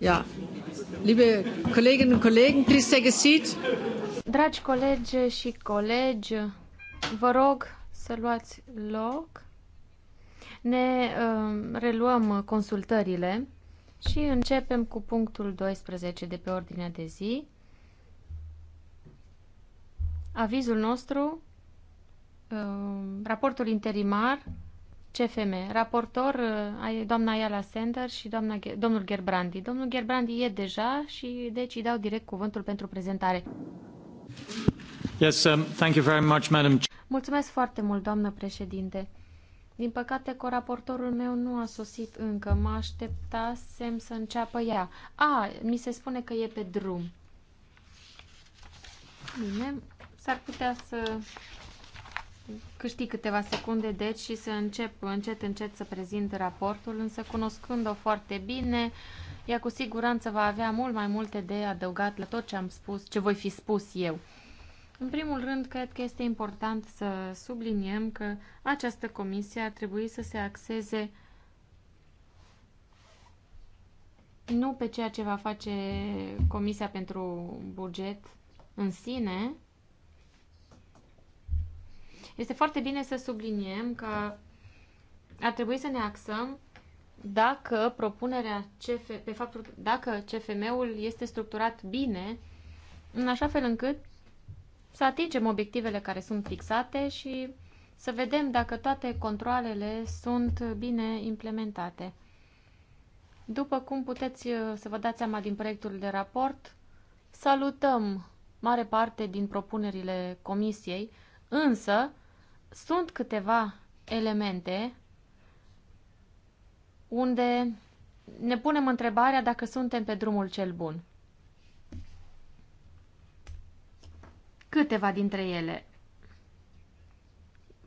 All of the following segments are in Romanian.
Ja. Liebe Kolleginnen und Kollegen, please take a seat. Dragi colegi și colegi, vă rog să luați loc. Ne uh, reluăm consultările și începem cu punctul 12 de pe ordinea de zi. Avizul nostru, uh, raportul interimar CFM. Raportor, uh, doamna Iala Sender și doamna, domnul Gerbrandi. Domnul Gerbrandi e deja și deci îi dau direct cuvântul pentru prezentare. Yes, um, thank you very much, madam. Mulțumesc foarte mult, doamnă președinte. Din păcate, coraportorul meu nu a sosit încă. Mă așteptasem să înceapă ea. A, mi se spune că e pe drum. Bine, s-ar putea să câștig câteva secunde, deci, și să încep încet, încet să prezint raportul, însă cunoscând-o foarte bine, ea cu siguranță va avea mult mai multe de adăugat la tot ce am spus, ce voi fi spus eu. În primul rând, cred că este important să subliniem că această comisie ar trebui să se axeze nu pe ceea ce va face Comisia pentru Buget în sine, este foarte bine să subliniem că ar trebui să ne axăm dacă propunerea CF, pe faptul dacă CFM-ul este structurat bine, în așa fel încât să atingem obiectivele care sunt fixate și să vedem dacă toate controlele sunt bine implementate. După cum puteți uh, să vă dați seama din proiectul de raport, salutăm mare parte din propunerile comisiei, însă sunt câteva elemente unde ne punem întrebarea dacă suntem pe drumul cel bun. Câteva dintre ele.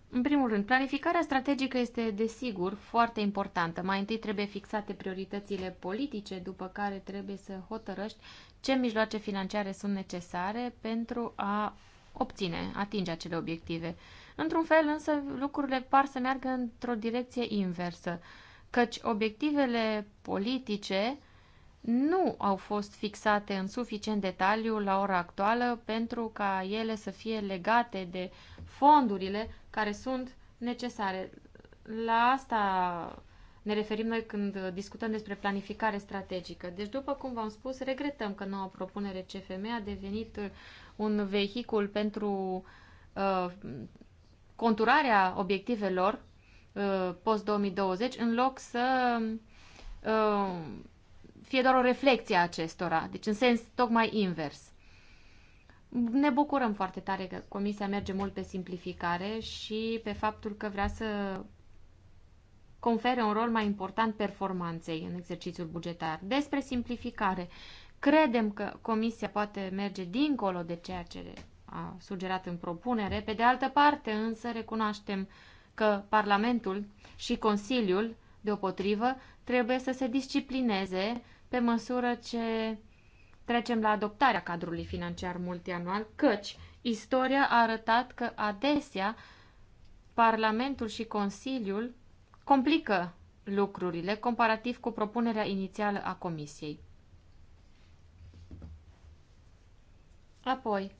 În primul rând, planificarea strategică este, desigur, foarte importantă. Mai întâi trebuie fixate prioritățile politice, după care trebuie să hotărăști ce mijloace financiare sunt necesare pentru a obține, atinge acele obiective. Într-un fel însă lucrurile par să meargă într-o direcție inversă, căci obiectivele politice nu au fost fixate în suficient detaliu la ora actuală pentru ca ele să fie legate de fondurile care sunt necesare. La asta ne referim noi când discutăm despre planificare strategică. Deci, după cum v-am spus, regretăm că noua propunere CFM a devenit un vehicul pentru uh, conturarea obiectivelor uh, post-2020 în loc să uh, fie doar o reflecție a acestora, deci în sens tocmai invers. Ne bucurăm foarte tare că Comisia merge mult pe simplificare și pe faptul că vrea să confere un rol mai important performanței în exercițiul bugetar. Despre simplificare, credem că Comisia poate merge dincolo de ceea ce a sugerat în propunere. Pe de altă parte, însă, recunoaștem că Parlamentul și Consiliul, deopotrivă, trebuie să se disciplineze pe măsură ce trecem la adoptarea cadrului financiar multianual, căci istoria a arătat că adesea Parlamentul și Consiliul complică lucrurile comparativ cu propunerea inițială a Comisiei. Apoi,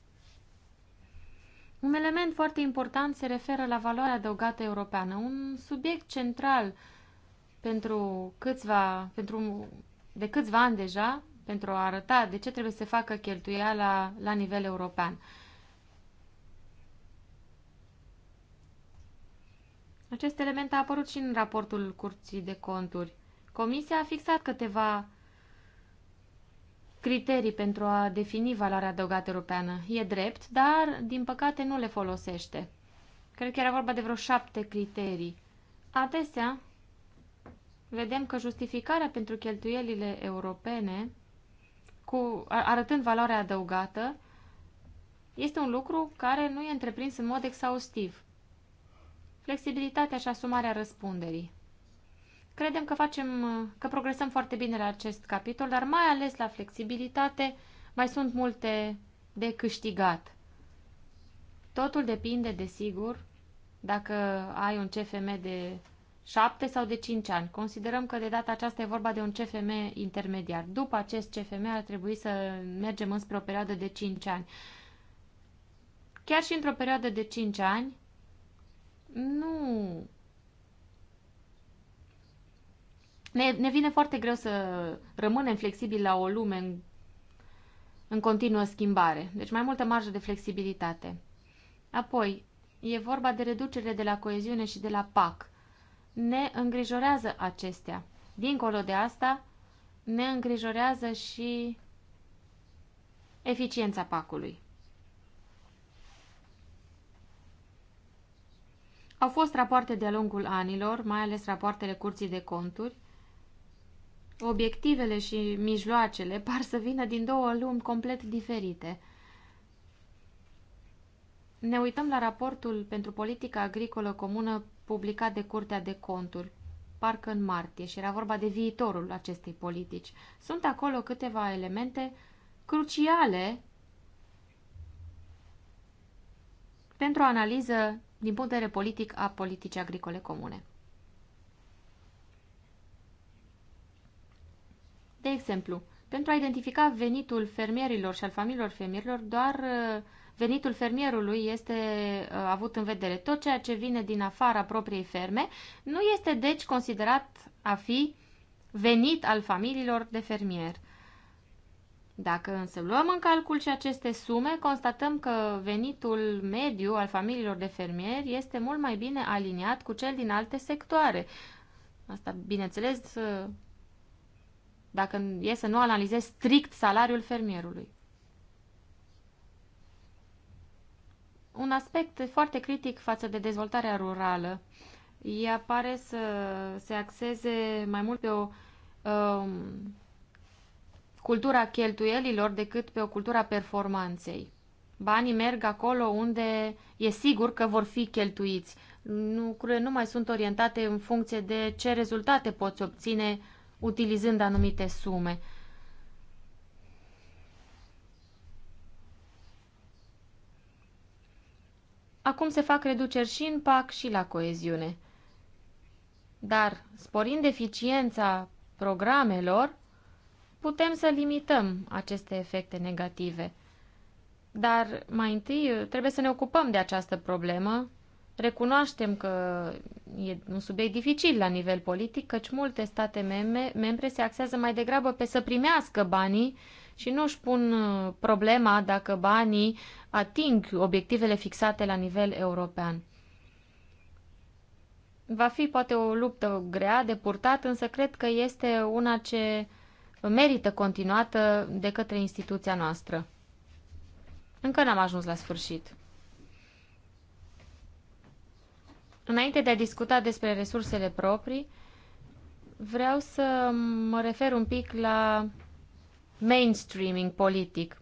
un element foarte important se referă la valoarea adăugată europeană, un subiect central pentru câțiva, pentru, de câțiva ani deja, pentru a arăta de ce trebuie să se facă cheltuiala la nivel european. Acest element a apărut și în raportul Curții de Conturi. Comisia a fixat câteva criterii pentru a defini valoarea adăugată europeană. E drept, dar, din păcate, nu le folosește. Cred că era vorba de vreo șapte criterii. Adesea, vedem că justificarea pentru cheltuielile europene, cu, arătând valoarea adăugată, este un lucru care nu e întreprins în mod exhaustiv. Flexibilitatea și asumarea răspunderii. Credem că facem, că progresăm foarte bine la acest capitol, dar mai ales la flexibilitate mai sunt multe de câștigat. Totul depinde, desigur, dacă ai un CFM de 7 sau de 5 ani. Considerăm că de data aceasta e vorba de un CFM intermediar. După acest CFM ar trebui să mergem înspre o perioadă de 5 ani. Chiar și într-o perioadă de 5 ani, nu Ne, ne vine foarte greu să rămânem flexibili la o lume în, în continuă schimbare. Deci mai multă marjă de flexibilitate. Apoi, e vorba de reducere de la coeziune și de la PAC. Ne îngrijorează acestea. Dincolo de asta, ne îngrijorează și eficiența pacului. Au fost rapoarte de-a lungul anilor, mai ales rapoartele curții de conturi, obiectivele și mijloacele par să vină din două lumi complet diferite. Ne uităm la raportul pentru politica agricolă comună publicat de Curtea de Conturi, parcă în martie, și era vorba de viitorul acestei politici. Sunt acolo câteva elemente cruciale pentru o analiză din punct de vedere politic a politicii agricole comune. De exemplu, pentru a identifica venitul fermierilor și al familiilor fermierilor, doar uh, venitul fermierului este uh, avut în vedere. Tot ceea ce vine din afara propriei ferme nu este deci considerat a fi venit al familiilor de fermier. Dacă însă luăm în calcul și aceste sume, constatăm că venitul mediu al familiilor de fermieri este mult mai bine aliniat cu cel din alte sectoare. Asta, bineînțeles, uh, dacă e să nu analizez strict salariul fermierului. Un aspect foarte critic față de dezvoltarea rurală ea pare să se axeze mai mult pe o um, cultura cheltuielilor decât pe o cultura performanței. Banii merg acolo unde e sigur că vor fi cheltuiți. Lucrurile nu, nu mai sunt orientate în funcție de ce rezultate poți obține utilizând anumite sume. Acum se fac reduceri și în PAC și la coeziune. Dar, sporind eficiența programelor, putem să limităm aceste efecte negative. Dar, mai întâi, trebuie să ne ocupăm de această problemă Recunoaștem că e un subiect dificil la nivel politic, căci multe state membre, membre se axează mai degrabă pe să primească banii și nu își pun uh, problema dacă banii ating obiectivele fixate la nivel european. Va fi poate o luptă grea de purtat, însă cred că este una ce merită continuată de către instituția noastră. Încă n-am ajuns la sfârșit. Înainte de a discuta despre resursele proprii, vreau să mă refer un pic la mainstreaming politic.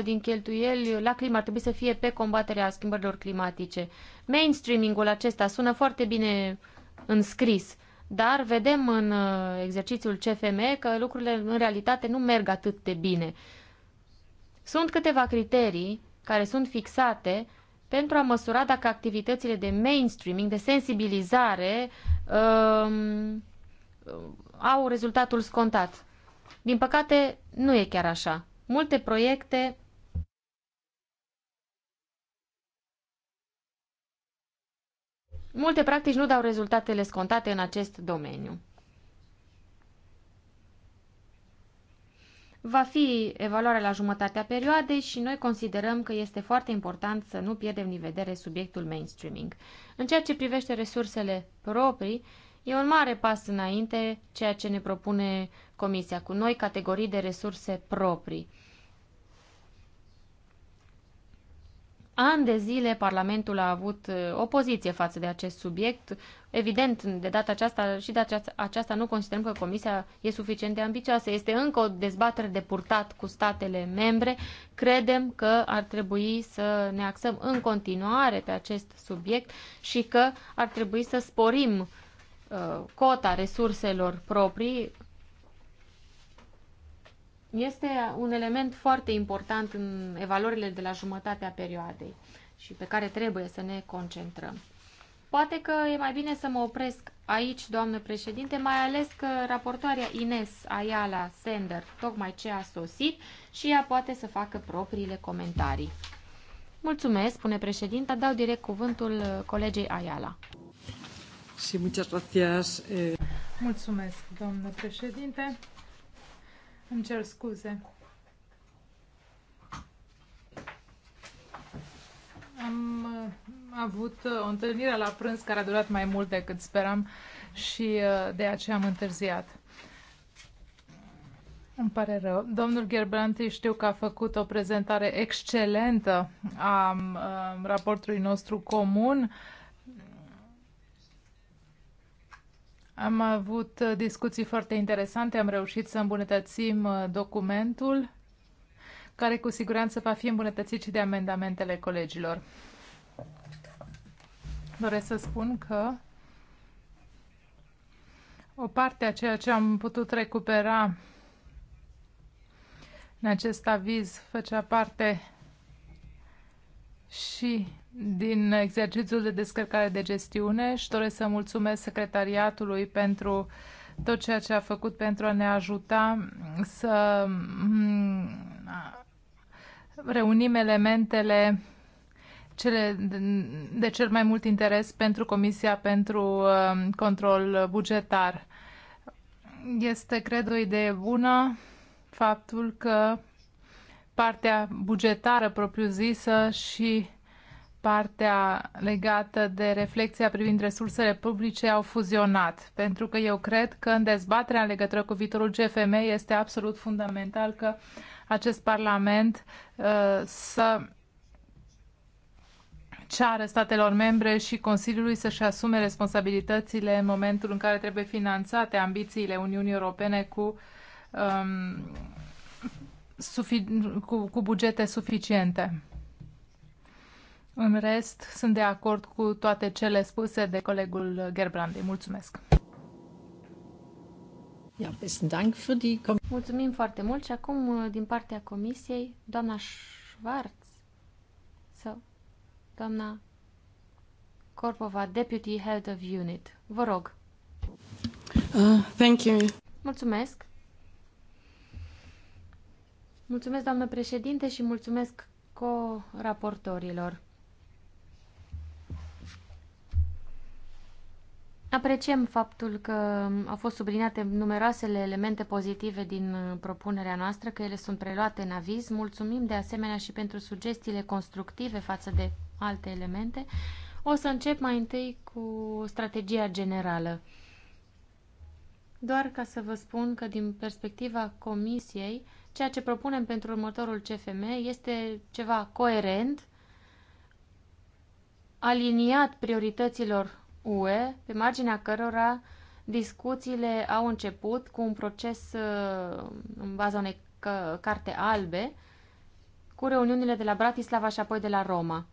20-25% din cheltuieli la climă ar trebui să fie pe combaterea schimbărilor climatice. Mainstreaming-ul acesta sună foarte bine înscris, dar vedem în uh, exercițiul CFM că lucrurile în realitate nu merg atât de bine. Sunt câteva criterii care sunt fixate pentru a măsura dacă activitățile de mainstreaming, de sensibilizare, uh, au rezultatul scontat. Din păcate, nu e chiar așa. Multe proiecte Multe practici nu dau rezultatele scontate în acest domeniu. Va fi evaluarea la jumătatea perioadei și noi considerăm că este foarte important să nu pierdem din vedere subiectul mainstreaming. În ceea ce privește resursele proprii, e un mare pas înainte ceea ce ne propune Comisia cu noi categorii de resurse proprii. An de zile Parlamentul a avut uh, opoziție față de acest subiect. Evident, de data aceasta și de aceasta, nu considerăm că Comisia e suficient de ambicioasă. Este încă o dezbatere de purtat cu statele membre. Credem că ar trebui să ne axăm în continuare pe acest subiect și că ar trebui să sporim uh, cota resurselor proprii este un element foarte important în evaluările de la jumătatea perioadei și pe care trebuie să ne concentrăm. Poate că e mai bine să mă opresc aici, doamnă președinte, mai ales că raportoarea Ines Ayala Sender tocmai ce a sosit și ea poate să facă propriile comentarii. Mulțumesc, spune președinta, dau direct cuvântul colegei Ayala. Eh. Mulțumesc, doamnă președinte. Îmi cer scuze. Am uh, avut uh, o întâlnire la prânz care a durat mai mult decât speram și uh, de aceea am întârziat. Îmi pare rău. Domnul Gerbranti știu că a făcut o prezentare excelentă a, a raportului nostru comun. Uh, Am avut uh, discuții foarte interesante, am reușit să îmbunătățim uh, documentul, care cu siguranță va fi îmbunătățit și de amendamentele colegilor. Doresc să spun că o parte a ceea ce am putut recupera în acest aviz făcea parte și din exercițiul de descărcare de gestiune și doresc să mulțumesc secretariatului pentru tot ceea ce a făcut pentru a ne ajuta să mm, reunim elementele cele de cel mai mult interes pentru Comisia pentru mm, Control Bugetar. Este, cred, o idee bună faptul că partea bugetară propriu-zisă și partea legată de reflexia privind resursele publice au fuzionat, pentru că eu cred că în dezbaterea în legătură cu viitorul GFM este absolut fundamental că acest Parlament uh, să ceară statelor membre și Consiliului să-și asume responsabilitățile în momentul în care trebuie finanțate ambițiile Uniunii Europene cu, um, cu, cu bugete suficiente. În rest, sunt de acord cu toate cele spuse de colegul Gerbrandi. Mulțumesc! Mulțumim foarte mult și acum uh, din partea comisiei, doamna Schwarz sau doamna Corpova, Deputy Head of Unit. Vă rog. Uh, thank you. Mulțumesc. Mulțumesc, doamnă președinte, și mulțumesc co-raportorilor. apreciem faptul că au fost subliniate numeroasele elemente pozitive din uh, propunerea noastră, că ele sunt preluate în aviz. Mulțumim de asemenea și pentru sugestiile constructive față de alte elemente. O să încep mai întâi cu strategia generală. Doar ca să vă spun că din perspectiva Comisiei, ceea ce propunem pentru următorul CFM este ceva coerent, aliniat priorităților UE, pe marginea cărora discuțiile au început cu un proces uh, în baza unei carte albe, cu reuniunile de la Bratislava și apoi de la Roma.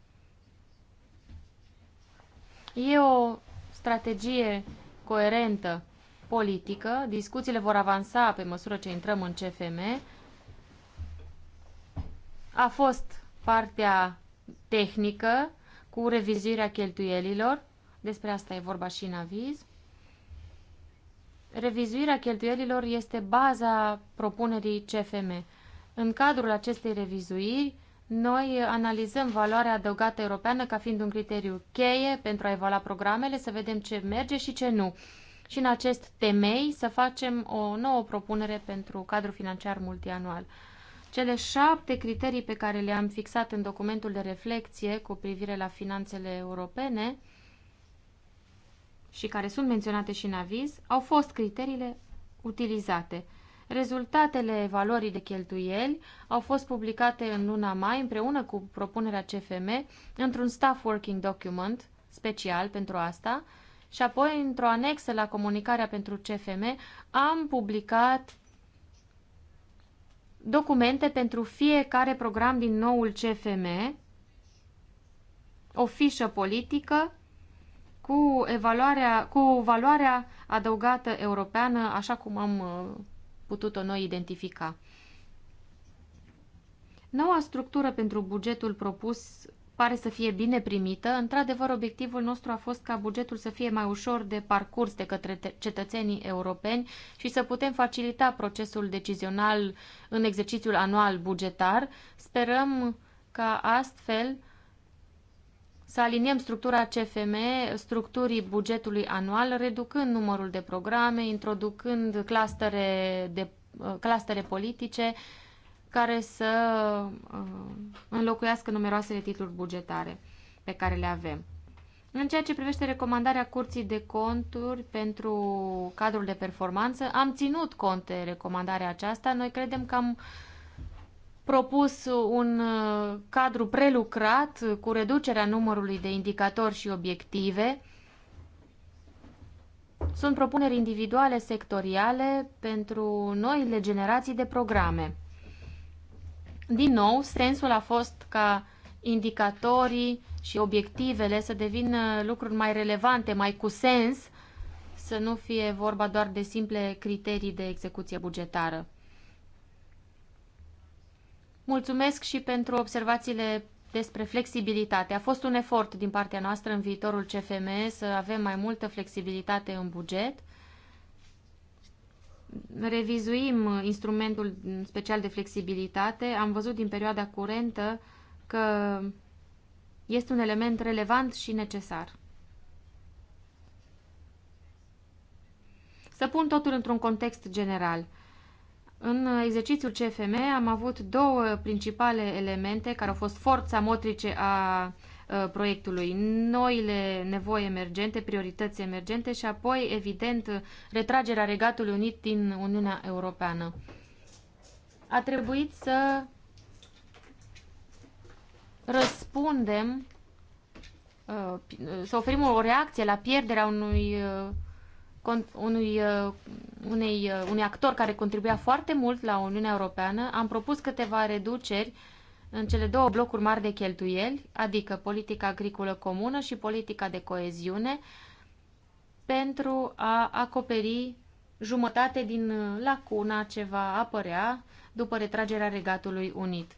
E o strategie coerentă politică, discuțiile vor avansa pe măsură ce intrăm în CFM. A fost partea tehnică cu revizuirea cheltuielilor, despre asta e vorba și în aviz. Revizuirea cheltuielilor este baza propunerii CFM. În cadrul acestei revizuiri, noi analizăm valoarea adăugată europeană ca fiind un criteriu cheie pentru a evalua programele, să vedem ce merge și ce nu. Și în acest temei să facem o nouă propunere pentru cadrul financiar multianual. Cele șapte criterii pe care le-am fixat în documentul de reflexie cu privire la finanțele europene și care sunt menționate și în aviz au fost criteriile utilizate. Rezultatele evaluării de cheltuieli au fost publicate în luna mai împreună cu propunerea CFM într-un staff working document special pentru asta și apoi într-o anexă la comunicarea pentru CFM am publicat documente pentru fiecare program din noul CFM, o fișă politică cu, evaluarea, cu valoarea adăugată europeană, așa cum am uh, putut-o noi identifica. Noua structură pentru bugetul propus pare să fie bine primită. Într-adevăr, obiectivul nostru a fost ca bugetul să fie mai ușor de parcurs de către cetățenii europeni și să putem facilita procesul decizional în exercițiul anual bugetar. Sperăm ca astfel să aliniem structura CFM structurii bugetului anual, reducând numărul de programe, introducând clastere de, uh, clastere politice care să uh, înlocuiască numeroasele titluri bugetare pe care le avem. În ceea ce privește recomandarea Curții de Conturi pentru cadrul de performanță, am ținut cont de recomandarea aceasta. Noi credem că am uh, propus un uh, cadru prelucrat cu reducerea numărului de indicatori și obiective. Sunt propuneri individuale sectoriale pentru noile generații de programe. Din nou, sensul a fost ca indicatorii și obiectivele să devină lucruri mai relevante, mai cu sens, să nu fie vorba doar de simple criterii de execuție bugetară. Mulțumesc și pentru observațiile despre flexibilitate. A fost un efort din partea noastră în viitorul CFM să avem mai multă flexibilitate în buget. Revizuim instrumentul special de flexibilitate. Am văzut din perioada curentă că este un element relevant și necesar. Să pun totul într-un context general. În exercițiul CFM am avut două principale elemente care au fost forța motrice a proiectului, noile nevoi emergente, priorități emergente și apoi, evident, retragerea Regatului Unit din Uniunea Europeană. A trebuit să răspundem, să oferim o reacție la pierderea unui unui, uh, unei, uh, unui actor care contribuia foarte mult la Uniunea Europeană, am propus câteva reduceri în cele două blocuri mari de cheltuieli, adică politica agricolă comună și politica de coeziune, pentru a acoperi jumătate din uh, lacuna ce va apărea după retragerea Regatului Unit.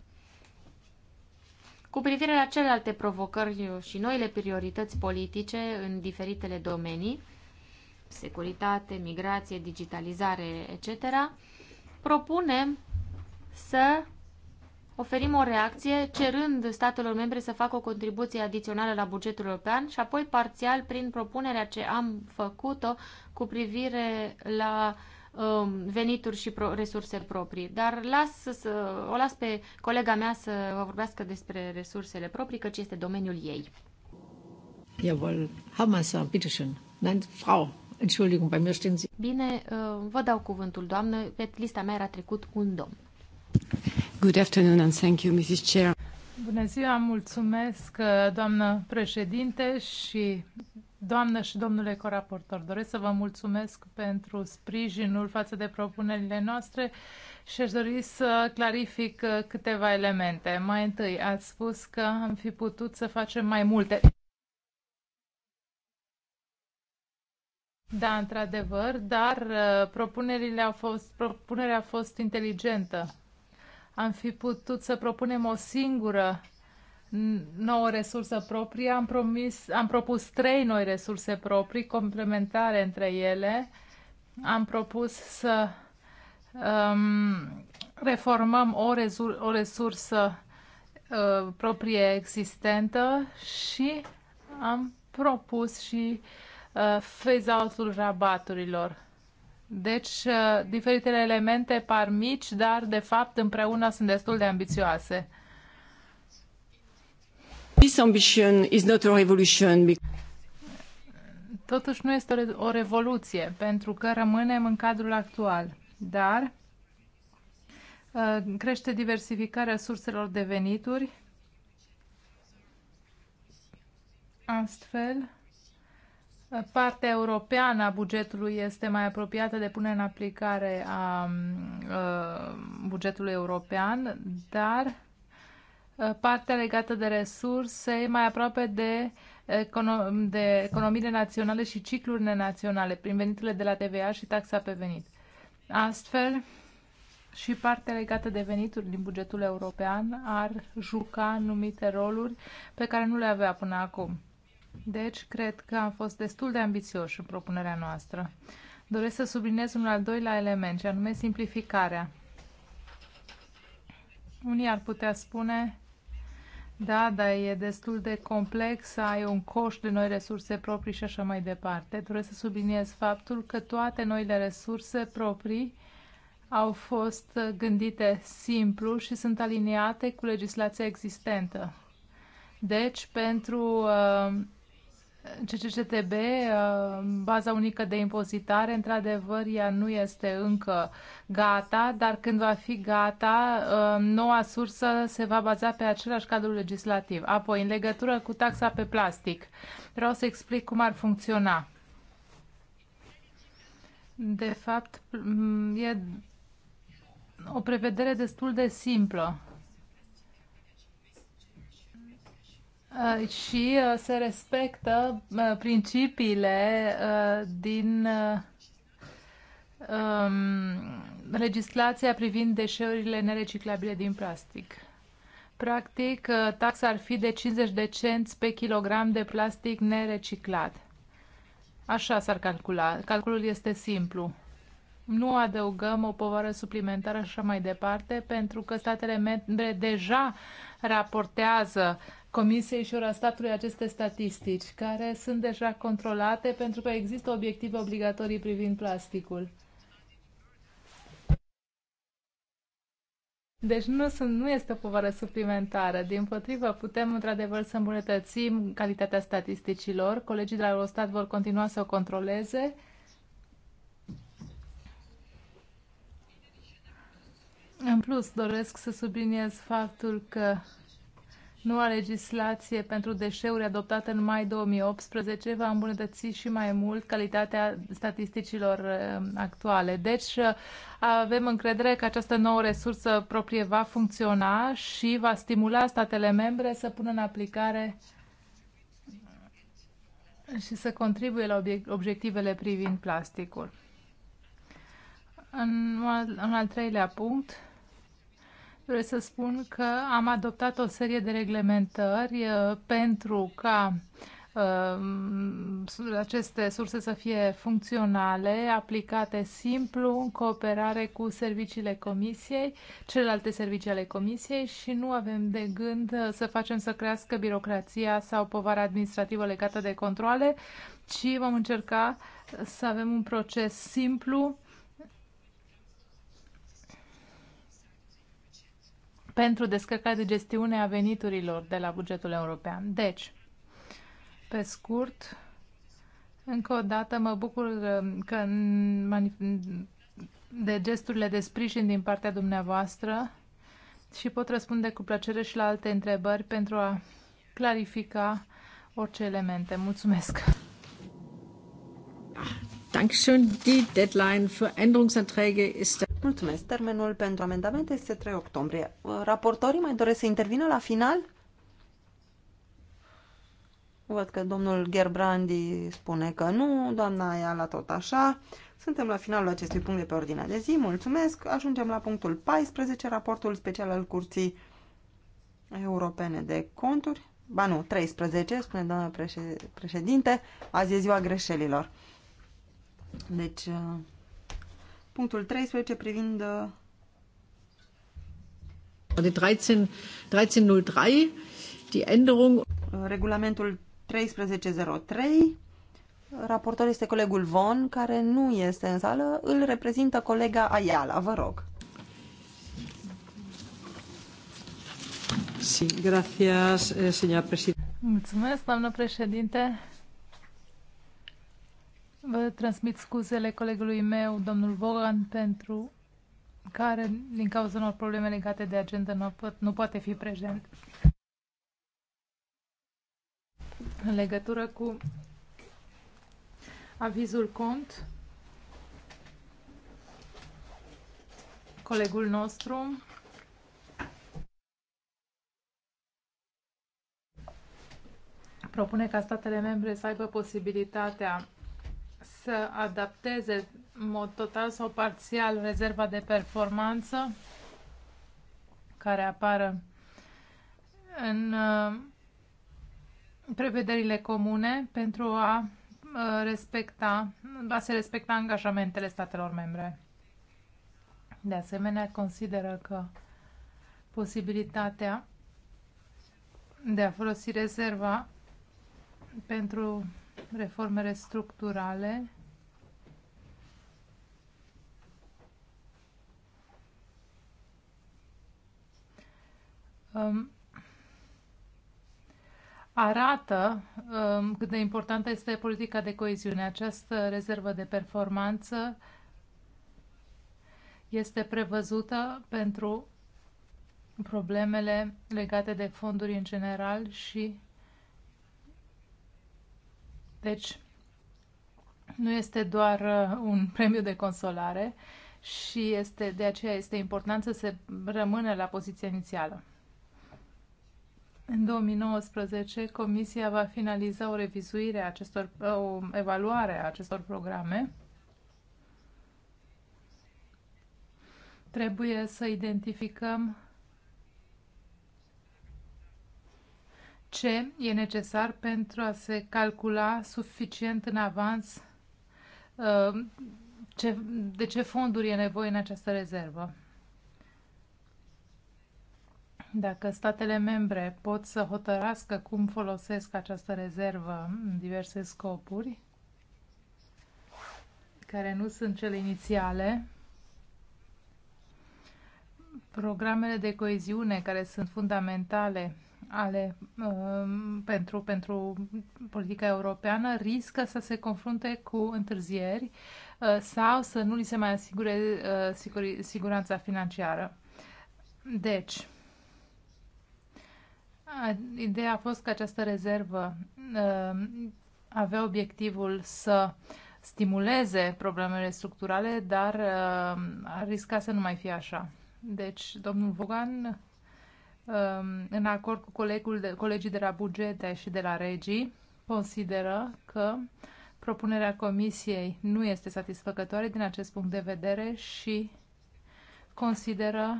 Cu privire la celelalte provocări și noile priorități politice în diferitele domenii, securitate, migrație, digitalizare, etc., propunem să oferim o reacție cerând statelor membre să facă o contribuție adițională la bugetul european și apoi parțial prin propunerea ce am făcut-o cu privire la um, venituri și pro- resurse proprii. Dar las să, o las pe colega mea să vă vorbească despre resursele proprii, căci este domeniul ei. Jawohl, es Massa, bitteschön. Nein, Frau. Entschuldigung, bei mir stehen Sie. Bine, uh, vă dau cuvântul, doamnă. Pe lista mea era trecut un domn. Good afternoon and thank you, Mrs. Chair. Bună ziua, mulțumesc, uh, doamnă președinte și doamnă și domnule coraportor. Doresc să vă mulțumesc pentru sprijinul față de propunerile noastre și aș dori să clarific uh, câteva elemente. Mai întâi, ați spus că am fi putut să facem mai multe. Da, într-adevăr, dar uh, propunerile au fost, propunerea a fost inteligentă. Am fi putut să propunem o singură nouă resursă proprie. Am, promis, am propus trei noi resurse proprii, complementare între ele. Am propus să um, reformăm o, rezur, o resursă uh, proprie existentă și am propus și uh, Uh, phase-out-ul rabaturilor. Deci, uh, diferitele elemente par mici, dar, de fapt, împreună sunt destul de ambițioase. This ambition is not a revolution Totuși nu este o revoluție, pentru că rămânem în cadrul actual, dar uh, crește diversificarea surselor de venituri, astfel partea europeană a bugetului este mai apropiată de punerea în aplicare a ă, bugetului european, dar ă, partea legată de resurse e mai aproape de, de economiile naționale și ciclurile naționale, prin veniturile de la TVA și taxa pe venit. Astfel, și partea legată de venituri din bugetul european ar juca anumite roluri pe care nu le avea până acum. Deci, cred că am fost destul de ambițioși în propunerea noastră. Doresc să subliniez un al doilea element, și anume simplificarea. Unii ar putea spune, da, dar e destul de complex, ai un coș de noi resurse proprii și așa mai departe. Doresc să subliniez faptul că toate noile resurse proprii au fost gândite simplu și sunt aliniate cu legislația existentă. Deci, pentru uh, CCCTB, uh, baza unică de impozitare, într-adevăr, ea nu este încă gata, dar când va fi gata, uh, noua sursă se va baza pe același cadru legislativ. Apoi, în legătură cu taxa pe plastic, vreau să explic cum ar funcționa. De fapt, e o prevedere destul de simplă. Uh, și uh, se respectă uh, principiile din um, legislația privind deșeurile nereciclabile din plastic. Practic, taxa ar fi de 50 de cenți pe kilogram de plastic nereciclat. Așa s-ar calcula. Calculul este simplu. Nu adăugăm o povară suplimentară și așa mai departe, pentru că statele membre deja raportează Comisiei și statului aceste statistici, care sunt deja controlate pentru că există obiective obligatorii privind plasticul. Deci nu, sunt, nu este o povară suplimentară. Din potrivă, putem într-adevăr să îmbunătățim calitatea statisticilor. Colegii de la Eurostat vor continua să o controleze. În plus, doresc să subliniez faptul că Noua legislație pentru deșeuri adoptată în mai 2018 va îmbunătăți și mai mult calitatea statisticilor uh, actuale. Deci uh, avem încredere că această nouă resursă proprie va funcționa și va stimula statele membre să pună în aplicare și să contribuie la obiectivele privind plasticul. În, un al treilea punct, Vreau să spun că am adoptat o serie de reglementări uh, pentru ca uh, aceste surse să fie funcționale, aplicate simplu, în cooperare cu serviciile comisiei, celelalte servicii ale comisiei și nu avem de gând uh, să facem să crească birocrația sau povara administrativă legată de controle, ci vom încerca să avem un proces simplu, pentru descărcarea de gestiune a veniturilor de la bugetul european. Deci, pe scurt, încă o dată mă bucur um, că de gesturile de sprijin din partea dumneavoastră și pot răspunde cu plăcere și la alte întrebări pentru a clarifica orice elemente. Mulțumesc! Dankeschön. Die Deadline für Änderungsanträge ist Mulțumesc. Termenul pentru amendamente este 3 octombrie. Raportorii mai doresc să intervină la final? Văd că domnul Gerbrandi spune că nu, doamna la tot așa. Suntem la finalul acestui punct de pe ordinea de zi. Mulțumesc. Ajungem la punctul 14, raportul special al Curții Europene de Conturi. Ba nu, 13, spune doamna președinte. Azi e ziua greșelilor. Deci, punctul 13 privind de 13, 1303, die Änderung. Uh, regulamentul 1303. Raportor este colegul Von, care nu este în sală, îl reprezintă colega Ayala, vă rog. Sí, gracias, eh, señora presidente. Mulțumesc, doamnă președinte. Vă transmit scuzele colegului meu, domnul Vogan, pentru care, din cauza unor probleme legate de agenda, nu, pot, nu poate fi prezent. În legătură cu avizul cont, colegul nostru, propune ca statele membre să aibă posibilitatea să adapteze în mod total sau parțial rezerva de performanță care apară în uh, prevederile comune pentru a uh, respecta, a se respecta angajamentele statelor membre. De asemenea, consideră că posibilitatea de a folosi rezerva pentru reformele structurale um, arată um, cât de importantă este politica de coeziune. Această rezervă de performanță este prevăzută pentru problemele legate de fonduri în general și deci, nu este doar uh, un premiu de consolare și este, de aceea este important să se rămână la poziția inițială. În 2019, Comisia va finaliza o revizuire a acestor, uh, o evaluare a acestor programe. Trebuie să identificăm ce e necesar pentru a se calcula suficient în avans uh, ce, de ce fonduri e nevoie în această rezervă. Dacă statele membre pot să hotărască cum folosesc această rezervă în diverse scopuri, care nu sunt cele inițiale, programele de coeziune care sunt fundamentale ale, um, pentru, pentru politica europeană riscă să se confrunte cu întârzieri uh, sau să nu li se mai asigure uh, sigur, siguranța financiară. Deci, ideea a fost că această rezervă um, avea obiectivul să stimuleze problemele structurale, dar um, ar risca să nu mai fie așa. Deci, domnul Vogan Um, în acord cu colegul de, colegii de la bugete și de la regii, consideră că propunerea comisiei nu este satisfăcătoare din acest punct de vedere și consideră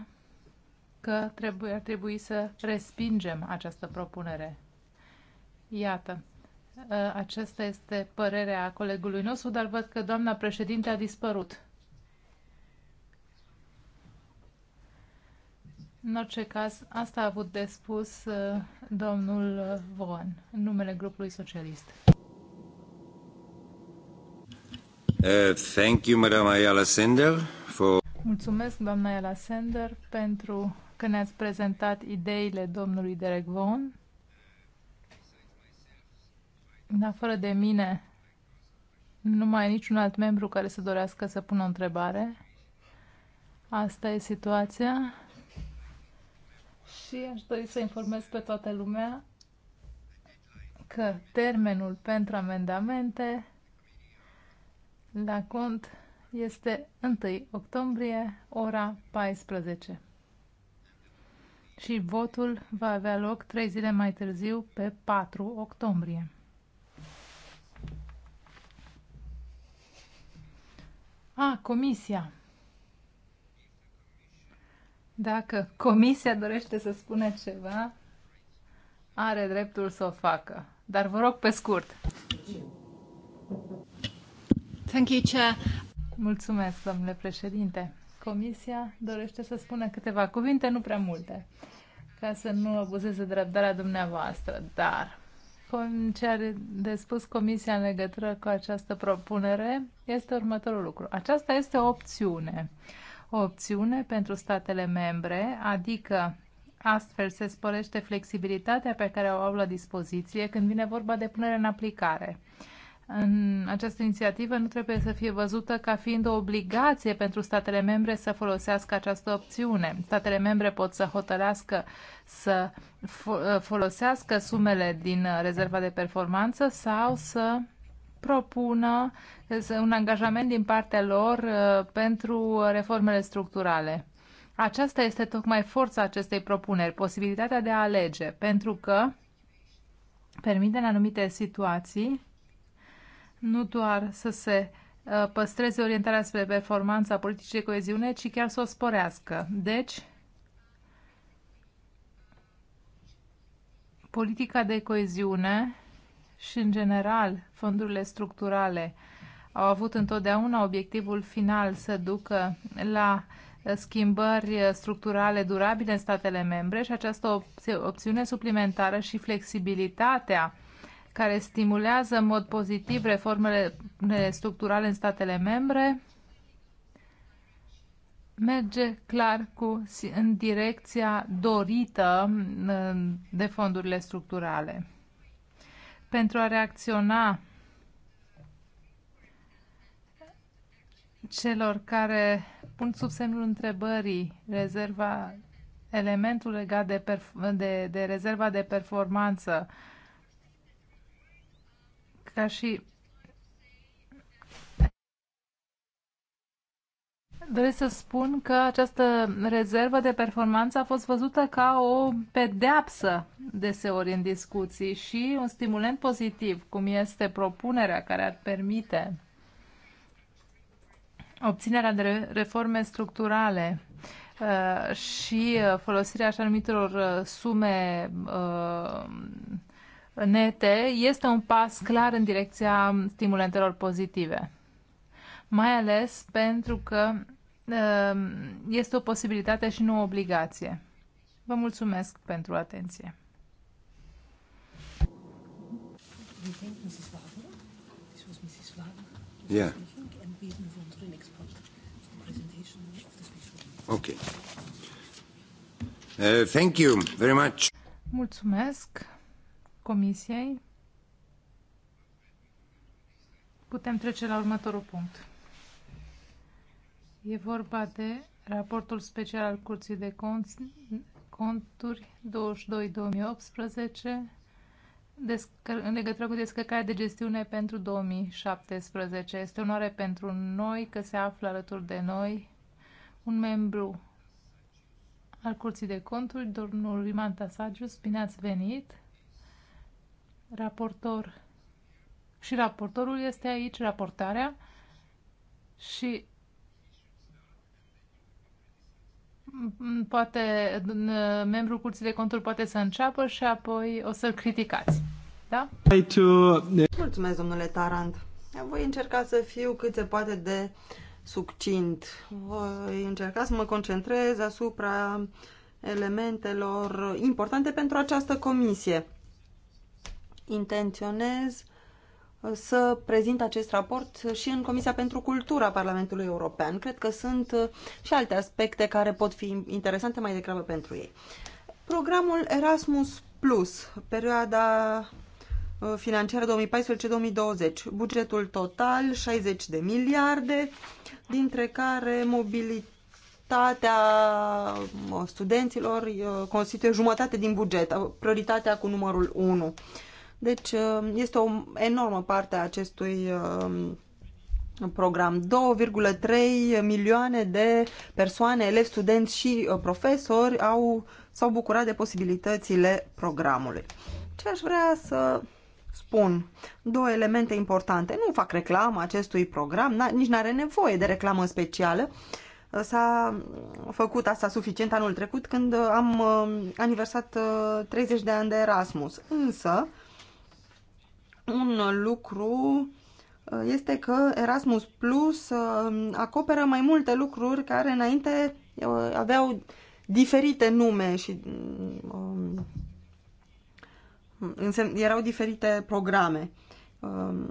că trebuie, ar trebui să respingem această propunere. Iată, uh, aceasta este părerea colegului nostru, dar văd că doamna președinte a dispărut. În orice caz, asta a avut de spus uh, domnul uh, Voan, în numele grupului socialist. Uh, thank you, Madame Ayala Sender, for... Mulțumesc, doamna Ayala Sender, pentru că ne-ați prezentat ideile domnului Derek Vaughan. În afară de mine, nu mai e niciun alt membru care să dorească să pună o întrebare. Asta e situația și aș dori să informez pe toată lumea că termenul pentru amendamente la cont este 1 octombrie, ora 14. Și votul va avea loc 3 zile mai târziu, pe 4 octombrie. A, comisia. Dacă comisia dorește să spună ceva, are dreptul să o facă. Dar vă rog pe scurt. Thank you, Chair. Mulțumesc, domnule președinte. Comisia dorește să spună câteva cuvinte, nu prea multe, ca să nu abuzeze de dumneavoastră, dar ce are de spus Comisia în legătură cu această propunere este următorul lucru. Aceasta este o opțiune. Uh, o opțiune pentru statele membre, adică astfel se sporește flexibilitatea pe care o au la dispoziție când vine vorba de punere în aplicare. În această inițiativă nu trebuie să fie văzută ca fiind o obligație pentru statele membre să folosească această opțiune. Statele membre pot să hotărească să folosească sumele din rezerva de performanță sau să propună un angajament din partea lor uh, pentru reformele structurale. Aceasta este tocmai forța acestei propuneri, posibilitatea de a alege, pentru că permite în anumite situații nu doar să se uh, păstreze orientarea spre performanța politicii de coeziune, ci chiar să o sporească. Deci, politica de coeziune și, în general, fondurile structurale au avut întotdeauna obiectivul final să ducă la schimbări structurale durabile în statele membre și această opțiune suplimentară și flexibilitatea care stimulează în mod pozitiv reformele structurale în statele membre merge clar cu, în direcția dorită de fondurile structurale pentru a reacționa celor care pun sub semnul întrebării rezerva, elementul legat de, de, de rezerva de performanță ca și doresc să spun că această rezervă de performanță a fost văzută ca o pedeapsă deseori în discuții și un stimulant pozitiv, cum este propunerea care ar permite obținerea de reforme structurale uh, și uh, folosirea așa numitelor uh, sume nete este un pas clar în direcția stimulentelor pozitive mai ales pentru că Ehm, este o posibilitate și nu o obligație. Vă mulțumesc pentru atenție. Yeah. Okay. Uh, thank you very much. Mulțumesc Comisiei. Putem trece la următorul punct. E vorba de raportul special al Curții de Conți, Conturi 22-2018 în legătură cu descărcarea de gestiune pentru 2017. Este onoare pentru noi că se află alături de noi un membru al Curții de Conturi, domnul Riman Tasagius. Bine ați venit! Raportor și raportorul este aici, raportarea și Mm, poate mm, membrul Curții de Conturi poate să înceapă și apoi o să-l criticați. Da? Mulțumesc, domnule Tarant. Voi încerca să fiu cât se poate de succint. Voi încerca să mă concentrez asupra elementelor importante pentru această comisie. Intenționez să prezint acest raport și în Comisia pentru Cultura Parlamentului European. Cred că sunt uh, și alte aspecte care pot fi interesante mai degrabă pentru ei. Programul Erasmus Plus, perioada uh, financiară 2014-2020, bugetul total 60 de miliarde, dintre care mobilitatea uh, studenților constituie jumătate din buget, prioritatea cu numărul 1 deci uh, este o enormă parte a acestui uh, program. 2,3 milioane de persoane, elevi, studenți și uh, profesori au, s-au bucurat de posibilitățile programului. Ce aș vrea să spun? Două elemente importante. Nu fac reclamă acestui program, nici nu are nevoie de reclamă specială. S-a făcut asta suficient anul trecut când am aniversat 30 de ani de Erasmus. Însă, un lucru uh, este că Erasmus Plus uh, acoperă mai multe lucruri care înainte uh, aveau diferite nume și mm, um, erau diferite programe. Um,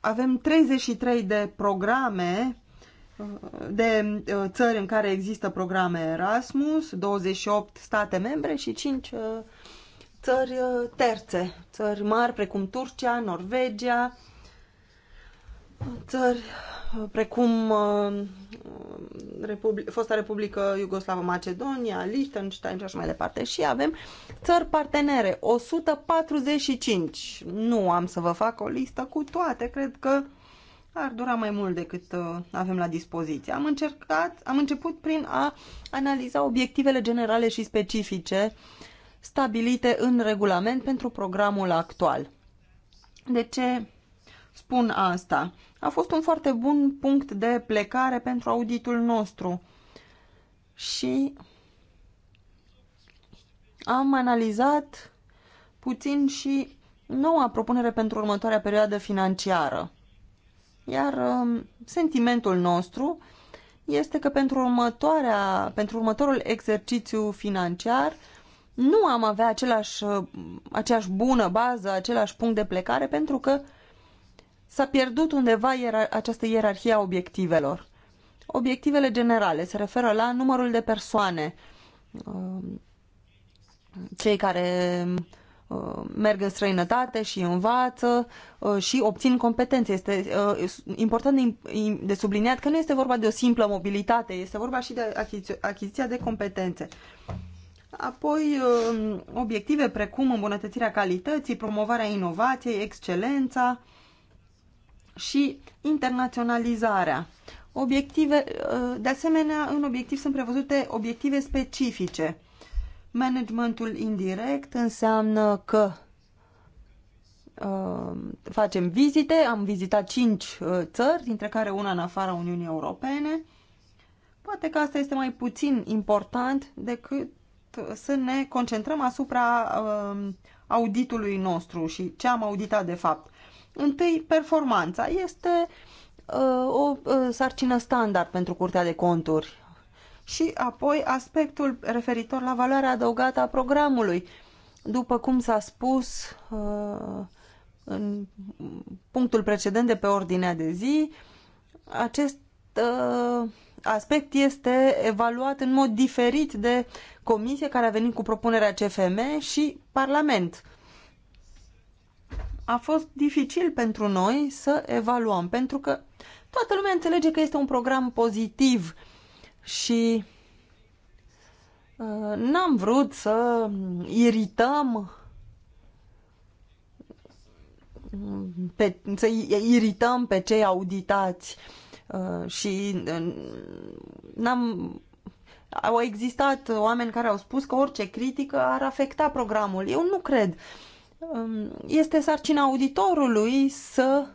avem 33 de programe de țări în care există programe Erasmus, 28 state membre și 5 țări uh, terțe, țări mari precum Turcia, Norvegia, țări uh, precum uh, Republi- fosta Republică Iugoslavă Macedonia, Liechtenstein și așa mai departe. Și avem țări partenere, 145. Nu am să vă fac o listă cu toate, cred că ar dura mai mult decât avem la dispoziție. Am încercat, am început prin a analiza obiectivele generale și specifice uh, stabilite în regulament pentru programul actual. De ce spun asta? A fost un foarte bun punct de plecare pentru auditul nostru și am analizat puțin și noua propunere pentru următoarea perioadă financiară. Iar um, sentimentul nostru este că pentru, următoarea, pentru următorul exercițiu financiar nu am avea același, uh, aceeași bună bază, același punct de plecare, pentru că s-a pierdut undeva iera- această ierarhie a obiectivelor. Obiectivele generale se referă la numărul de persoane, um, cei care um, merg în străinătate și învață uh, și obțin competențe. Este uh, important de subliniat că nu este vorba de o simplă mobilitate, este vorba și de achiziția de competențe. Apoi, uh, obiective precum îmbunătățirea calității, promovarea inovației, excelența și internaționalizarea. Obiective, uh, de asemenea, în obiectiv sunt prevăzute obiective specifice. Managementul indirect înseamnă că uh, facem vizite, am vizitat 5 țări, dintre care una în afara Uniunii Europene. Poate că asta este mai puțin important decât să ne concentrăm asupra um, auditului nostru și ce am auditat de fapt. Întâi, performanța este uh, o uh, sarcină standard pentru Curtea de Conturi și apoi aspectul referitor la valoarea adăugată a programului. După cum s-a spus uh, în punctul precedent de pe ordinea de zi, acest aspect este evaluat în mod diferit de comisie care a venit cu propunerea CFM și Parlament. A fost dificil pentru noi să evaluăm, pentru că toată lumea înțelege că este un program pozitiv și uh, n-am vrut să irităm pe, să irităm pe cei auditați. Uh, Uh, și uh, n-am au existat oameni care au spus că orice critică ar afecta programul. Eu nu cred. Um, este sarcina auditorului să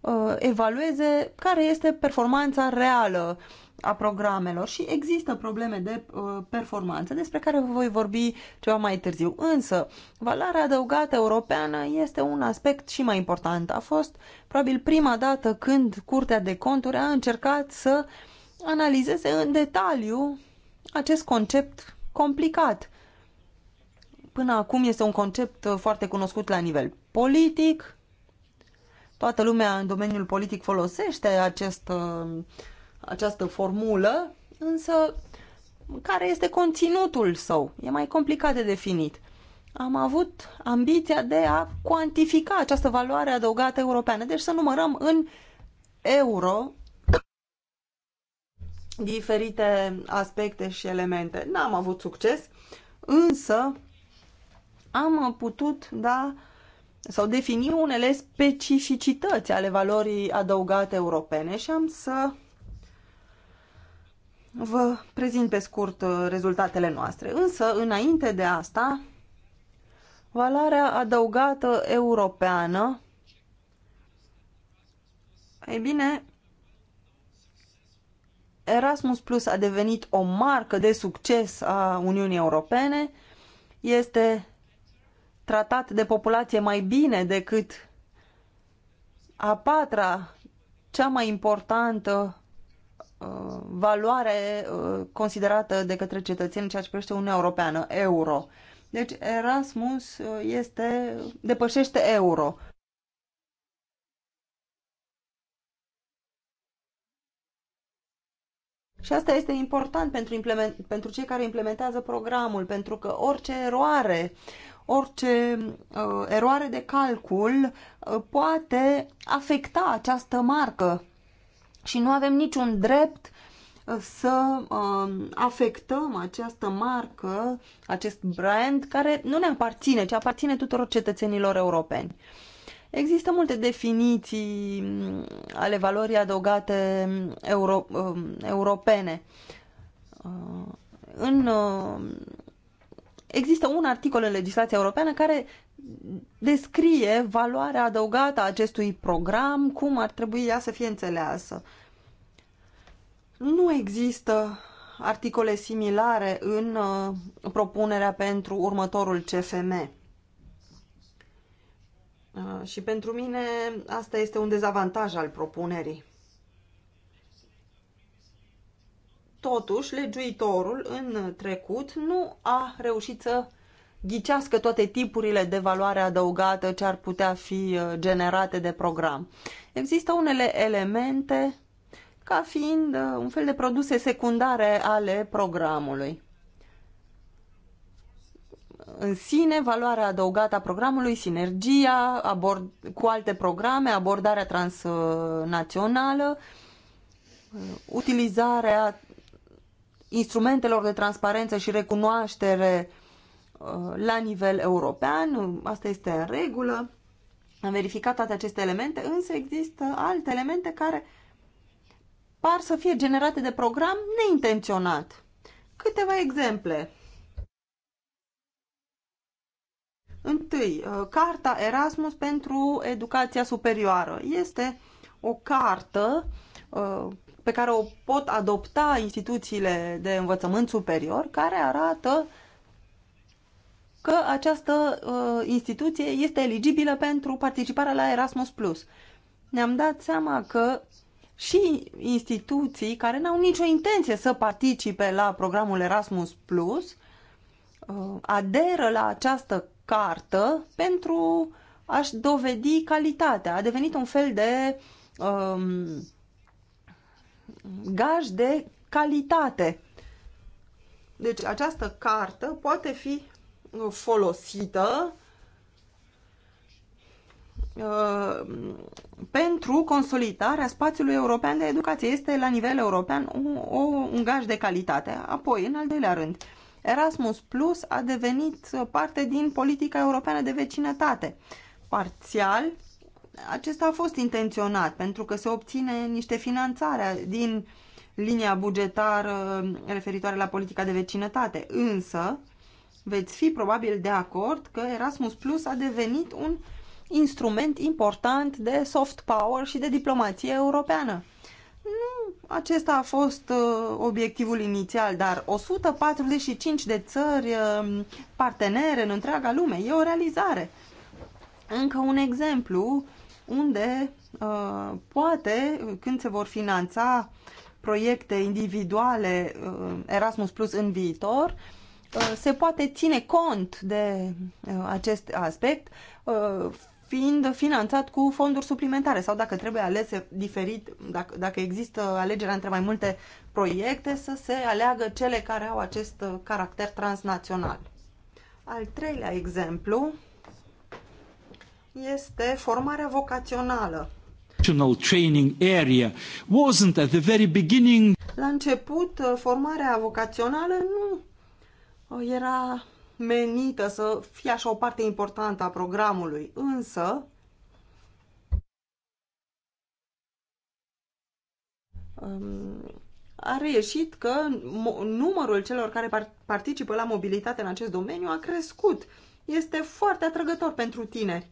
uh, evalueze care este performanța reală a programelor și există probleme de uh, performanță despre care vă voi vorbi ceva mai târziu. Însă, valoarea adăugată europeană este un aspect și mai important. A fost probabil prima dată când Curtea de Conturi a încercat să analizeze în detaliu acest concept complicat. Până acum este un concept uh, foarte cunoscut la nivel politic. Toată lumea în domeniul politic folosește acest uh, această formulă, însă care este conținutul său? E mai complicat de definit. Am avut ambiția de a cuantifica această valoare adăugată europeană, deci să numărăm în euro diferite aspecte și elemente. N-am avut succes, însă am putut da sau defini unele specificități ale valorii adăugate europene și am să Vă prezint pe scurt uh, rezultatele noastre. Însă, înainte de asta, valoarea adăugată europeană ei bine, Erasmus Plus a devenit o marcă de succes a Uniunii Europene, este tratat de populație mai bine decât a patra, cea mai importantă Uh, valoare uh, considerată de către cetățeni ceea ce privește Uniunea Europeană, euro. Deci Erasmus uh, este, depășește euro. Și asta este important pentru, implement, pentru cei care implementează programul, pentru că orice eroare, orice uh, eroare de calcul uh, poate afecta această marcă și nu avem niciun drept uh, să uh, afectăm această marcă, acest brand care nu ne aparține, ci aparține tuturor cetățenilor europeni. Există multe definiții mm, ale valorii adăugate mm, euro, uh, europene. Uh, în uh, există un articol în legislația europeană care descrie valoarea adăugată a acestui program, cum ar trebui ea să fie înțeleasă. Nu există articole similare în uh, propunerea pentru următorul CFM. Uh, și pentru mine asta este un dezavantaj al propunerii. Totuși, legiuitorul în trecut nu a reușit să ghicească toate tipurile de valoare adăugată ce ar putea fi uh, generate de program. Există unele elemente ca fiind uh, un fel de produse secundare ale programului. În sine, valoarea adăugată a programului, sinergia abord, cu alte programe, abordarea transnațională, uh, utilizarea instrumentelor de transparență și recunoaștere uh, la nivel european. Asta este în regulă. Am verificat toate aceste elemente, însă există alte elemente care par să fie generate de program neintenționat. Câteva exemple. Întâi, uh, Carta Erasmus pentru Educația Superioară. Este o cartă uh, pe care o pot adopta instituțiile de învățământ superior, care arată că această uh, instituție este eligibilă pentru participarea la Erasmus+. Ne-am dat seama că și instituții care n-au nicio intenție să participe la programul Erasmus+, uh, aderă la această cartă pentru a-și dovedi calitatea. A devenit un fel de Uh, gaj de calitate. Deci această cartă poate fi uh, folosită uh, pentru consolidarea spațiului european de educație. Este la nivel european un, o, un gaj de calitate. Apoi, în al doilea rând, Erasmus Plus a devenit parte din politica europeană de vecinătate. Parțial, acesta a fost intenționat pentru că se obține niște finanțare din linia bugetară referitoare la politica de vecinătate. Însă, veți fi probabil de acord că Erasmus Plus a devenit un instrument important de soft power și de diplomație europeană. Nu, acesta a fost uh, obiectivul inițial, dar 145 de țări uh, partenere în întreaga lume e o realizare. Încă un exemplu unde uh, poate, când se vor finanța proiecte individuale uh, Erasmus Plus în viitor, uh, se poate ține cont de uh, acest aspect, uh, fiind finanțat cu fonduri suplimentare sau dacă trebuie alese diferit, dacă, dacă există alegerea între mai multe proiecte, să se aleagă cele care au acest uh, caracter transnațional. Al treilea exemplu este formarea vocațională. Training area wasn't at the very beginning. La început, uh, formarea vocațională nu uh, era menită să fie așa o parte importantă a programului, însă um, a reieșit că numărul celor care participă la mobilitate în acest domeniu a crescut. Este foarte atrăgător pentru tineri.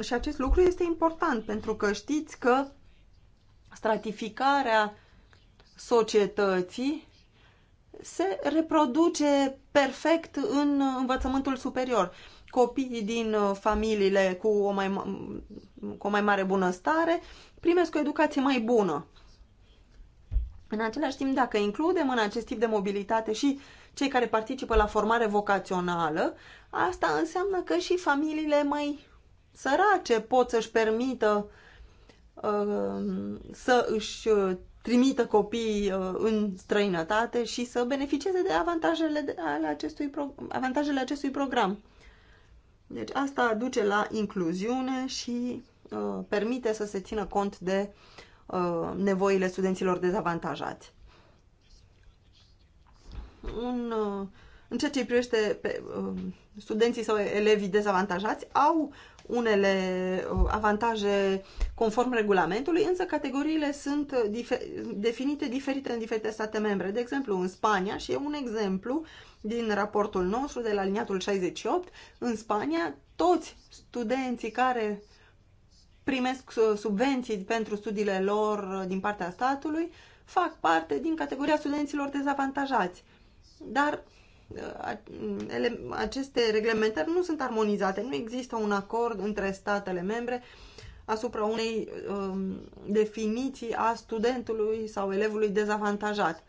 Și acest lucru este important pentru că știți că stratificarea societății se reproduce perfect în învățământul superior. Copiii din uh, familiile cu o mai, cu o mai mare bunăstare primesc o educație mai bună. În același timp, dacă includem în acest tip de mobilitate și cei care participă la formare vocațională, asta înseamnă că și familiile mai sărace pot să-și permită uh, să își uh, trimită copiii uh, în străinătate și să beneficieze de avantajele, de, ale acestui pro, avantajele acestui program. Deci asta duce la incluziune și uh, permite să se țină cont de uh, nevoile studenților dezavantajați. Un, uh, în ceea ce îi privește pe uh, studenții sau elevii dezavantajați, au unele uh, avantaje conform regulamentului, însă categoriile sunt difer- definite diferite în diferite state membre. De exemplu, în Spania, și e un exemplu din raportul nostru de la liniatul 68, în Spania toți studenții care primesc uh, subvenții pentru studiile lor uh, din partea statului fac parte din categoria studenților dezavantajați. Dar aceste reglementări nu sunt armonizate, nu există un acord între statele membre asupra unei um, definiții a studentului sau elevului dezavantajat.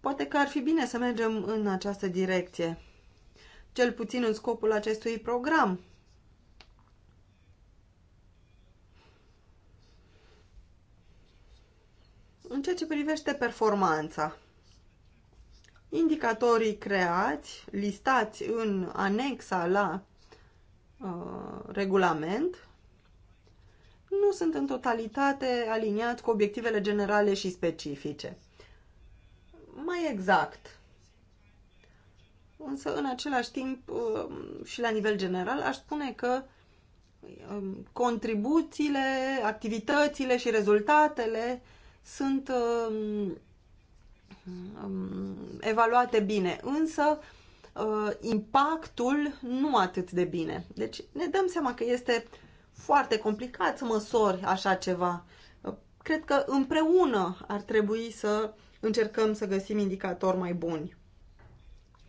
Poate că ar fi bine să mergem în această direcție, cel puțin în scopul acestui program. În ceea ce privește performanța, Indicatorii creați, listați în anexa la uh, regulament, nu sunt în totalitate aliniați cu obiectivele generale și specifice. Mai exact, însă în același timp uh, și la nivel general aș spune că um, contribuțiile, activitățile și rezultatele sunt um, Um, evaluate bine, însă uh, impactul nu atât de bine. Deci ne dăm seama că este foarte complicat să măsori așa ceva. Uh, cred că împreună ar trebui să încercăm să găsim indicatori mai buni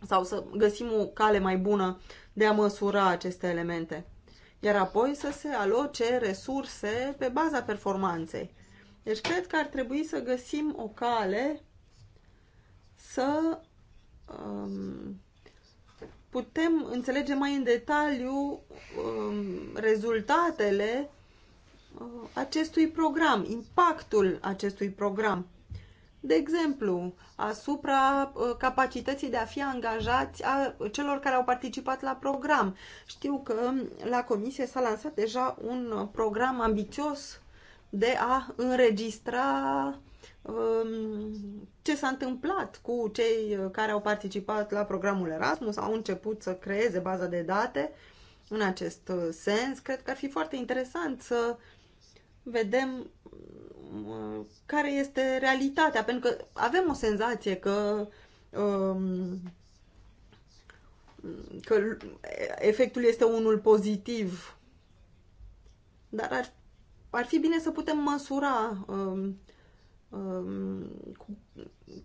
sau să găsim o cale mai bună de a măsura aceste elemente. Iar apoi să se aloce resurse pe baza performanței. Deci cred că ar trebui să găsim o cale să um, putem înțelege mai în detaliu um, rezultatele uh, acestui program, impactul acestui program. De exemplu, asupra uh, capacității de a fi angajați a celor care au participat la program. Știu că la comisie s-a lansat deja un program ambițios de a înregistra ce s-a întâmplat cu cei uh, care au participat la programul Erasmus, au început să creeze baza de date în acest uh, sens. Cred că ar fi foarte interesant să vedem uh, care este realitatea, pentru că avem o senzație că um, că efectul este unul pozitiv, dar ar, ar fi bine să putem măsura um, Um,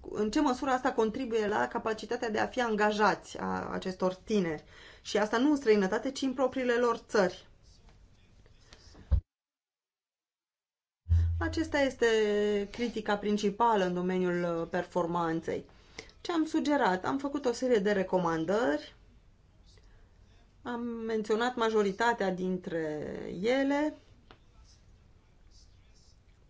în ce măsură asta contribuie la capacitatea de a fi angajați a acestor tineri. Și asta nu în străinătate, ci în propriile lor țări. Acesta este critica principală în domeniul uh, performanței. Ce am sugerat? Am făcut o serie de recomandări, am menționat majoritatea dintre ele,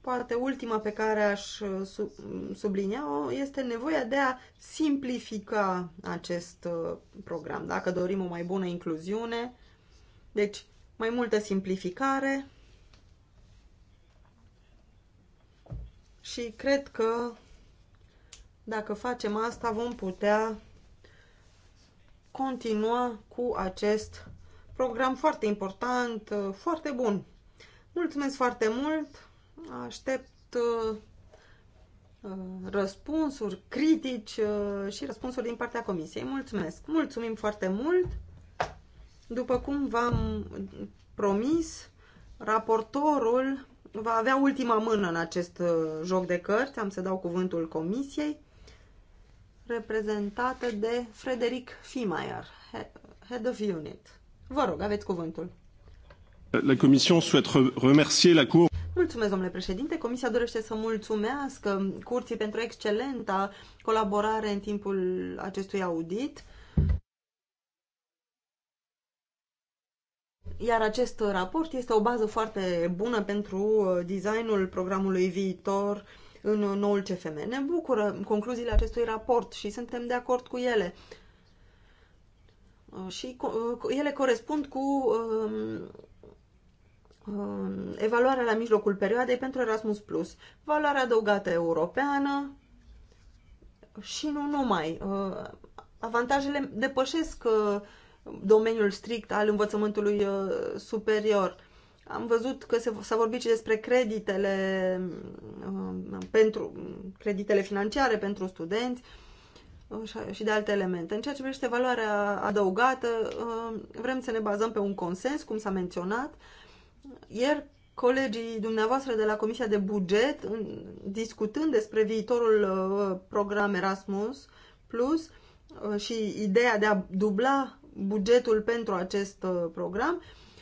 poate ultima pe care aș uh, mm, sublinia-o este nevoia de a simplifica acest uh, program. Dacă dorim o mai bună incluziune, deci mai multă simplificare și cred că dacă facem asta vom putea continua cu acest program foarte important, uh, foarte bun. Mulțumesc foarte mult! Aștept uh, uh, răspunsuri, critici uh, și răspunsuri din partea comisiei. Mulțumesc! Mulțumim foarte mult! După cum v-am promis, raportorul va avea ultima mână în acest joc de cărți. Am să dau cuvântul comisiei, reprezentată de Frederic Fimeyer, Head of Unit. Vă rog, aveți cuvântul. La comisie, souhaite remercier la Cour. Mulțumesc, domnule președinte. Comisia dorește să mulțumească curții pentru excelenta colaborare în timpul acestui audit. Iar acest raport este o bază foarte bună pentru designul programului viitor în noul CFM. Ne bucură concluziile acestui raport și suntem de acord cu ele. Și ele corespund cu um, Um, evaluarea la mijlocul perioadei pentru Erasmus+, Plus, valoarea adăugată europeană și nu numai. Uh, avantajele depășesc uh, domeniul strict al învățământului uh, superior. Am văzut că s-a vorbit și despre creditele, um, pentru, creditele financiare pentru studenți și de alte elemente. În ceea ce privește valoarea adăugată, vrem să ne bazăm pe un consens, cum s-a menționat, ieri, colegii dumneavoastră de la Comisia de Buget, discutând despre viitorul uh, program Erasmus Plus uh, și ideea de a dubla bugetul pentru acest uh, program,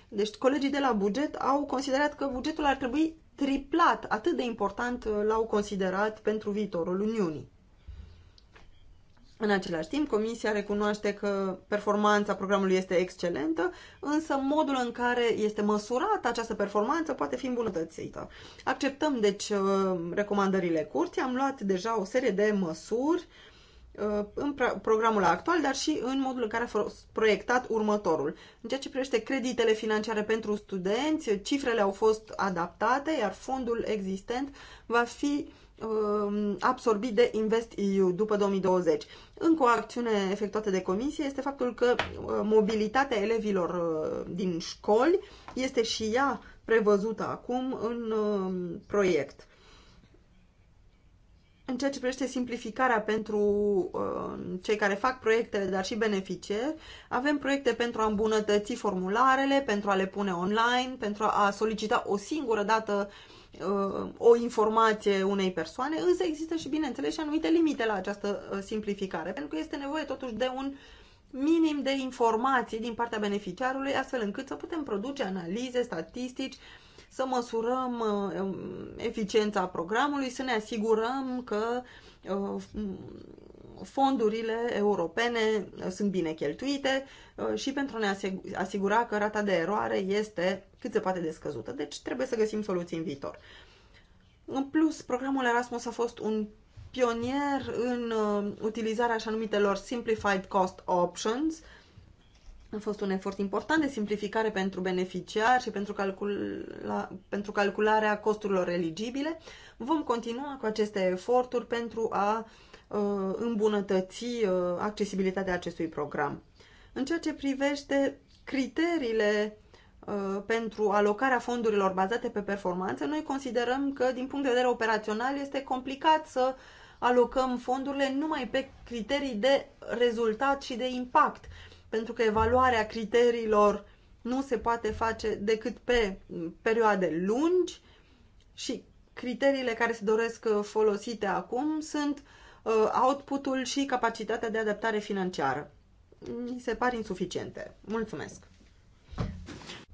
deci colegii de la buget au considerat că bugetul ar trebui triplat, atât de important l-au considerat pentru viitorul Uniunii. În același timp, Comisia recunoaște că performanța programului este excelentă, însă modul în care este măsurată această performanță poate fi îmbunătățită. Acceptăm, deci, uh, recomandările curții, am luat deja o serie de măsuri uh, în programul actual, dar și în modul în care a fost proiectat următorul. În ceea ce privește creditele financiare pentru studenți, cifrele au fost adaptate, iar fondul existent va fi Um, absorbit de InvestEU după 2020. Încă o acțiune efectuată de comisie este faptul că uh, mobilitatea elevilor uh, din școli este și ea prevăzută acum în um, proiect. În ceea ce privește simplificarea pentru um, cei care fac proiectele, dar și beneficie, avem proiecte pentru a îmbunătăți formularele, pentru a le pune online, pentru a solicita o singură dată uh, Uh, o informație unei persoane, însă există și, bineînțeles, și anumite limite la această uh, simplificare, pentru că este nevoie totuși de un minim de informații din partea beneficiarului, astfel încât să putem produce analize, statistici, să măsurăm uh, um, eficiența programului, să ne asigurăm că fondurile europene sunt bine cheltuite uh, și pentru a ne asigura că rata de eroare este cât se poate de scăzută. Deci trebuie să găsim soluții în viitor. În plus, programul Erasmus a fost un pionier în uh, utilizarea așa numitelor Simplified Cost Options. A fost un efort important de simplificare pentru beneficiari și pentru, calcula, pentru calcularea costurilor eligibile. Vom continua cu aceste eforturi pentru a uh, Uh, îmbunătăți uh, accesibilitatea acestui program. În ceea ce privește criteriile uh, pentru alocarea fondurilor bazate pe performanță, noi considerăm că, din punct de vedere operațional, este complicat să alocăm fondurile numai pe criterii de rezultat și de impact, pentru că evaluarea criteriilor nu se poate face decât pe perioade lungi și criteriile care se doresc folosite acum sunt Uh, outputul și capacitatea de adaptare financiară. Mi se par insuficiente. Mulțumesc!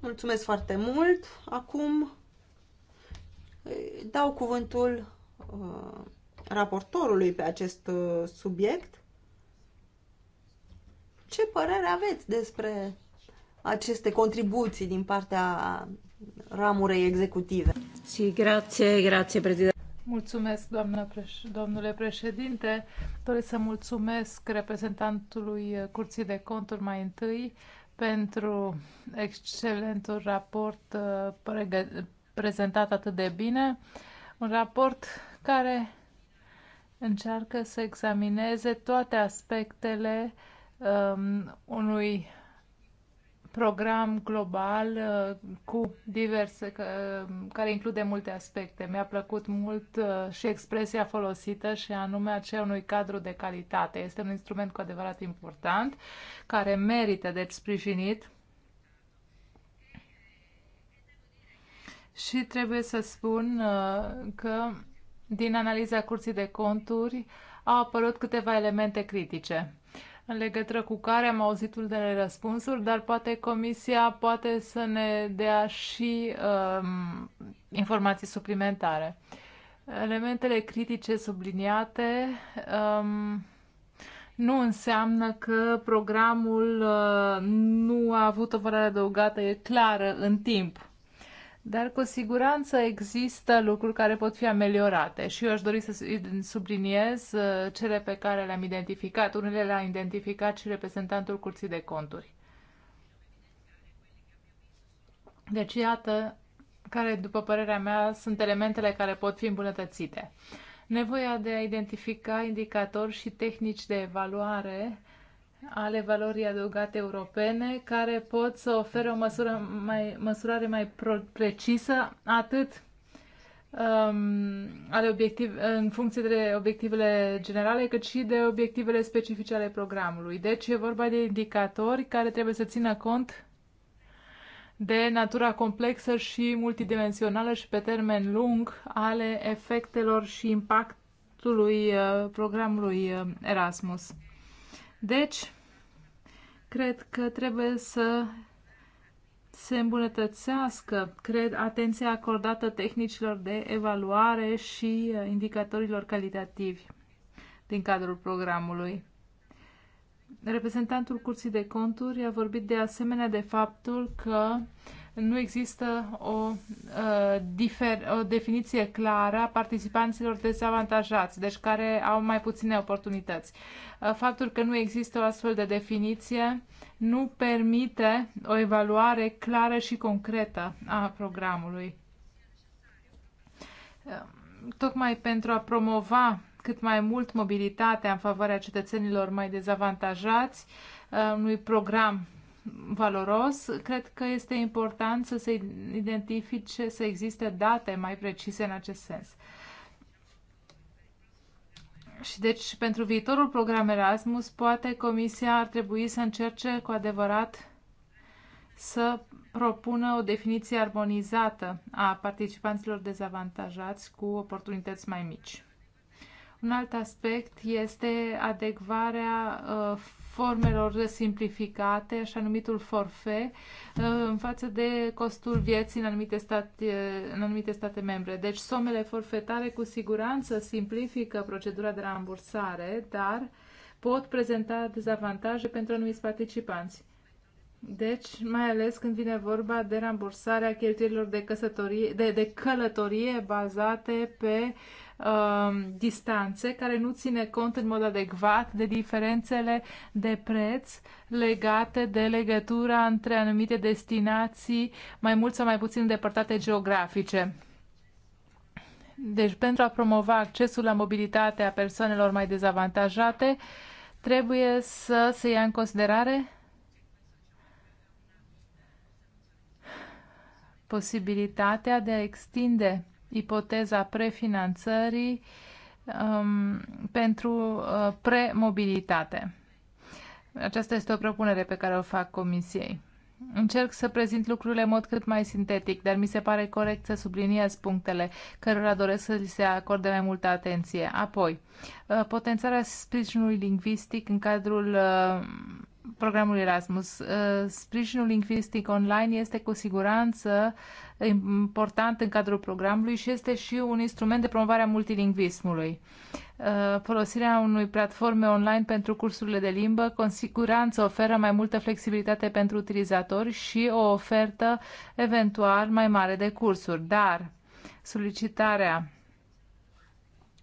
Mulțumesc foarte mult! Acum dau cuvântul uh, raportorului pe acest uh, subiect. Ce părere aveți despre aceste contribuții din partea ramurei executive? Sí, grazie, grazie, președinte. Mulțumesc, doamnă preș- domnule președinte. Doresc să mulțumesc reprezentantului Curții de Conturi mai întâi pentru excelentul raport uh, prezentat atât de bine. Un raport care încearcă să examineze toate aspectele um, unui program global uh, cu diverse, uh, care include multe aspecte. Mi-a plăcut mult uh, și expresia folosită și anume aceea unui cadru de calitate. Este un instrument cu adevărat important, care merită deci sprijinit. Și trebuie să spun că din analiza curții de conturi au apărut câteva elemente critice în legătură cu care am auzit ultimele răspunsuri, dar poate comisia poate să ne dea și um, informații suplimentare. Elementele critice subliniate um, nu înseamnă că programul uh, nu a avut o valoare adăugată, e clară, în timp. Dar cu siguranță există lucruri care pot fi ameliorate și eu aș dori să subliniez uh, cele pe care le-am identificat. Unele le-a identificat și reprezentantul Curții de Conturi. Deci, iată care, după părerea mea, sunt elementele care pot fi îmbunătățite. Nevoia de a identifica indicatori și tehnici de evaluare ale valorii adăugate europene care pot să ofere o măsură mai, măsurare mai precisă atât um, ale obiectiv, în funcție de obiectivele generale, cât și de obiectivele specifice ale programului. Deci e vorba de indicatori care trebuie să țină cont de natura complexă și multidimensională și pe termen lung ale efectelor și impactului uh, programului uh, Erasmus. Deci, Cred că trebuie să se îmbunătățească, cred, atenția acordată tehnicilor de evaluare și uh, indicatorilor calitativi din cadrul programului. Reprezentantul Curții de Conturi a vorbit de asemenea de faptul că nu există o, uh, difer, o definiție clară a participanților dezavantajați, deci care au mai puține oportunități. Uh, faptul că nu există o astfel de definiție nu permite o evaluare clară și concretă a programului. Uh, tocmai pentru a promova cât mai mult mobilitatea în favoarea cetățenilor mai dezavantajați, unui program valoros. Cred că este important să se identifice, să existe date mai precise în acest sens. Și deci, pentru viitorul program Erasmus, poate Comisia ar trebui să încerce cu adevărat să propună o definiție armonizată a participanților dezavantajați cu oportunități mai mici. Un alt aspect este adecvarea uh, formelor simplificate, așa numitul forfe, uh, în față de costul vieții în anumite, state, uh, în anumite state membre. Deci somele forfetare cu siguranță simplifică procedura de rambursare, dar pot prezenta dezavantaje pentru anumiți participanți. Deci, mai ales când vine vorba de rambursarea cheltuielilor de, căsătorie, de, de călătorie bazate pe uh, Um, distanțe, care nu ține cont în mod adecvat de diferențele de preț legate de legătura între anumite destinații mai mult sau mai puțin îndepărtate geografice. Deci, pentru a promova accesul la mobilitatea persoanelor mai dezavantajate, trebuie să se ia în considerare posibilitatea de a extinde ipoteza prefinanțării um, pentru uh, premobilitate. Aceasta este o propunere pe care o fac Comisiei. Încerc să prezint lucrurile în mod cât mai sintetic, dar mi se pare corect să subliniez punctele cărora doresc să li se acorde mai multă atenție. Apoi, uh, potențarea sprijinului lingvistic în cadrul uh, programul Erasmus. Uh, sprijinul lingvistic online este cu siguranță important în cadrul programului și este și un instrument de promovare a multilingvismului. Uh, folosirea unui platforme online pentru cursurile de limbă cu siguranță oferă mai multă flexibilitate pentru utilizatori și o ofertă eventual mai mare de cursuri, dar solicitarea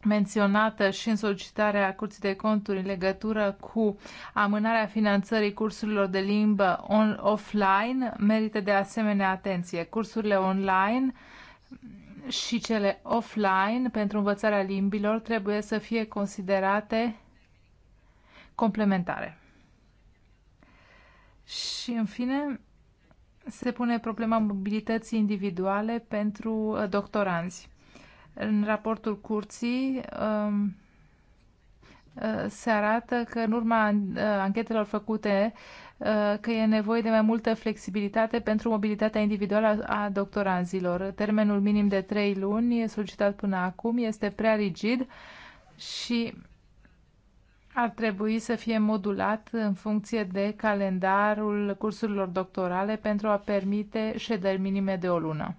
menționată și în solicitarea Curții de Conturi în legătură cu amânarea finanțării cursurilor de limbă on, offline merită de asemenea atenție. Cursurile online și cele offline pentru învățarea limbilor trebuie să fie considerate complementare. Și în fine, se pune problema mobilității individuale pentru doctoranzi în raportul curții um, uh, se arată că în urma uh, anchetelor făcute uh, că e nevoie de mai multă flexibilitate pentru mobilitatea individuală a doctoranzilor. Termenul minim de 3 luni solicitat până acum este prea rigid și ar trebui să fie modulat în funcție de calendarul cursurilor doctorale pentru a permite șederi minime de o lună.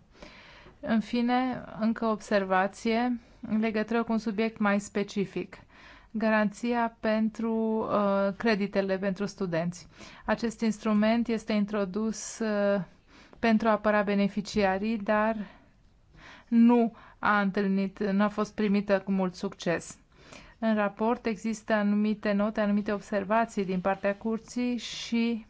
În fine, încă o observație în legătură cu un subiect mai specific garanția pentru uh, creditele pentru studenți. Acest instrument este introdus uh, pentru a apăra beneficiarii, dar nu a întâlnit, nu a fost primită cu mult succes. În raport există anumite note, anumite observații din partea curții și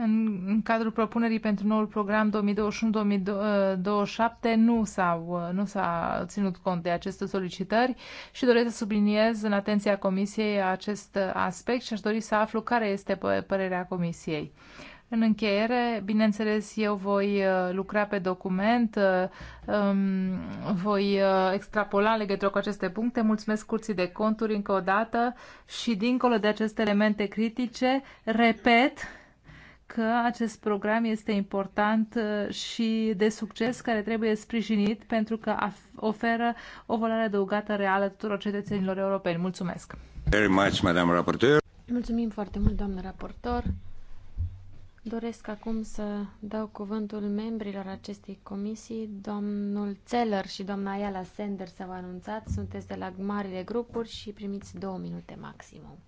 în, în cadrul propunerii pentru noul program 2021-2027 nu, s a uh, nu ținut cont de aceste solicitări și doresc să subliniez în atenția Comisiei acest uh, aspect și aș dori să aflu care este părerea Comisiei. În încheiere, bineînțeles, eu voi uh, lucra pe document, um, voi extrapola legătură cu aceste puncte. Mulțumesc curții de conturi încă o dată și dincolo de aceste elemente critice, repet, că acest program este important uh, și de succes care trebuie sprijinit pentru că oferă o valoare adăugată reală tuturor cetățenilor europeni. Mulțumesc! Very much, Madame Raporteur. Mulțumim foarte mult, doamnă raportor. Doresc acum să dau cuvântul membrilor acestei comisii. Domnul Țeller și doamna Ayala Sender s-au anunțat. Sunteți de la marile grupuri și primiți două minute maximum.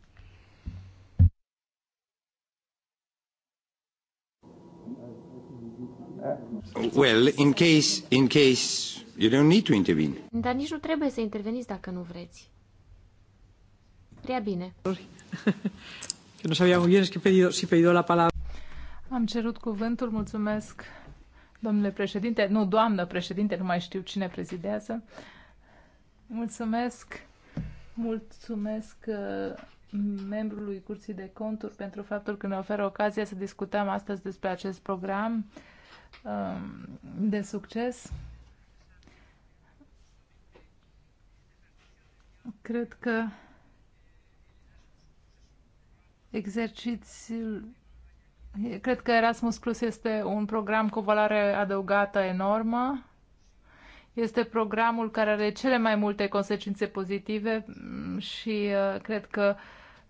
Well, in case, in case you don't need to intervene. Dar nici nu trebuie să interveniți dacă nu vreți. Prea bine. Que no sabía bien es que pedido, si pedido la palabra. Am cerut cuvântul, mulțumesc, domnule președinte. Nu, doamnă președinte, nu mai știu cine prezidează. Mulțumesc, mulțumesc uh, membrului Curții de Conturi pentru faptul că ne oferă ocazia să discutăm astăzi despre acest program Um, de succes. Cred că exercițiul Cred că Erasmus Plus este un program cu o valoare adăugată enormă. Este programul care are cele mai multe consecințe pozitive mm, și uh, cred că uh,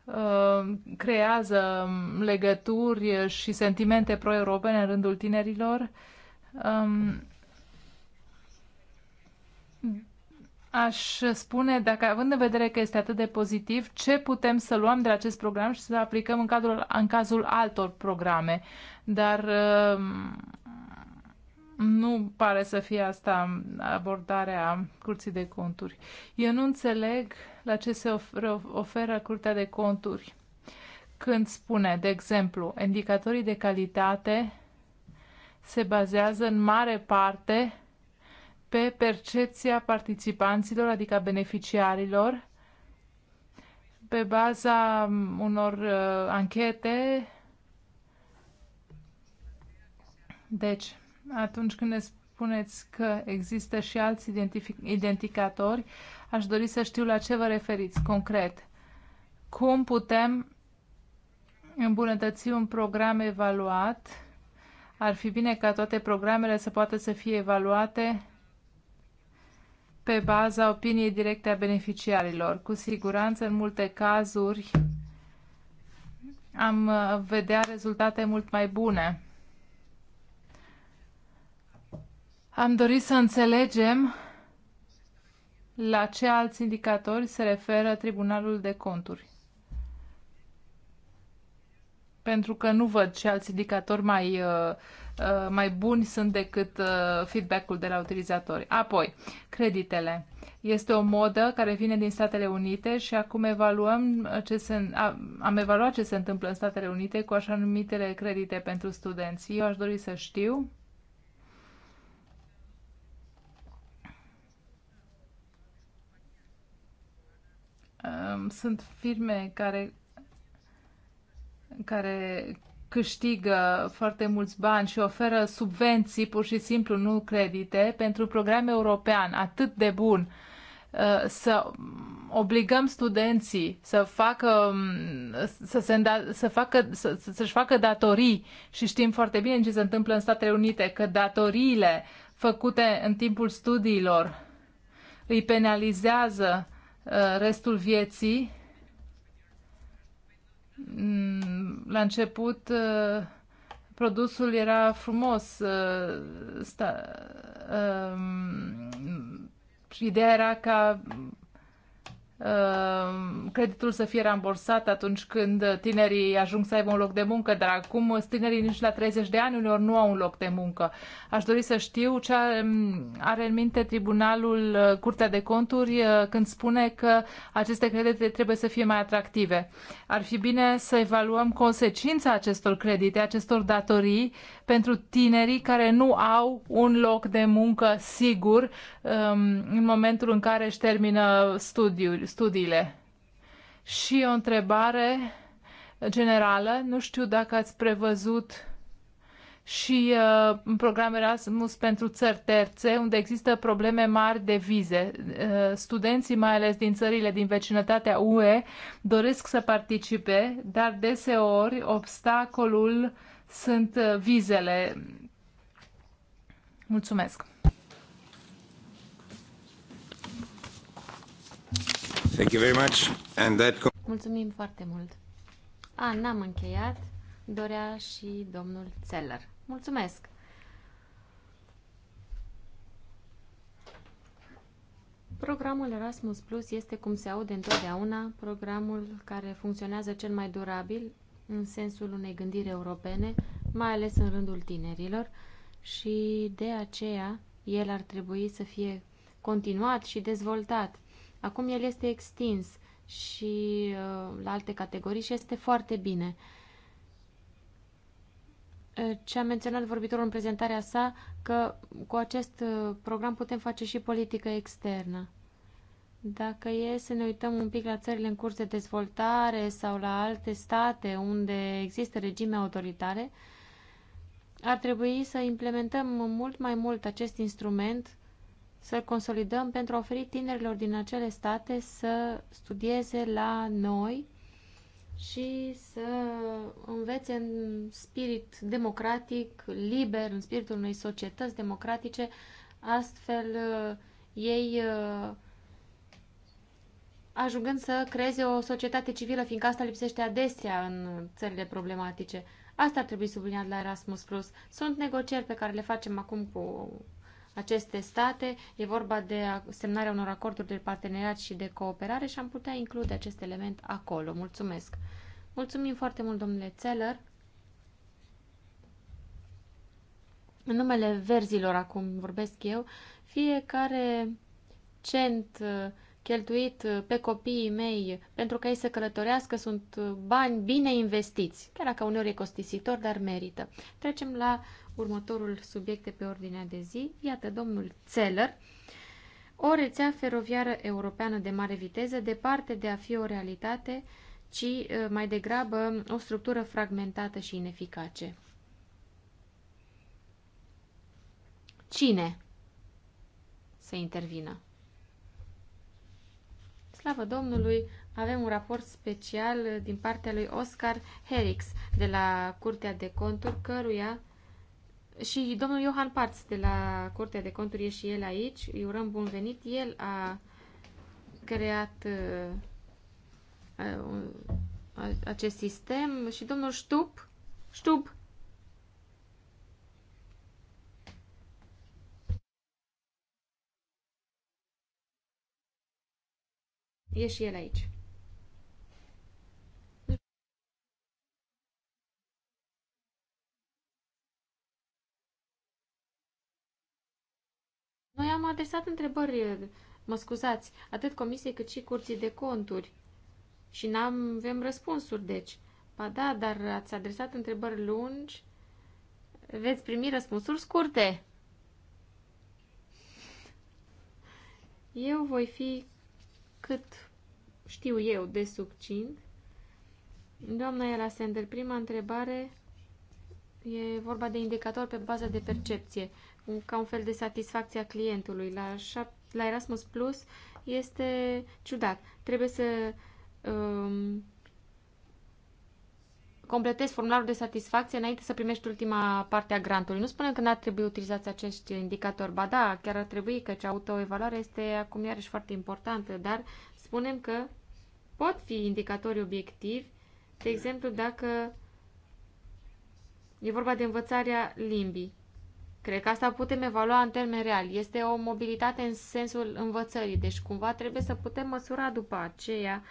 Uh, creează legături și sentimente pro-europene în rândul tinerilor. Um, aș spune, dacă având în vedere că este atât de pozitiv, ce putem să luăm de la acest program și să aplicăm în, cadrul, în cazul altor programe. Dar um, nu pare să fie asta abordarea curții de conturi. Eu nu înțeleg la ce se oferă, Curtea de Conturi când spune, de exemplu, indicatorii de calitate se bazează în mare parte pe percepția participanților, adică a beneficiarilor, pe baza unor uh, anchete. Deci, atunci când ne spuneți că există și alți identificatori, Aș dori să știu la ce vă referiți concret. Cum putem îmbunătăți un program evaluat? Ar fi bine ca toate programele să poată să fie evaluate pe baza opiniei directe a beneficiarilor. Cu siguranță, în multe cazuri, am uh, vedea rezultate mult mai bune. Am dorit să înțelegem la ce alți indicatori se referă Tribunalul de Conturi. Pentru că nu văd ce alți indicatori mai, uh, uh, mai buni sunt decât uh, feedback-ul de la utilizatori. Apoi, creditele. Este o modă care vine din Statele Unite și acum evaluăm ce se, am evaluat ce se întâmplă în Statele Unite cu așa numitele credite pentru studenți. Eu aș dori să știu Sunt firme care, care câștigă foarte mulți bani și oferă subvenții, pur și simplu nu credite, pentru program european atât de bun ă, să obligăm studenții să facă, să, se, să facă, să, să-și facă datorii și știm foarte bine ce se întâmplă în Statele Unite, că datoriile făcute în timpul studiilor îi penalizează Uh, restul vieții. Mm, la început uh, produsul era frumos. Uh, mm, ideea era ca Ehm, creditul să fie rambursat atunci când tinerii ajung să aibă un loc de muncă, dar acum tinerii nici la 30 de ani uneori nu au un loc de muncă. Aș dori să știu ce are în minte tribunalul uh, Curtea de Conturi uh, când spune că aceste credite trebuie să fie mai atractive. Ar fi bine să evaluăm consecința acestor credite, acestor datorii pentru tinerii care nu au un loc de muncă sigur um, în momentul în care își termină studiul, studiile. Și o întrebare generală, nu știu dacă ați prevăzut și uh, în program Erasmus pentru țări terțe, unde există probleme mari de vize. Uh, studenții, mai ales din țările din vecinătatea UE, doresc să participe, dar deseori obstacolul sunt uh, vizele. Mulțumesc! Thank you very much. And that... Mulțumim foarte mult! A, n-am încheiat. Dorea și domnul Zeller. Mulțumesc! Programul Erasmus Plus este, cum se aude întotdeauna, programul care funcționează cel mai durabil în sensul unei gândiri europene, mai ales în rândul tinerilor, și de aceea el ar trebui să fie continuat și dezvoltat. Acum el este extins și uh, la alte categorii și este foarte bine. Uh, ce a menționat vorbitorul în prezentarea sa, că cu acest uh, program putem face și politică externă. Dacă e să ne uităm un pic la țările în curs de dezvoltare sau la alte state unde există regime autoritare, ar trebui să implementăm mult mai mult acest instrument, să-l consolidăm pentru a oferi tinerilor din acele state să studieze la noi și să învețe în spirit democratic, liber, în spiritul unei societăți democratice, astfel ei uh, ajungând să creeze o societate civilă, fiindcă asta lipsește adesea în țările problematice. Asta ar trebui subliniat la Erasmus+. Plus. Sunt negocieri pe care le facem acum cu aceste state. E vorba de semnarea unor acorduri de parteneriat și de cooperare și am putea include acest element acolo. Mulțumesc! Mulțumim foarte mult, domnule Țeller! În numele verzilor, acum vorbesc eu, fiecare cent uh, cheltuit uh, pe copiii mei pentru ca ei să călătorească sunt uh, bani bine investiți, chiar dacă uneori e costisitor, dar merită. Trecem la următorul subiect de pe ordinea de zi. Iată, domnul Țeller, o rețea feroviară europeană de mare viteză, departe de a fi o realitate, ci uh, mai degrabă o structură fragmentată și ineficace. Cine să intervină? Slavă Domnului, avem un raport special din partea lui Oscar Herix de la Curtea de Conturi, căruia și domnul Johan Parț de la Curtea de Conturi e și el aici, îi urăm bun venit. El a creat uh, uh, acest sistem și domnul Ștup, Ștup, E și el aici. Noi am adresat întrebări, mă scuzați, atât comisiei cât și curții de conturi. Și n-am, avem răspunsuri, deci. Ba da, dar ați adresat întrebări lungi, veți primi răspunsuri scurte. Eu voi fi cât știu eu de succint. Doamna Ela Sender, prima întrebare e vorba de indicator pe bază de percepție, ca un fel de satisfacție a clientului. La, la Erasmus Plus este ciudat. Trebuie să um, completezi formularul de satisfacție înainte să primești ultima parte a grantului. Nu spunem că n-ar trebui utilizați acești indicatori. Ba da, chiar ar trebui, căci autoevaluarea este acum iarăși foarte importantă, dar spunem că pot fi indicatori obiectivi, de exemplu, dacă e vorba de învățarea limbii. Cred că asta putem evalua în termen real. Este o mobilitate în sensul învățării, deci cumva trebuie să putem măsura după aceea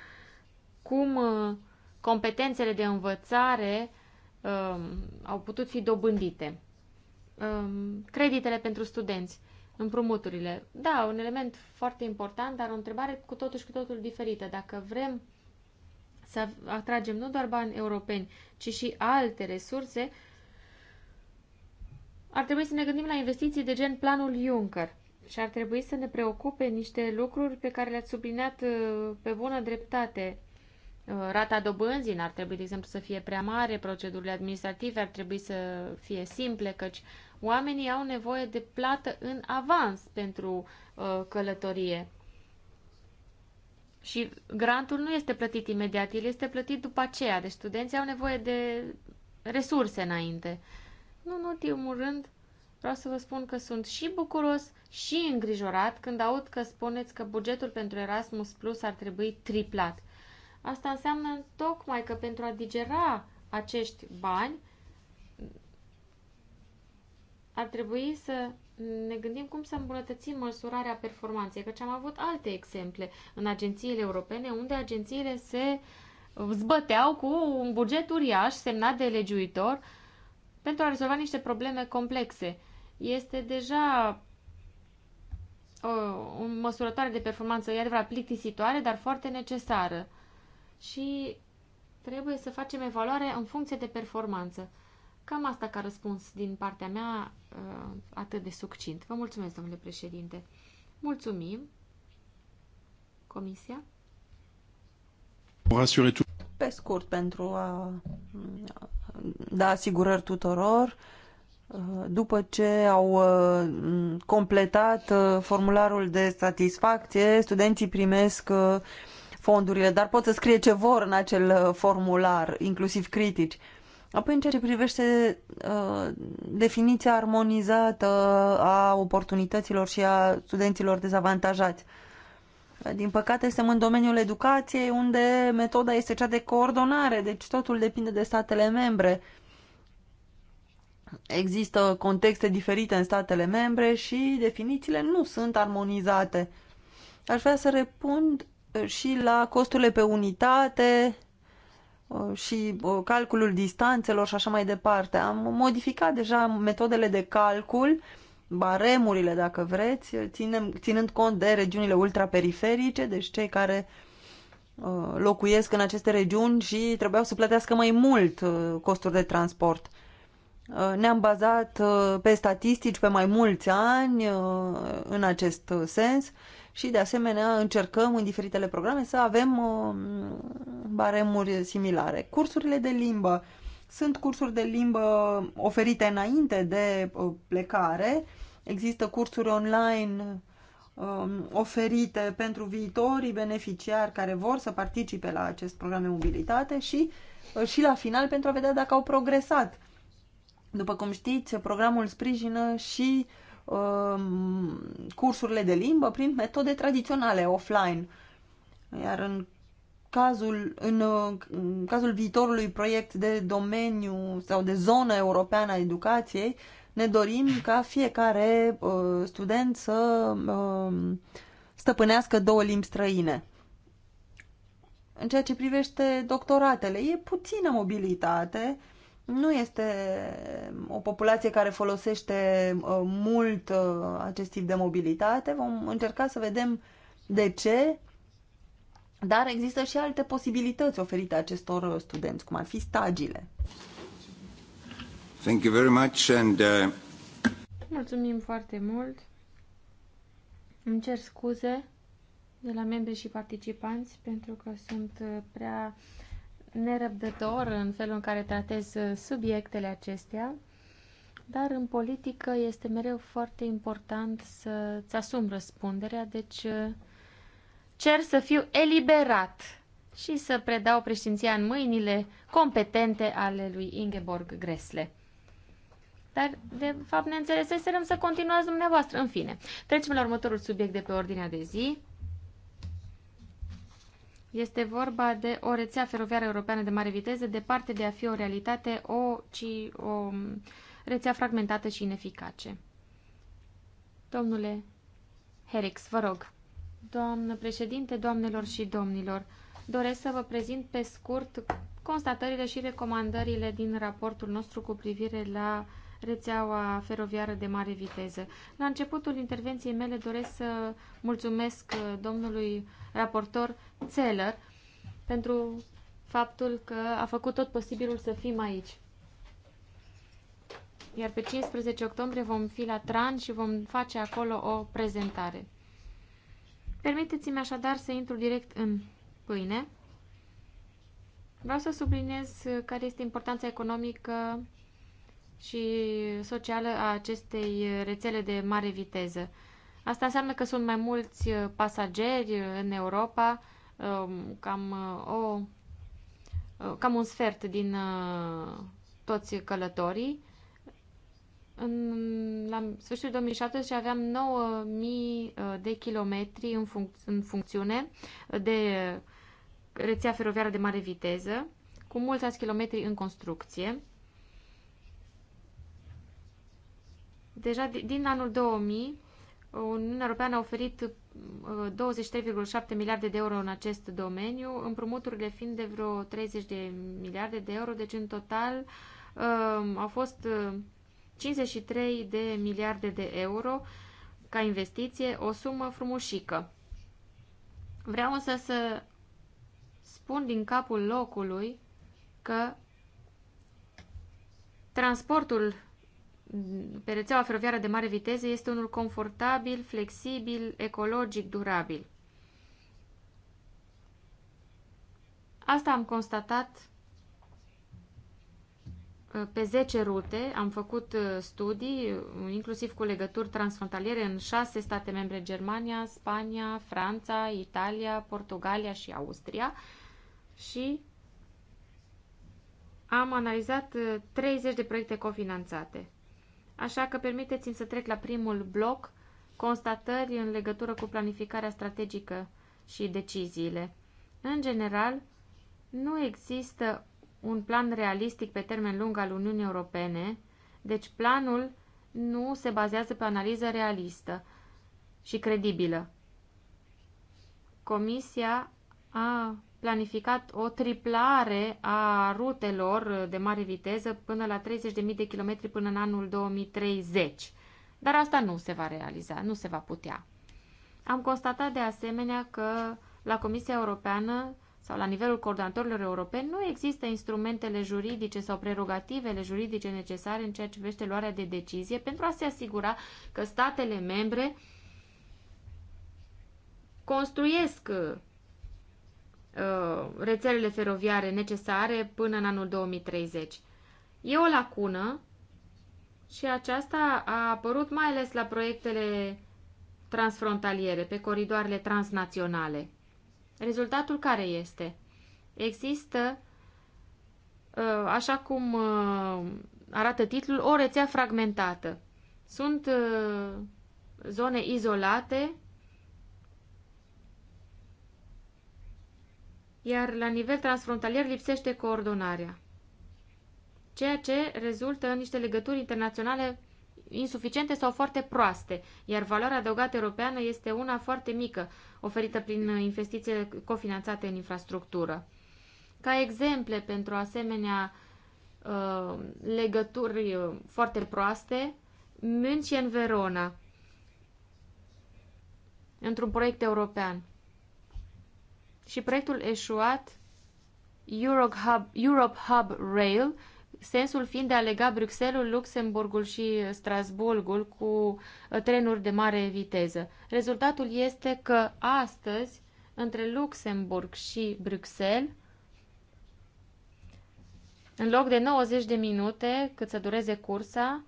cum uh, competențele de învățare um, au putut fi dobândite. Um, creditele pentru studenți, împrumuturile. Da, un element foarte important, dar o întrebare cu totul și cu totul diferită. Dacă vrem să atragem nu doar bani europeni, ci și alte resurse, ar trebui să ne gândim la investiții de gen planul Juncker și ar trebui să ne preocupe niște lucruri pe care le-ați subliniat uh, pe bună dreptate Uh, rata dobânzii n-ar trebui, de exemplu, să fie prea mare, procedurile administrative ar trebui să fie simple, căci oamenii au nevoie de plată în avans pentru uh, călătorie. Și grantul nu este plătit imediat, el este plătit după aceea, deci studenții au nevoie de resurse înainte. Nu în ultimul rând, vreau să vă spun că sunt și bucuros și îngrijorat când aud că spuneți că bugetul pentru Erasmus Plus ar trebui triplat. Asta înseamnă tocmai că pentru a digera acești bani ar trebui să ne gândim cum să îmbunătățim măsurarea performanței, căci am avut alte exemple în agențiile europene unde agențiile se zbăteau cu un buget uriaș semnat de legiuitor pentru a rezolva niște probleme complexe. Este deja o, uh, o măsurătoare de performanță, e adevărat, plictisitoare, dar foarte necesară și trebuie să facem evaluare în funcție de performanță. Cam asta ca răspuns din partea mea uh, atât de succint. Vă mulțumesc, domnule președinte. Mulțumim. Comisia? Pe scurt, pentru a uh, da asigurări tuturor, uh, după ce au completat formularul de satisfacție, studenții primesc fondurile, dar pot să scrie ce vor în acel uh, formular, inclusiv critici. Apoi, în ceea ce privește uh, definiția armonizată a oportunităților și a studenților dezavantajați, din păcate, este în domeniul educației, unde metoda este cea de coordonare, deci totul depinde de statele membre. Există contexte diferite în statele membre și definițiile nu sunt armonizate. Aș vrea să răspund Uh, și la costurile pe unitate uh, și uh, calculul distanțelor și așa mai departe. Am modificat deja metodele de calcul, baremurile, dacă vreți, ținem, ținând cont de regiunile ultraperiferice, deci cei care locuiesc în aceste regiuni și trebuiau să plătească mai mult costuri de transport. Ne-am bazat pe statistici pe mai mulți ani în acest sens și de asemenea încercăm în diferitele programe să avem uh, baremuri similare. Cursurile de limbă sunt cursuri de limbă oferite înainte de uh, plecare, există cursuri online um, oferite pentru viitorii beneficiari care vor să participe la acest program de mobilitate și, uh, și la final pentru a vedea dacă au progresat. După cum știți, programul sprijină și uh, Um, cursurile de limbă prin metode tradiționale offline. Iar în cazul, în, în cazul viitorului proiect de domeniu sau de zonă europeană a educației, ne dorim ca fiecare uh, student să uh, stăpânească două limbi străine. În ceea ce privește doctoratele, e puțină mobilitate uh, nu este um, o populație care folosește uh, mult uh, acest tip de mobilitate. Vom încerca să vedem de ce, dar există și alte posibilități oferite acestor studenți, cum ar fi stagiile. Thank you very much and, uh... Mulțumim foarte mult. Îmi cer scuze de la membri și participanți pentru că sunt uh, prea uh, nerăbdător în felul în care tratez uh, subiectele acestea, dar în politică este mereu foarte important să-ți asum răspunderea, deci uh, cer să fiu eliberat și să predau președinția în mâinile competente ale lui Ingeborg Gresle. Dar, de fapt, ne înțeleseserăm să continuați dumneavoastră. În fine, trecem la următorul subiect de pe ordinea de zi. Este vorba de o rețea feroviară europeană de mare viteză, departe de a fi o realitate, o, ci o rețea fragmentată și ineficace. Domnule Herix, vă rog. Doamnă președinte, doamnelor și domnilor, doresc să vă prezint pe scurt constatările și recomandările din raportul nostru cu privire la rețeaua feroviară de mare viteză. La începutul intervenției mele doresc să mulțumesc uh, domnului raportor Țeller pentru faptul că a făcut tot posibilul să fim aici. Iar pe 15 octombrie vom fi la Tran și vom face acolo o prezentare. Permiteți-mi așadar să intru direct în pâine. Vreau să subliniez uh, care este importanța economică și socială a acestei rețele de mare viteză. Asta înseamnă că sunt mai mulți uh, pasageri în Europa, um, cam, uh, o, uh, cam un sfert din toți călătorii. În, la sfârșitul 2017 aveam 9000 de kilometri în, func- în funcțiune de rețea feroviară de mare viteză, cu mulți alți kilometri în construcție. Deja din anul 2000, Uniunea Europeană a oferit 23,7 uh, miliarde de euro în acest domeniu, împrumuturile fiind de vreo 30 de miliarde de euro, deci în total um, au fost 53 uh, de miliarde de euro ca investiție, o sumă frumușică. Vreau însă să spun din capul locului că transportul pe rețeaua feroviară de mare viteză este unul confortabil, flexibil, ecologic, durabil. Asta am constatat uh, pe 10 rute, am făcut uh, studii, uh, inclusiv cu legături transfrontaliere în 6 state membre, Germania, Spania, Franța, Italia, Portugalia și Austria și am analizat 30 de proiecte cofinanțate. Așa că permiteți-mi să trec la primul bloc, constatări în legătură cu planificarea strategică și deciziile. În general, nu există un plan realistic pe termen lung al Uniunii Europene, deci planul nu se bazează pe analiză realistă și credibilă. Comisia a planificat o triplare a rutelor de mare viteză până la 30.000 de km până în anul 2030. Dar asta nu se va realiza, nu se va putea. Am constatat de asemenea că la Comisia Europeană sau la nivelul coordonatorilor europeni nu există instrumentele juridice sau prerogativele juridice necesare în ceea ce privește luarea de decizie pentru a se asigura că statele membre construiesc Uh, rețelele feroviare necesare până în anul 2030. E o lacună și aceasta a apărut mai ales la proiectele transfrontaliere, pe coridoarele transnaționale. Rezultatul care este? Există, uh, așa cum uh, arată titlul, o rețea fragmentată. Sunt zone izolate iar la nivel transfrontalier lipsește coordonarea, ceea ce rezultă în niște legături internaționale insuficiente sau foarte proaste, iar valoarea adăugată europeană este una foarte mică, oferită prin investiții cofinanțate în infrastructură. Ca exemple pentru asemenea uh, legături uh, foarte proaste, München-Verona, într-un proiect european și proiectul eșuat Europe Hub, Europe Hub Rail, sensul fiind de a lega Bruxelles, Luxemburgul și Strasburgul cu uh, trenuri de mare viteză. Rezultatul este că astăzi, între Luxemburg și Bruxelles, în loc de 90 de minute cât să dureze cursa,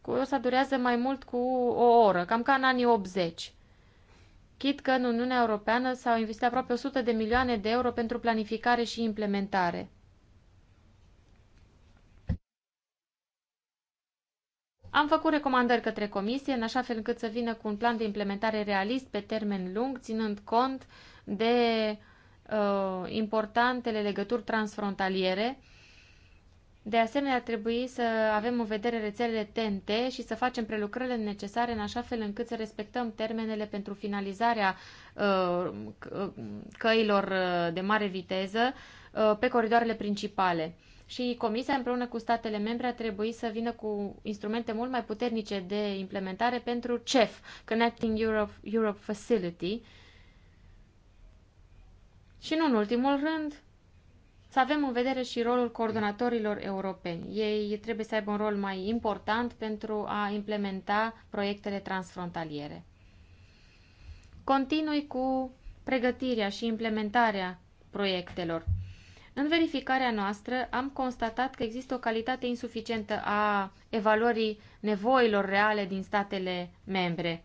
cursa durează mai mult cu o oră, cam ca în anii 80. Chit că în Uniunea Europeană s-au investit aproape 100 de milioane de euro pentru planificare și implementare. Am făcut recomandări către Comisie, în așa fel încât să vină cu un plan de implementare realist pe termen lung, ținând cont de uh, importantele legături transfrontaliere de asemenea, ar trebui să avem în vedere rețelele TNT și să facem prelucrările necesare în așa fel încât să respectăm termenele pentru finalizarea uh, uh, căilor uh, de mare viteză pe coridoarele principale. Și Comisia împreună cu statele membre a trebuit să vină cu instrumente mult mai puternice de implementare pentru CEF, Connecting Europe, Europe Facility. Și nu în ultimul rând, să avem în vedere și rolul coordonatorilor europeni. Ei trebuie să aibă un rol mai important pentru a implementa proiectele transfrontaliere. Continui cu pregătirea și implementarea proiectelor. În verificarea noastră am constatat că există o calitate insuficientă a evaluării nevoilor reale din statele membre.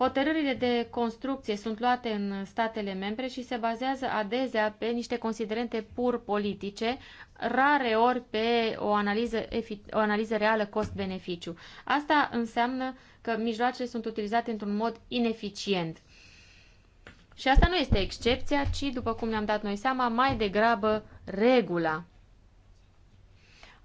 Hotărârile de construcție sunt luate în statele membre și se bazează adesea pe niște considerente pur politice, rare ori pe o analiză, o analiză reală cost-beneficiu. Asta înseamnă că mijloacele sunt utilizate într-un mod ineficient. Și asta nu este excepția, ci, după cum ne-am dat noi seama, mai degrabă regula.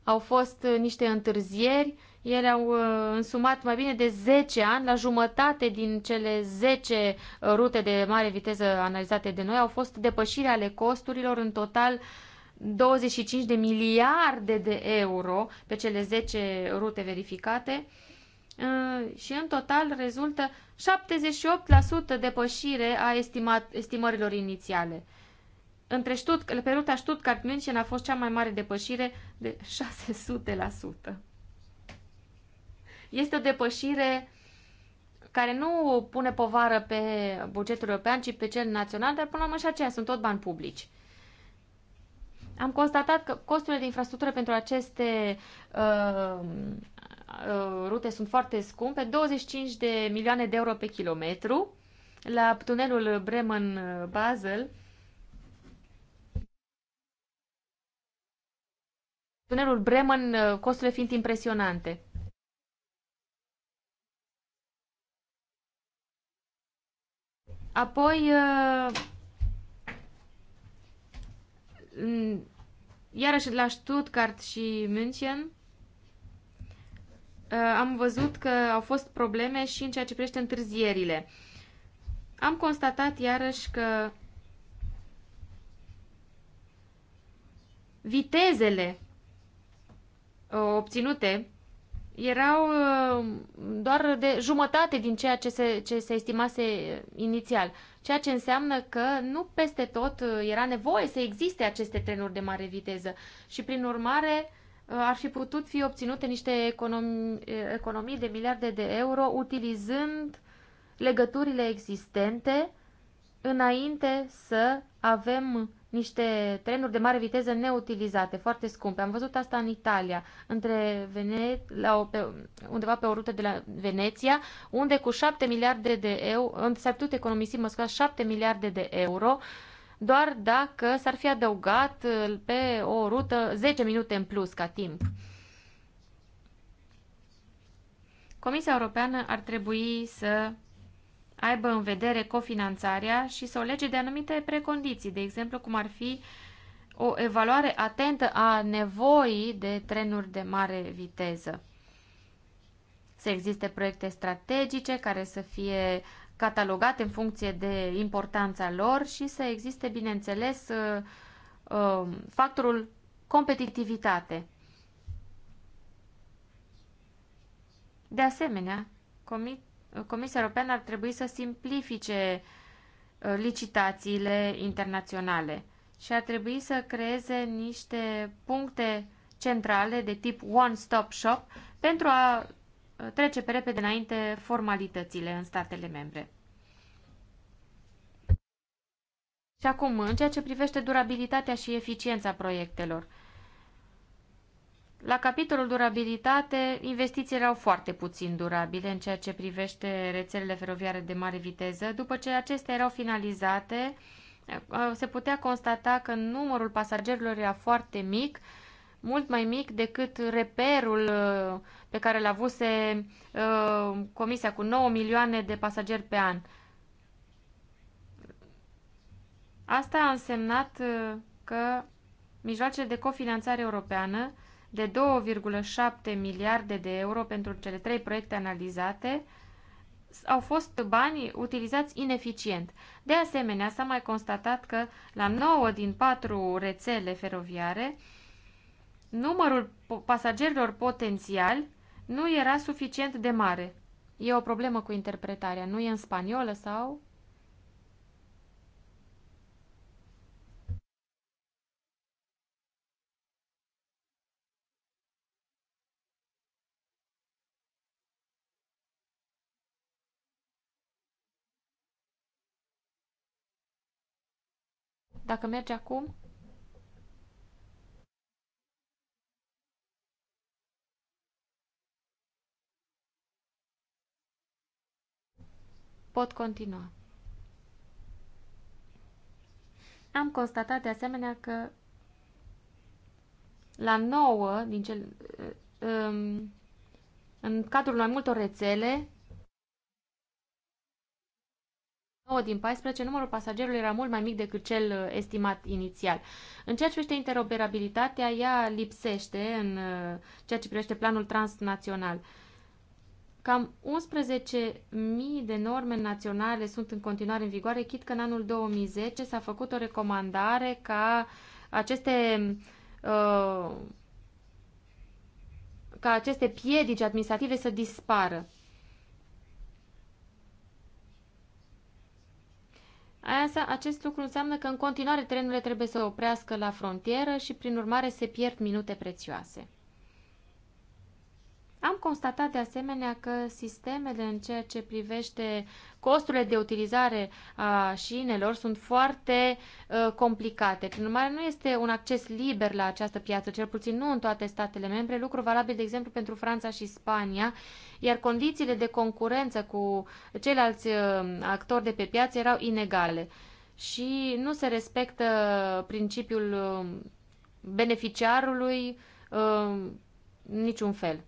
Au fost niște întârzieri ele au uh, însumat mai bine de 10 ani, la jumătate din cele 10 uh, rute de mare viteză analizate de noi au fost depășiri ale costurilor, în total 25 de miliarde de euro pe cele 10 rute verificate uh, și în total rezultă 78% depășire a estimat, estimărilor inițiale. Între Stutt, pe ruta Stuttgart-München a fost cea mai mare depășire de 600%. Este o depășire care nu pune povară pe bugetul european, ci pe cel național, dar până la urmă și aceea sunt tot bani publici. Am constatat că costurile de infrastructură pentru aceste uh, uh, rute sunt foarte scumpe, 25 de milioane de euro pe kilometru. La tunelul Bremen-Basel, tunelul Bremen, uh, costurile fiind impresionante. Apoi, uh, iarăși la Stuttgart și München, uh, am văzut că au fost probleme și în ceea ce privește întârzierile. Am constatat iarăși că vitezele uh, obținute erau uh, doar de jumătate din ceea ce se, ce se estimase inițial, ceea ce înseamnă că nu peste tot uh, era nevoie să existe aceste trenuri de mare viteză și, prin urmare, uh, ar fi putut fi obținute niște economii, economii de miliarde de euro utilizând legăturile existente înainte să avem niște trenuri de mare viteză neutilizate, foarte scumpe. Am văzut asta în Italia, între Vene- la o, pe, undeva pe o rută de la Veneția, unde cu 7 miliarde de euro, unde s-ar putea economisi, mă scuzați, 7 miliarde de euro, doar dacă s-ar fi adăugat uh, pe o rută 10 minute în plus ca timp. Comisia Europeană ar trebui să aibă în vedere cofinanțarea și să o lege de anumite precondiții, de exemplu cum ar fi o evaluare atentă a nevoii de trenuri de mare viteză. Să existe proiecte strategice care să fie catalogate în funcție de importanța lor și să existe, bineînțeles, uh, um, factorul competitivitate. De asemenea, comit Comisia Europeană ar trebui să simplifice uh, licitațiile internaționale și ar trebui să creeze niște puncte centrale de tip one-stop shop pentru a uh, trece pe repede înainte formalitățile în statele membre. Și acum, în ceea ce privește durabilitatea și eficiența proiectelor, la capitolul durabilitate, investițiile au foarte puțin durabile în ceea ce privește rețelele feroviare de mare viteză. După ce acestea erau finalizate, se putea constata că numărul pasagerilor era foarte mic, mult mai mic decât reperul pe care l-a avut comisia cu 9 milioane de pasageri pe an. Asta a însemnat că mijloacele de cofinanțare europeană de 2,7 miliarde de euro pentru cele trei proiecte analizate au fost bani utilizați ineficient. De asemenea, s-a mai constatat că la 9 din 4 rețele feroviare, numărul pasagerilor potențiali nu era suficient de mare. E o problemă cu interpretarea, nu e în spaniolă sau Dacă merge acum... Pot continua. Am constatat de asemenea că la 9 din cel, uh, um, în cadrul mai multor rețele 9 din 14, numărul pasagerilor era mult mai mic decât cel uh, estimat inițial. În ceea ce privește interoperabilitatea, ea lipsește în uh, ceea ce privește planul transnațional. Cam 11.000 de norme naționale sunt în continuare în vigoare, chit că în anul 2010 s-a făcut o recomandare ca aceste uh, ca aceste piedici administrative să dispară. Asta, acest lucru înseamnă că în continuare trenurile trebuie să oprească la frontieră și prin urmare se pierd minute prețioase. Am constatat de asemenea că sistemele în ceea ce privește costurile de utilizare a șinelor sunt foarte uh, complicate. Prin urmare, nu este un acces liber la această piață, cel puțin nu în toate statele membre, lucru valabil, de exemplu, pentru Franța și Spania, iar condițiile de concurență cu ceilalți uh, actori de pe piață erau inegale și nu se respectă principiul ă, beneficiarului uh, niciun fel.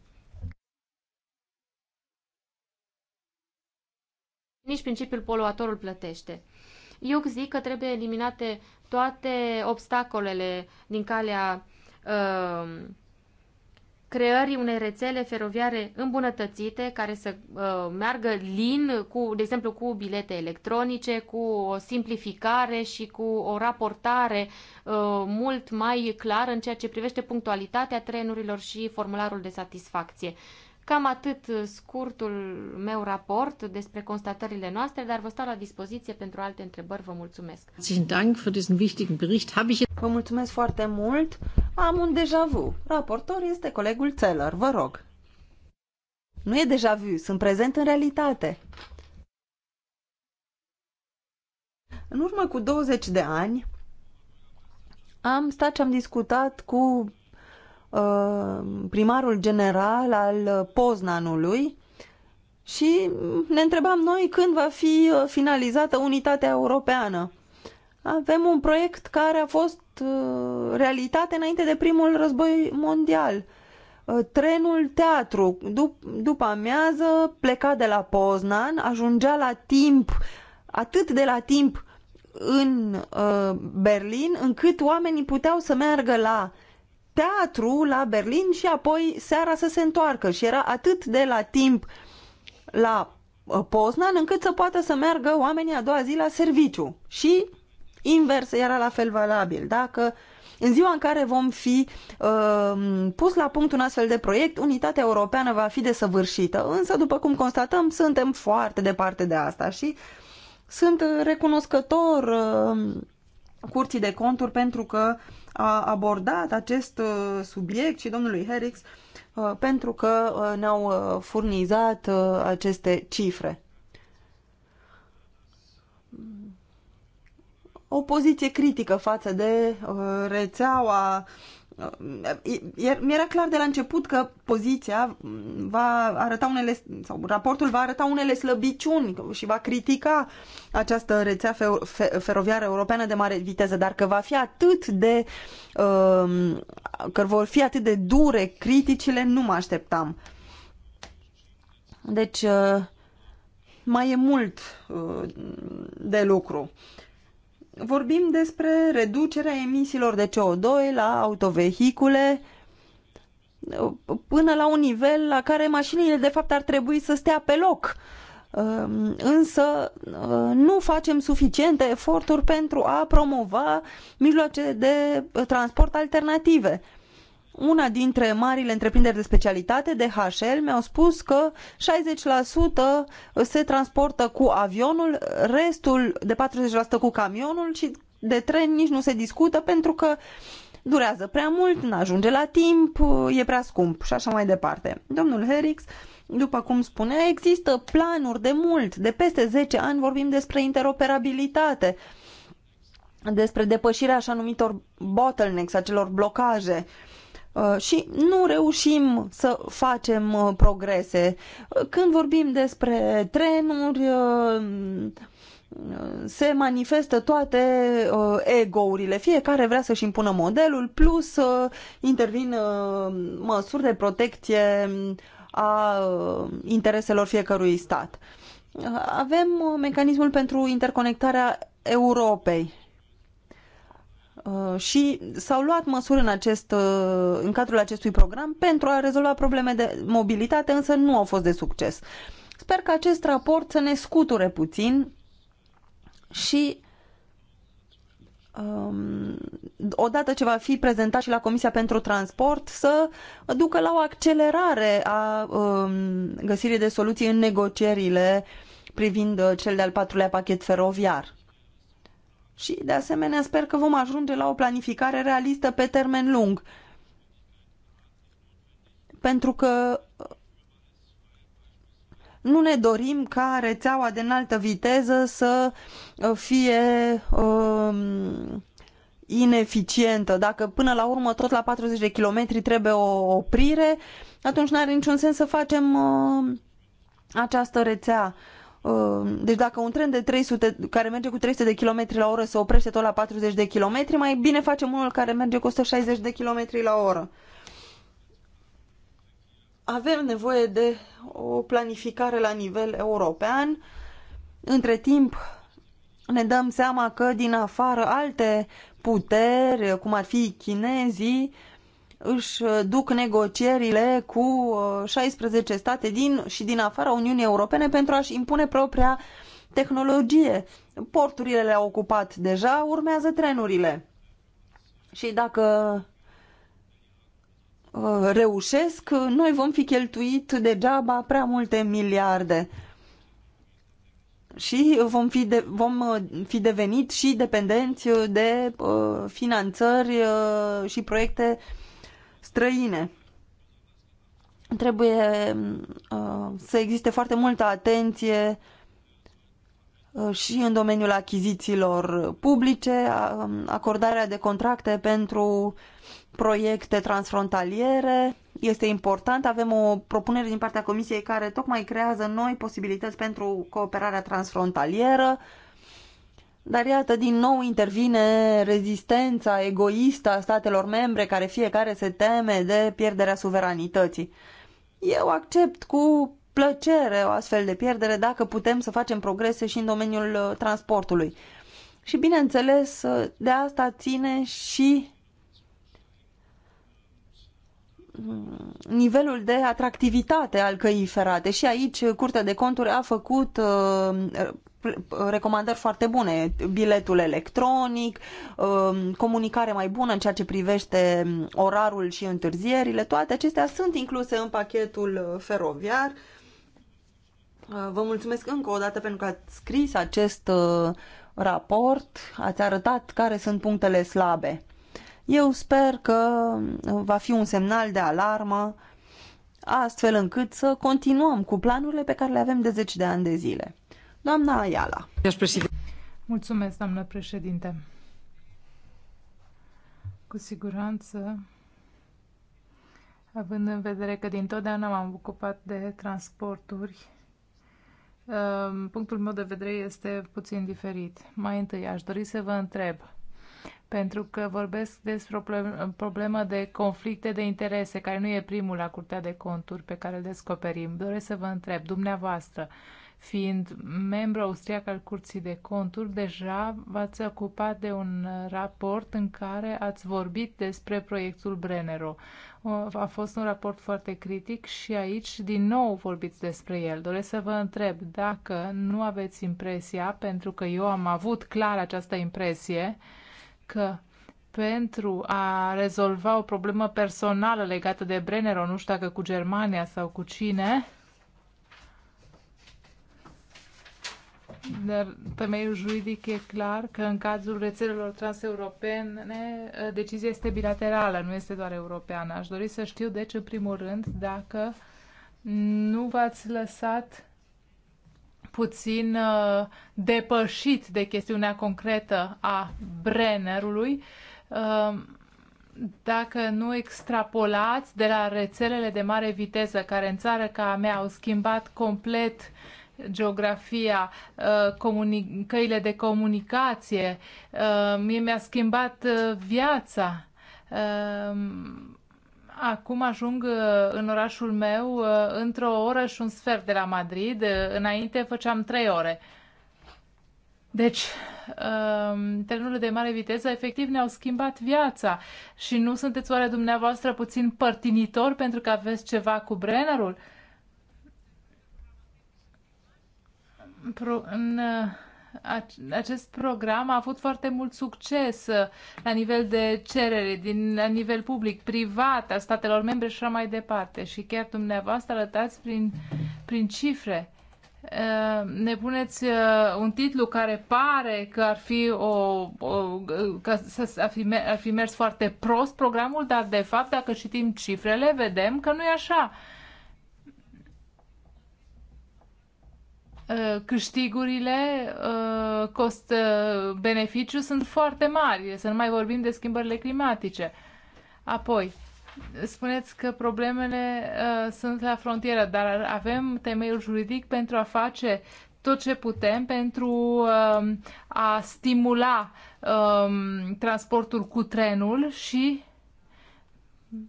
nici principiul poluatorul plătește. Eu zic că trebuie eliminate toate obstacolele din calea uh, creării unei rețele feroviare îmbunătățite care să uh, meargă lin, cu, de exemplu, cu bilete electronice, cu o simplificare și cu o raportare uh, mult mai clară în ceea ce privește punctualitatea trenurilor și formularul de satisfacție. Uh, Cam atât uh, scurtul meu raport despre constatările noastre, dar vă stau la dispoziție pentru alte întrebări. Vă mulțumesc. Vă mulțumesc foarte mult. Am un deja vu. Raportor este colegul Țelăr. Vă rog. Nu e deja vu, sunt prezent în realitate. În urmă cu 20 de ani, am stat și am discutat cu Uh, primarul general al uh, Poznanului și ne întrebam noi când va fi uh, finalizată unitatea europeană. Avem un proiect care a fost realitate înainte de primul război mondial. Trenul teatru, dup- după amiază, pleca de la Poznan, ajungea la timp, atât de la timp în uh, Berlin, încât oamenii puteau să meargă la uh, teatru la Berlin și apoi seara să se întoarcă și era atât de la timp la uh, Poznan încât să poată să meargă oamenii a doua zi la serviciu și invers era la fel valabil. Dacă în ziua în care vom fi uh, pus la punct un astfel de proiect, unitatea europeană va fi desăvârșită, însă după cum constatăm suntem foarte departe de asta și sunt recunoscător uh, curții de conturi pentru că a abordat acest uh, subiect și domnului Herix uh, pentru că uh, ne-au furnizat aceste cifre. O poziție critică față de rețeaua mi-era clar de la început că poziția va arăta unele, sau raportul va arăta unele slăbiciuni și va critica această rețea feroviară europeană de mare viteză, dar că va fi atât de, um, că vor fi atât de dure criticile, nu mă așteptam. Deci, uh, mai e mult uh, de lucru vorbim despre reducerea emisiilor de CO2 la autovehicule până la un nivel la care mașinile de fapt ar trebui să stea pe loc. Ehm, însă eh, nu facem suficiente eforturi pentru a promova mijloace de transport alternative una dintre marile întreprinderi de specialitate, DHL, mi-au spus că 60% se transportă cu avionul, restul de 40% cu camionul și de tren nici nu se discută pentru că durează prea mult, nu ajunge la timp, e prea scump și așa mai departe. Domnul Herix, după cum spunea, există planuri de mult, de peste 10 ani vorbim despre interoperabilitate, despre depășirea așa numitor bottlenecks, acelor blocaje. Uh, Uh, și nu reușim să facem uh, progrese. Uh, când vorbim despre trenuri, se manifestă toate egourile. Fiecare vrea să-și impună modelul, plus intervin măsuri de protecție a intereselor fiecărui stat. Avem mecanismul pentru interconectarea Europei Uh, și s-au luat măsuri în, acest, uh, în cadrul acestui program pentru a rezolva probleme de mobilitate, însă nu au fost de succes. Sper că acest raport să ne scuture puțin și um, odată ce va fi prezentat și la Comisia pentru Transport să ducă la o accelerare a um, găsirii de soluții în negocierile privind uh, cel de-al patrulea pachet feroviar. Și, de asemenea, sper că vom ajunge la o planificare realistă pe termen lung. Pentru că nu ne dorim ca rețeaua de înaltă viteză să uh, fie um, ineficientă. Dacă până la urmă tot la 40 de km trebuie o oprire, atunci nu are niciun sens să facem uh, această rețea. Uh, Ehm, deci dacă un tren de 300, care merge cu 300 de km la oră se oprește tot la 40 de km, mai bine facem unul care merge cu 160 de km la oră. Avem nevoie de o planificare la nivel european. Între timp ne dăm seama că din afară alte puteri, cum ar fi chinezii, își uh, duc negocierile cu 16 uh, state din și din afara Uniunii Europene pentru a-și impune propria tehnologie. Porturile le-au ocupat deja, urmează trenurile. Și dacă uh, reușesc, noi vom fi cheltuit degeaba prea multe miliarde și vom fi, de, vom fi devenit și dependenți de uh, finanțări uh, și proiecte uh, străine. Trebuie uh, să existe foarte multă atenție uh, și în domeniul achizițiilor publice, um, acordarea de contracte pentru proiecte transfrontaliere. Este important, avem o propunere din partea Comisiei care tocmai creează noi posibilități pentru cooperarea transfrontalieră. Uh, dar iată, din nou intervine rezistența egoistă a statelor membre, care fiecare se teme de pierderea suveranității. Eu accept cu plăcere o astfel de pierdere dacă putem să facem progrese și în domeniul uh, transportului. Și bineînțeles, uh, de asta ține și mm, nivelul de atractivitate al căii ferate. Și aici uh, Curtea de Conturi a făcut uh, recomandări foarte bune, biletul electronic, um, comunicare mai bună în ceea ce privește um, orarul și întârzierile, toate acestea sunt incluse în pachetul uh, feroviar. Uh, vă mulțumesc încă o dată pentru că ați scris acest uh, raport, ați arătat care sunt punctele slabe. Eu sper că um, va fi un semnal de alarmă astfel încât să continuăm cu planurile pe care le avem de zeci de ani de zile. Doamna Ayala. Mulțumesc, doamnă președinte. Cu siguranță, având în vedere că din totdeauna m-am ocupat de transporturi, um, punctul meu de vedere este puțin diferit. Mai întâi, aș dori să vă întreb, pentru că vorbesc despre o problemă de conflicte de interese, care nu e primul la Curtea de Conturi pe care îl descoperim. Doresc să vă întreb, dumneavoastră, Fiind membru austriac al Curții de Conturi, deja v-ați ocupat de un raport în care ați vorbit despre proiectul Brennero. A fost un raport foarte critic și aici din nou vorbiți despre el. Doresc să vă întreb dacă nu aveți impresia, pentru că eu am avut clar această impresie, că pentru a rezolva o problemă personală legată de Brennero, nu știu dacă cu Germania sau cu cine, temeiul juridic e clar că în cazul rețelelor transeuropene uh, decizia este bilaterală, nu este doar europeană. Aș dori să știu, deci, în primul rând, dacă nu v-ați lăsat puțin uh, depășit de chestiunea concretă a Brennerului, uh, dacă nu extrapolați de la rețelele de mare viteză, care în țară ca a mea au schimbat complet geografia, uh, căile de comunicație. Uh, mie mi-a schimbat uh, viața. Acum ajung în orașul meu într-o oră și un sfert de la Madrid. Înainte făceam trei ore. Deci, trenurile de mare viteză efectiv ne-au schimbat viața și nu sunteți oare dumneavoastră puțin părtinitor pentru că aveți ceva cu Brennerul? pro, în uh, acest program a avut foarte mult succes uh, la nivel de cerere, din, la nivel public, privat, a statelor membre și așa mai departe. Și chiar dumneavoastră arătați prin, prin cifre. Uh, ne puneți un titlu care pare că ar fi, o, o, că ar, fi, ar fi mers foarte prost programul, dar de fapt dacă citim cifrele vedem că nu e așa. Eh, câștigurile eh, cost-beneficiu sunt foarte mari, să nu mai vorbim de schimbările climatice. Apoi, spuneți că problemele eh, sunt la frontieră, dar avem temeiul juridic pentru a face tot ce putem pentru a stimula transportul cu trenul și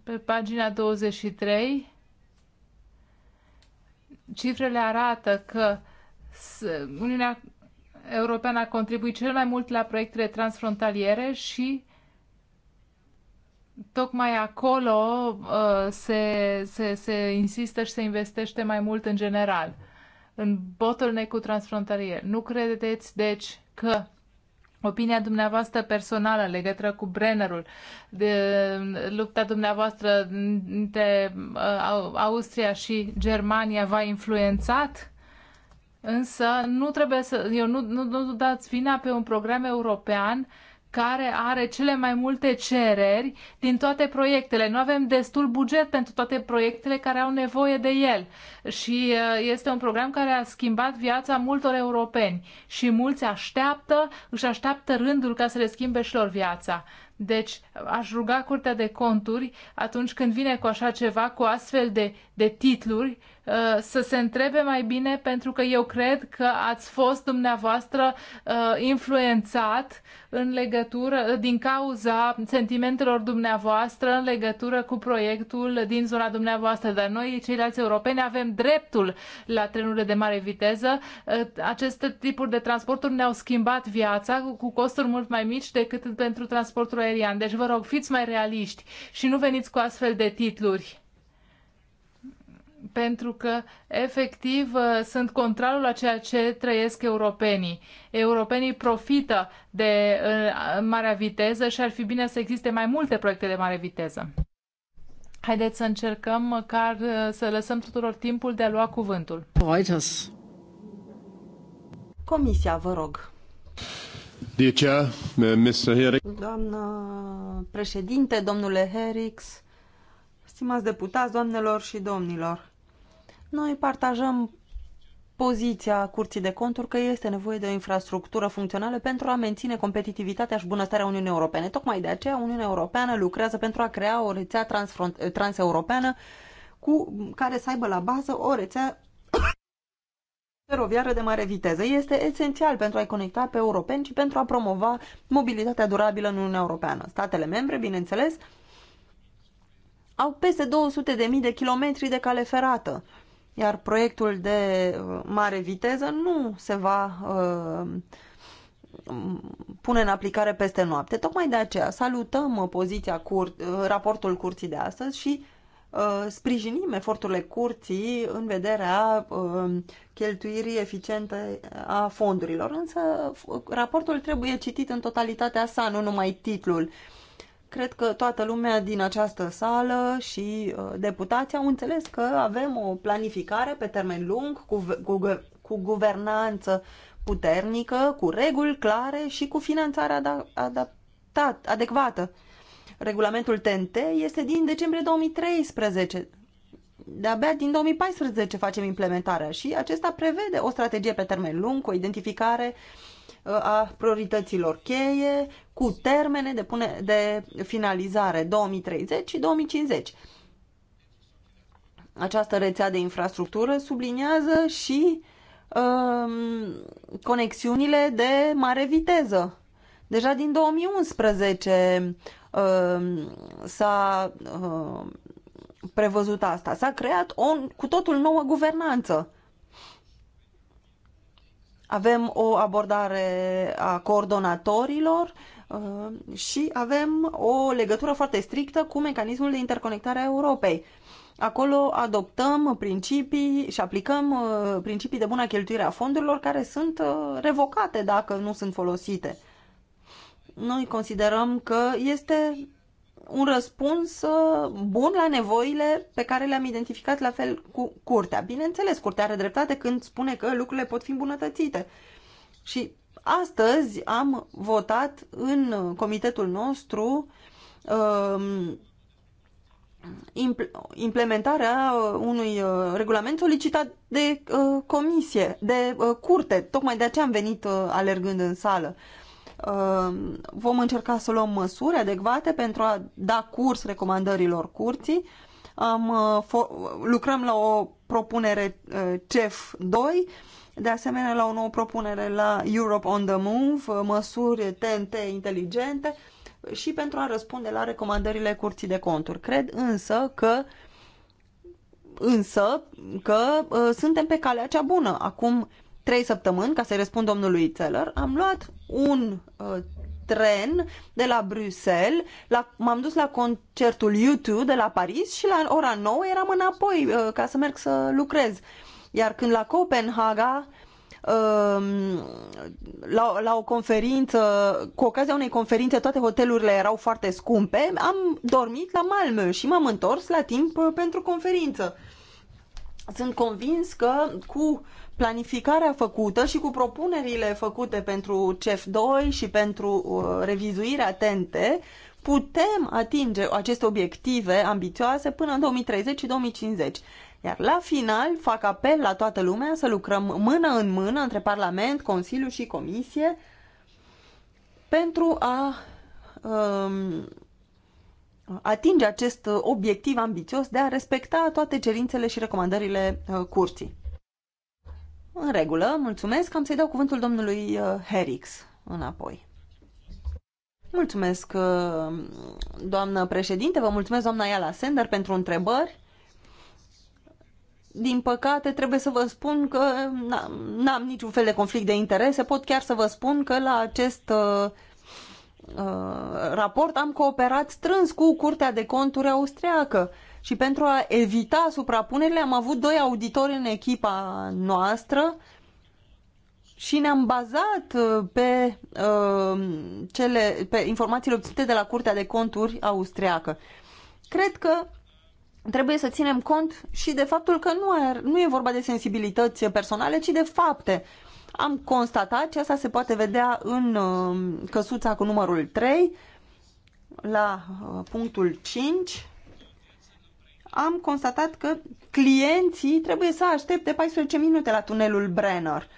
pe pagina 23 cifrele arată că Uniunea Europeană a contribuit cel mai mult la proiectele transfrontaliere și tocmai acolo uh, se, se, se insistă și se investește mai mult în general, în bottleneck cu transfrontalier. Nu credeți, deci, că opinia dumneavoastră personală legătură cu Brennerul, de lupta dumneavoastră între uh, Austria și Germania v-a influențat? Însă nu trebuie să, eu nu, nu, nu dați vina pe un program european care are cele mai multe cereri din toate proiectele. Nu avem destul buget pentru toate proiectele care au nevoie de el. Și uh, este un program care a schimbat viața multor europeni și mulți așteaptă, își așteaptă rândul ca să le schimbe și lor viața. Deci aș ruga Curtea de Conturi atunci când vine cu așa ceva, cu astfel de, de titluri, uh, să se întrebe mai bine pentru că eu cred că ați fost dumneavoastră uh, influențat în legătură, din cauza sentimentelor dumneavoastră în legătură cu proiectul din zona dumneavoastră. Dar noi, ceilalți europeni, avem dreptul la trenurile de mare viteză. Uh, aceste tipuri de transporturi ne-au schimbat viața cu costuri mult mai mici decât pentru transportul aerian. Deci vă rog, fiți mai realiști și nu veniți cu astfel de titluri pentru că efectiv uh, sunt contrarul la ceea ce trăiesc europenii. Europenii profită de uh, marea viteză și ar fi bine să existe mai multe proiecte de mare viteză. Haideți să încercăm măcar uh, să lăsăm tuturor timpul de a lua cuvântul. Comisia, vă rog. Uh, Doamnă președinte, domnule Herix, stimați deputați, doamnelor și domnilor, noi partajăm poziția Curții de Conturi că este nevoie de o infrastructură funcțională pentru a menține competitivitatea și bunăstarea Uniunii Europene. Tocmai de aceea Uniunea Europeană lucrează pentru a crea o rețea transeuropeană cu care să aibă la bază o rețea feroviară de mare viteză. Este esențial pentru a-i conecta pe europeni și pentru a promova mobilitatea durabilă în Uniunea Europeană. Statele membre, bineînțeles, au peste 200.000 de, de kilometri de cale ferată, iar proiectul de uh, mare viteză nu se va uh, pune în aplicare peste noapte. Tocmai de aceea salutăm poziția cur- uh, raportul curții de astăzi și Uh, sprijinim eforturile curții în vederea uh, cheltuirii eficiente a fondurilor. Însă raportul trebuie citit în totalitatea sa, nu numai titlul. Cred că toată lumea din această sală și uh, deputații au înțeles că avem o planificare pe termen lung, cu, cu, cu guvernanță puternică, cu reguli clare și cu finanțare adaptat, adecvată Regulamentul TNT este din decembrie 2013. De-abia din 2014 facem implementarea și acesta prevede o strategie pe termen lung cu o identificare uh, a priorităților cheie cu termene de, pune, de finalizare 2030 și 2050. Această rețea de infrastructură subliniază și um, conexiunile de mare viteză. Deja din 2011 Um, s-a um, prevăzut asta. S-a creat o cu totul nouă guvernanță. Avem o abordare a coordonatorilor um, și avem o legătură foarte strictă cu mecanismul de interconectare a Europei. Acolo adoptăm principii și aplicăm uh, principii de bună cheltuire a fondurilor care sunt uh, revocate dacă nu sunt folosite. Noi considerăm că este un răspuns uh, bun la nevoile pe care le-am identificat la fel cu curtea. Bineînțeles, curtea are dreptate când spune că lucrurile pot fi îmbunătățite. Și astăzi am votat în comitetul nostru um, implementarea uh, unui uh, regulament solicitat de comisie, de curte. Tocmai de aceea am venit alergând în sală. Um, vom încerca să luăm măsuri adecvate pentru a da curs recomandărilor curții. Am, uh, lucrăm la o propunere uh, CEF 2, de asemenea la o nouă propunere la Europe on the Move, uh, măsuri TNT inteligente și pentru a răspunde la recomandările curții de conturi. Cred însă că însă că uh, suntem pe calea cea bună. Acum trei săptămâni, ca să-i răspund domnului Țeller, am luat un uh, tren de la Bruxelles, la, m-am dus la concertul U2 de la Paris și la ora 9 eram înapoi uh, ca să merg să lucrez. Iar când la Copenhaga um, la, la o conferință, cu ocazia unei conferințe, toate hotelurile erau foarte scumpe, am dormit la Malmö și m-am întors la timp uh, pentru conferință. Sunt convins că cu planificarea făcută și cu propunerile făcute pentru CEF2 și pentru uh, revizuirea TENTE, putem atinge aceste obiective ambițioase până în 2030 și 2050. Iar la final fac apel la toată lumea să lucrăm mână în mână între Parlament, Consiliu și Comisie pentru a um, atinge acest obiectiv ambițios de a respecta toate cerințele și recomandările uh, curții. În regulă, mulțumesc. Am să-i dau cuvântul domnului uh, Herix înapoi. Mulțumesc, uh, doamnă președinte, vă mulțumesc, doamna Iala Sender, pentru întrebări. Din păcate, trebuie să vă spun că n-am niciun fel de conflict de interese. Pot chiar să vă spun că la acest uh, uh raport am cooperat strâns cu Curtea de Conturi Austriacă. Uh, și pentru a evita suprapunerile am avut doi auditori în echipa noastră și ne-am bazat uh, pe, uh, cele, pe informațiile obținute de la Curtea de Conturi austriacă. Cred că trebuie să ținem cont și de faptul că nu, ar, nu e vorba de sensibilități personale, ci de fapte. Am constatat și asta se poate vedea în uh, căsuța cu numărul 3, la uh, punctul 5, am constatat că clienții trebuie să aștepte 14 minute la tunelul Brenner.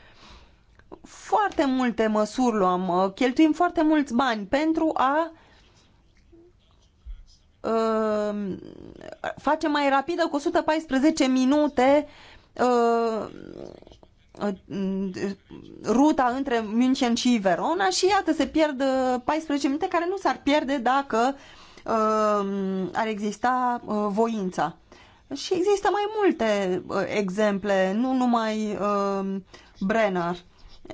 Foarte multe măsuri luăm, uh, cheltuim foarte mulți bani pentru a uh, face mai rapidă cu 114 minute uh, uh, ruta între München și Verona și iată se pierd 14 uh, minute care nu s-ar pierde dacă uh, Um, ar exista uh, voința. Și există mai multe uh, exemple, nu numai um, Brenner.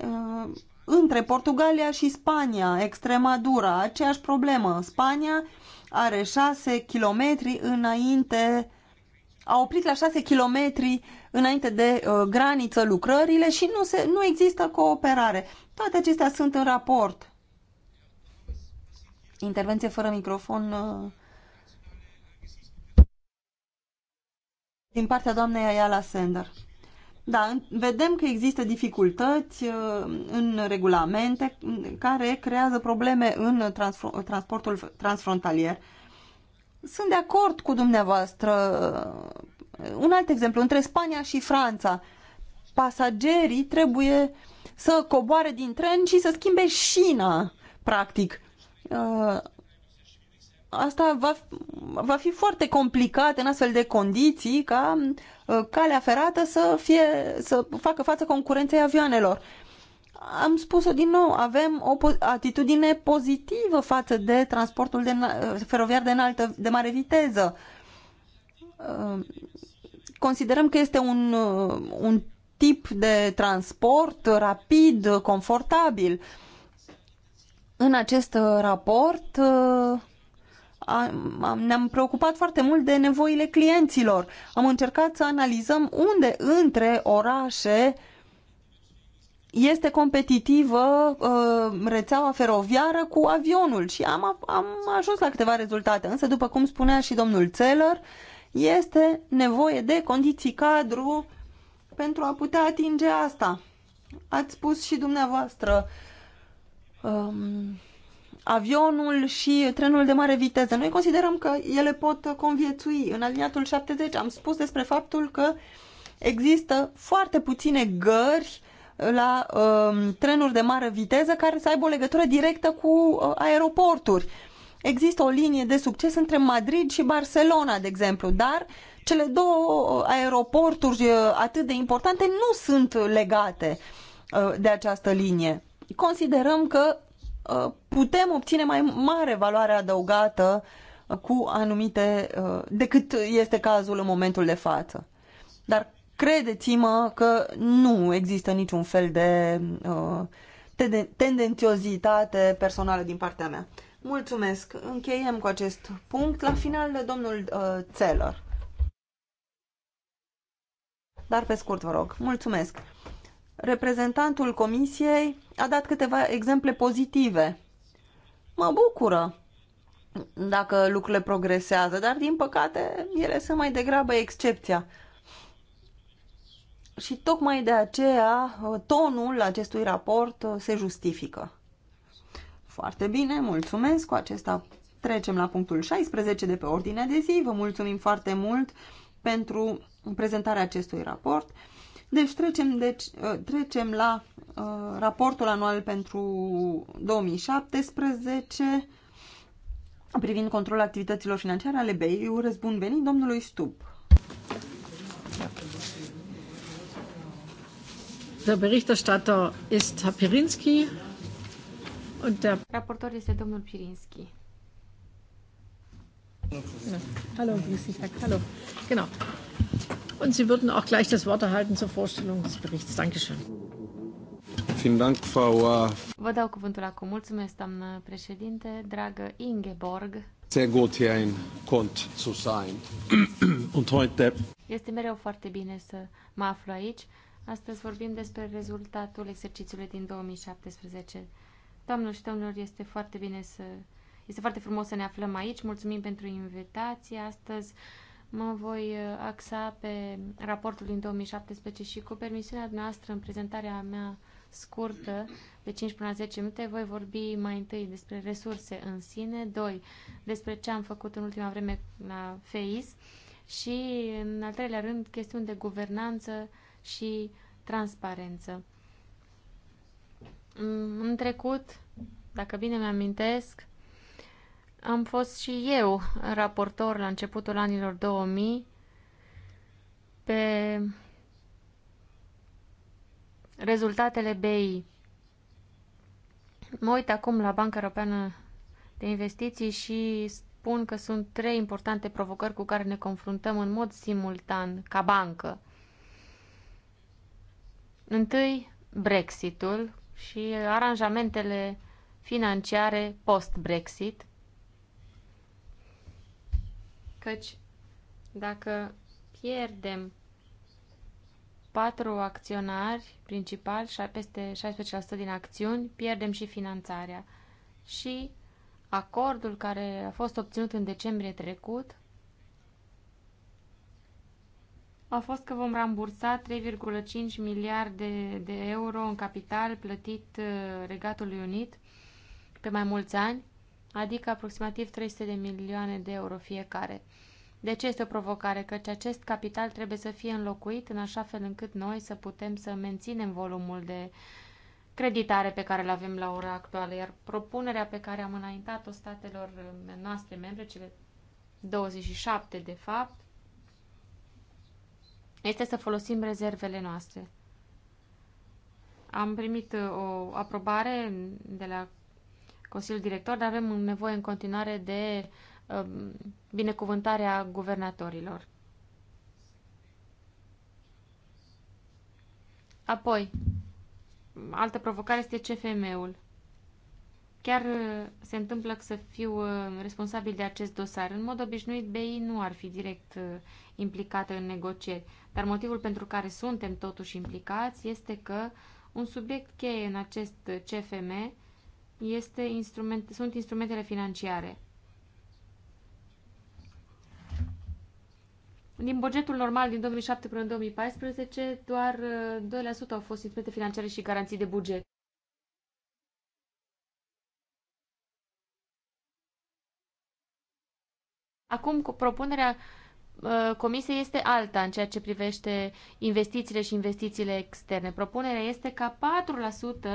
Uh, între Portugalia și Spania, Extremadura, aceeași problemă. Spania are 6 kilometri înainte a oprit la 6 km înainte de uh, graniță lucrările și nu, se, nu există cooperare. Toate acestea sunt în raport. Intervenție fără microfon uh, din partea doamnei Ayala Sender. Da, vedem că există dificultăți uh, în regulamente care creează probleme în transportul transfrontalier. Sunt de acord cu dumneavoastră. Uh, un alt exemplu, între Spania și Franța, pasagerii trebuie să coboare din tren și să schimbe șina, practic. Uh, asta va, va fi foarte complicat în astfel de condiții ca uh, calea ferată să, fie, să facă față concurenței avioanelor. Am spus-o din nou, avem o atitudine pozitivă față de transportul de, feroviar de, înaltă, de mare viteză. Uh, considerăm că este un, un tip de transport rapid, confortabil. Uh, în acest uh, raport uh, ne-am preocupat foarte mult de nevoile clienților. Am încercat să analizăm unde între orașe este competitivă uh, rețeaua feroviară cu avionul și am, am ajuns la câteva rezultate. Însă, după cum spunea și domnul Țeller, este nevoie de condiții cadru pentru a putea atinge asta. Ați spus și dumneavoastră um, avionul și trenul de mare viteză. Noi considerăm că ele pot conviețui. În aliniatul 70 am spus despre faptul că există foarte puține gări la um, trenuri de mare viteză care să aibă o legătură directă cu uh, aeroporturi. Există o linie de succes între Madrid și Barcelona, de exemplu, dar cele două uh, aeroporturi uh, atât de importante nu sunt legate uh, de această linie considerăm că uh, putem obține mai mare valoare adăugată uh, cu anumite uh, decât este cazul în momentul de față. Dar credeți-mă că nu există niciun fel de tendențiozitate personală din partea mea. Mulțumesc. Încheiem cu acest punct. La final, domnul uh, Țelăr. Dar pe scurt, vă rog. Mulțumesc reprezentantul Comisiei a dat câteva exemple pozitive. Mă bucură dacă lucrurile progresează, dar din păcate ele sunt mai degrabă excepția. Și tocmai de aceea uh, tonul acestui raport uh, se justifică. Foarte bine, mulțumesc. Cu acesta trecem la punctul 16 de pe ordinea de zi. Vă mulțumim foarte mult pentru prezentarea acestui raport. Deci trecem, deci, uh, trecem la uh, raportul anual pentru 2017 privind controlul activităților financiare ale BEI. urez bun venit domnului Stup. Der Berichterstatter ist Herr Pirinski und der Raportor este domnul Pirinski. Hallo, grüß dich, Hallo. Genau. Und Sie würden auch gleich das Wort erhalten zur Vorstellung des Berichts. Dankeschön. Vielen Dank, Frau. Vă dau cuvântul acum. Mulțumesc, doamnă președinte, dragă Ingeborg. Sehr gut hier in Kont zu sein. Und heute... Este mereu foarte bine să mă aflu aici. Astăzi vorbim despre rezultatul exercițiului din 2017. Doamnelor și domnilor, este foarte bine să... Este foarte frumos să ne aflăm aici. Mulțumim pentru invitație astăzi mă voi uh, axa pe raportul din 2017 și cu permisiunea noastră în prezentarea mea scurtă, de 5 până la 10 minute, voi vorbi mai întâi despre resurse în sine, 2. despre ce am făcut în ultima vreme la FEIS și, în al treilea rând, chestiuni de guvernanță și transparență. Mm, în trecut, dacă bine mi-amintesc, am fost și eu raportor la începutul anilor 2000 pe rezultatele BI. Mă uit acum la Banca Europeană de Investiții și spun că sunt trei importante provocări cu care ne confruntăm în mod simultan ca bancă. Întâi, Brexitul și aranjamentele financiare post-Brexit căci dacă pierdem patru acționari principali, peste 16% din acțiuni, pierdem și finanțarea. Și acordul care a fost obținut în decembrie trecut a fost că vom rambursa 3,5 miliarde de euro în capital plătit uh, Regatului Unit pe mai mulți ani adică aproximativ 300 de milioane de euro fiecare. De ce este o provocare? Căci acest capital trebuie să fie înlocuit în așa fel încât noi să putem să menținem volumul de creditare pe care îl avem la ora actuală, iar propunerea pe care am înaintat-o statelor eh, noastre membre, cele 27 de fapt, este să folosim rezervele noastre. Am primit eh, o aprobare de la Consiliul Director, dar avem nevoie în continuare de um, binecuvântarea guvernatorilor. Apoi, altă provocare este CFM-ul. Chiar uh, se întâmplă să fiu uh, responsabil de acest dosar. În mod obișnuit, BI nu ar fi direct uh, implicată în negocieri, dar motivul pentru care suntem totuși implicați este că un subiect cheie în acest CFM este instrument, sunt instrumentele financiare. Din bugetul normal din 2007 până în 2014, doar 2% uh, au fost instrumente financiare și garanții de buget. Acum, cu propunerea Uh, comisie este alta în ceea ce privește investițiile și investițiile externe. Propunerea este ca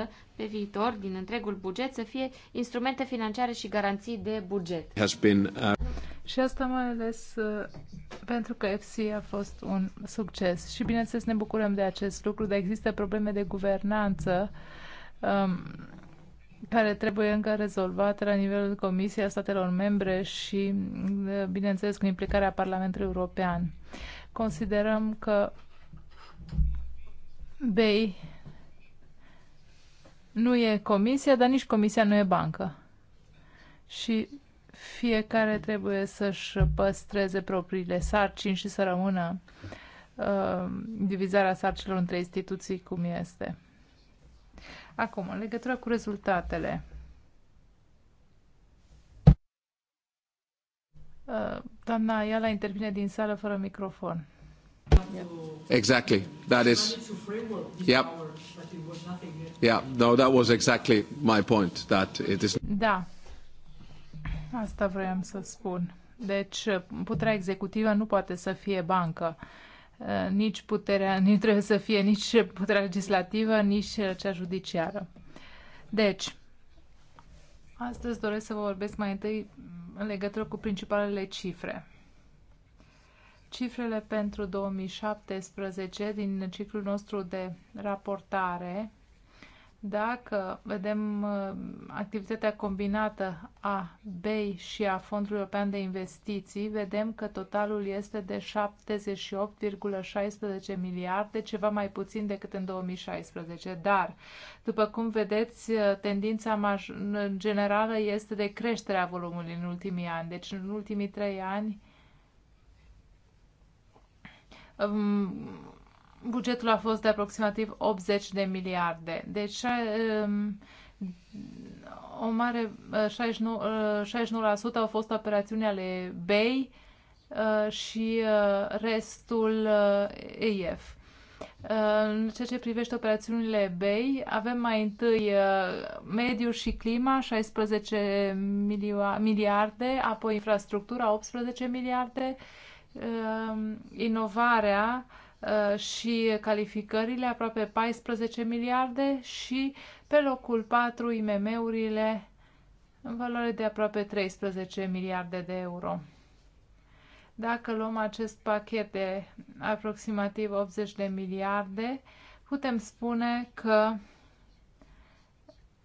4% pe viitor din întregul buget să fie instrumente financiare și garanții de buget. been, uh... Și asta mai ales uh, pentru că FC a fost un succes. Și bineînțeles ne bucurăm de acest lucru, dar există probleme de guvernanță. Um, care trebuie încă rezolvate la nivelul Comisiei a statelor membre și, bineînțeles, cu implicarea Parlamentului European. Considerăm că BEI nu e comisia, dar nici comisia nu e bancă. Și fiecare trebuie să-și păstreze propriile sarcini și să rămână uh, divizarea sarcilor între instituții cum este. Acum, în legătură cu rezultatele. Uh, doamna la intervine din sală fără microfon. Exactly. That is. Yep. Yeah. No, that was exactly my point. That it is. Da. Asta vreau să spun. Deci, puterea executivă nu poate să fie bancă. Uh, Eh, nici puterea, nici trebuie să fie nici puterea legislativă, nici cea judiciară. Deci, astăzi doresc să vă vorbesc mai întâi în legătură cu principalele cifre. Cifrele pentru 2017 din ciclul nostru de raportare dacă vedem uh, activitatea combinată a BEI și a Fondului European de Investiții, vedem că totalul este de 78,16 miliarde, ceva mai puțin decât în 2016. Dar, după cum vedeți, uh, tendința generală este de creștere a volumului în ultimii ani. Deci, în ultimii trei ani, um, bugetul a fost de aproximativ 80 de miliarde. Deci um, o mare 69%, uh, 69 uh, au fost operațiuni ale BEI uh, și restul EIF. În ceea ce privește operațiunile BEI, avem mai întâi mediu și clima, 16 miliarde, apoi infrastructura, 18 miliarde, inovarea, Uh, și calificările, aproape 14 miliarde și pe locul 4 IMM-urile în valoare de aproape 13 miliarde de euro. Dacă luăm acest pachet de aproximativ 80 de miliarde, putem spune că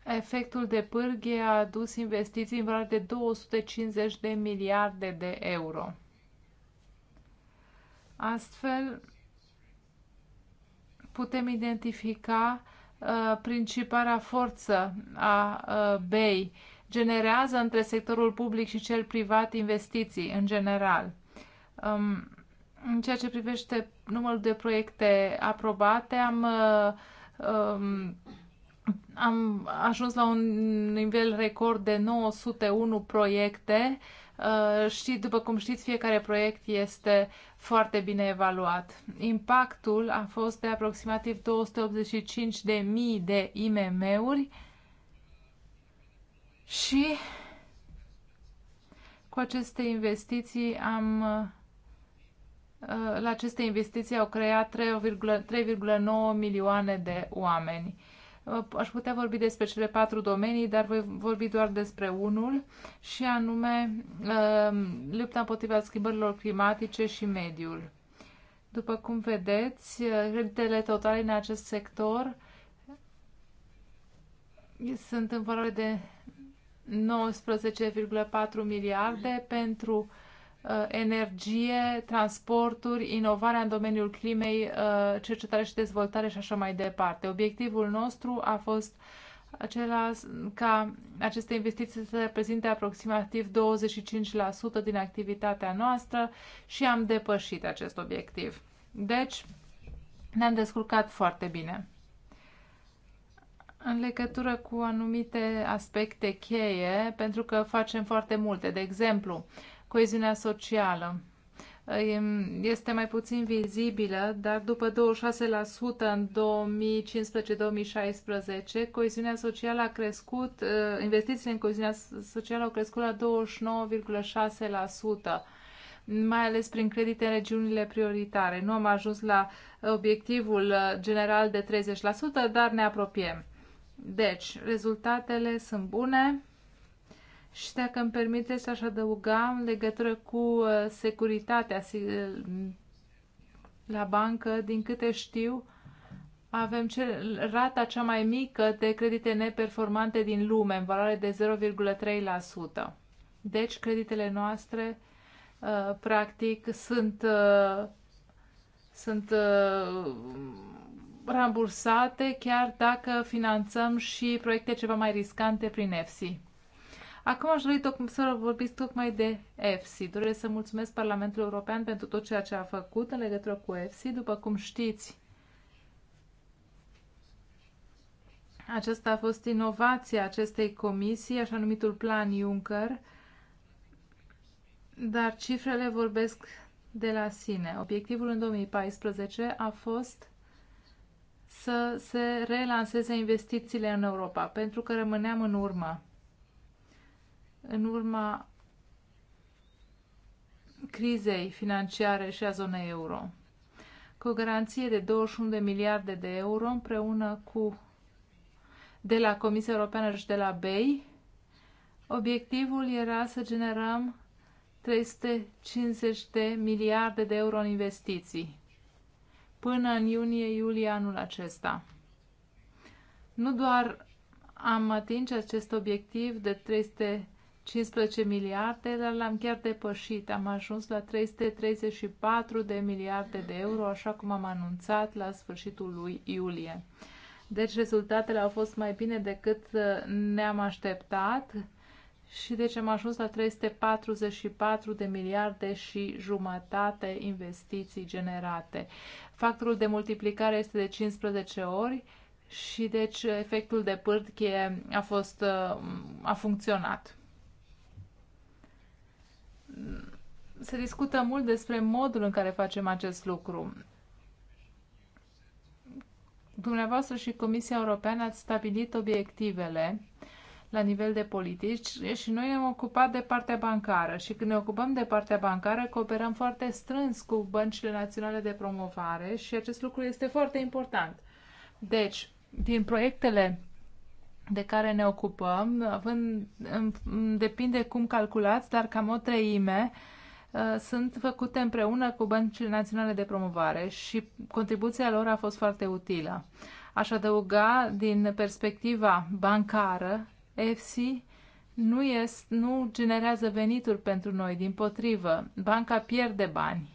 efectul de pârghie a adus investiții în valoare de 250 de miliarde de euro. Astfel, putem identifica uh, principala forță a uh, BEI. Generează între sectorul public și cel privat investiții în general. Um, în ceea ce privește numărul de proiecte aprobate, am, uh, um, am ajuns la un nivel record de 901 proiecte Uh, și, după cum știți, fiecare proiect este foarte bine evaluat. Impactul a fost de aproximativ 285.000 de mii de IMM-uri și cu aceste investiții am uh, la aceste investiții au creat 3,9 milioane de oameni. Ă, aș putea vorbi despre cele patru domenii, dar voi vorbi doar despre unul, și anume ă, lupta împotriva schimbărilor climatice și mediul. După cum vedeți, creditele totale în acest sector sunt în valoare de 19,4 miliarde pentru uh, Uh, energie, transporturi, inovarea în domeniul climei, uh, cercetare și dezvoltare și așa mai departe. Obiectivul nostru a fost acela ca aceste investiții să reprezinte aproximativ 25% din activitatea noastră și am depășit acest obiectiv. Deci, ne-am descurcat foarte bine. În legătură cu anumite aspecte cheie, pentru că facem foarte multe, de exemplu, uh, coeziunea socială este mai puțin vizibilă, dar după 26% în 2015-2016, coeziunea socială a crescut, investițiile în coeziunea socială au crescut la 29,6% mai ales prin credite în regiunile prioritare. Nu am ajuns la obiectivul general de 30%, dar ne apropiem. Deci, rezultatele sunt bune și dacă îmi permiteți, aș adăuga în legătură cu uh, securitatea uh, la bancă, din câte știu, avem cel, rata cea mai mică de credite neperformante din lume, în valoare de 0,3%. Deci, creditele noastre, uh, practic, sunt, uh, sunt uh, rambursate, chiar dacă finanțăm și proiecte ceva mai riscante prin EFSI. Acum aș dori tocmai să vorbiți tocmai de EFSI. Doresc să mulțumesc Parlamentul European pentru tot ceea ce a făcut în legătură cu EFSI. După cum știți, aceasta a fost inovația acestei comisii, așa numitul Plan Juncker, dar cifrele vorbesc de la sine. Obiectivul în 2014 a fost să se relanseze investițiile în Europa, pentru că rămâneam în urmă în urma crizei financiare și a zonei euro. Cu o garanție de 21 de miliarde de euro împreună cu de la Comisia Europeană și de la BEI, obiectivul era să generăm 350 de miliarde de euro în investiții până în iunie-iulie anul acesta. Nu doar am atins acest obiectiv de 300 15 miliarde, dar l-am chiar depășit. Am ajuns la 334 de miliarde de euro, așa cum am anunțat la sfârșitul lui iulie. Deci rezultatele au fost mai bine decât uh, ne-am așteptat și deci am ajuns la 344 de miliarde și jumătate investiții generate. Factorul de multiplicare este de 15 ori și deci efectul de pârtie a fost uh, a funcționat se discută mult despre modul în care facem acest lucru. Dumneavoastră și Comisia Europeană ați stabilit obiectivele la nivel de politici și noi ne-am ocupat de partea bancară și când ne ocupăm de partea bancară cooperăm foarte strâns cu băncile naționale de promovare și acest lucru este foarte important. Deci, din proiectele de care ne ocupăm, având, depinde cum calculați, dar cam o treime uh, sunt făcute împreună cu băncile naționale de promovare și contribuția lor a fost foarte utilă. Aș adăuga, din perspectiva bancară, EFSI nu, este, nu generează venituri pentru noi, din potrivă, banca pierde bani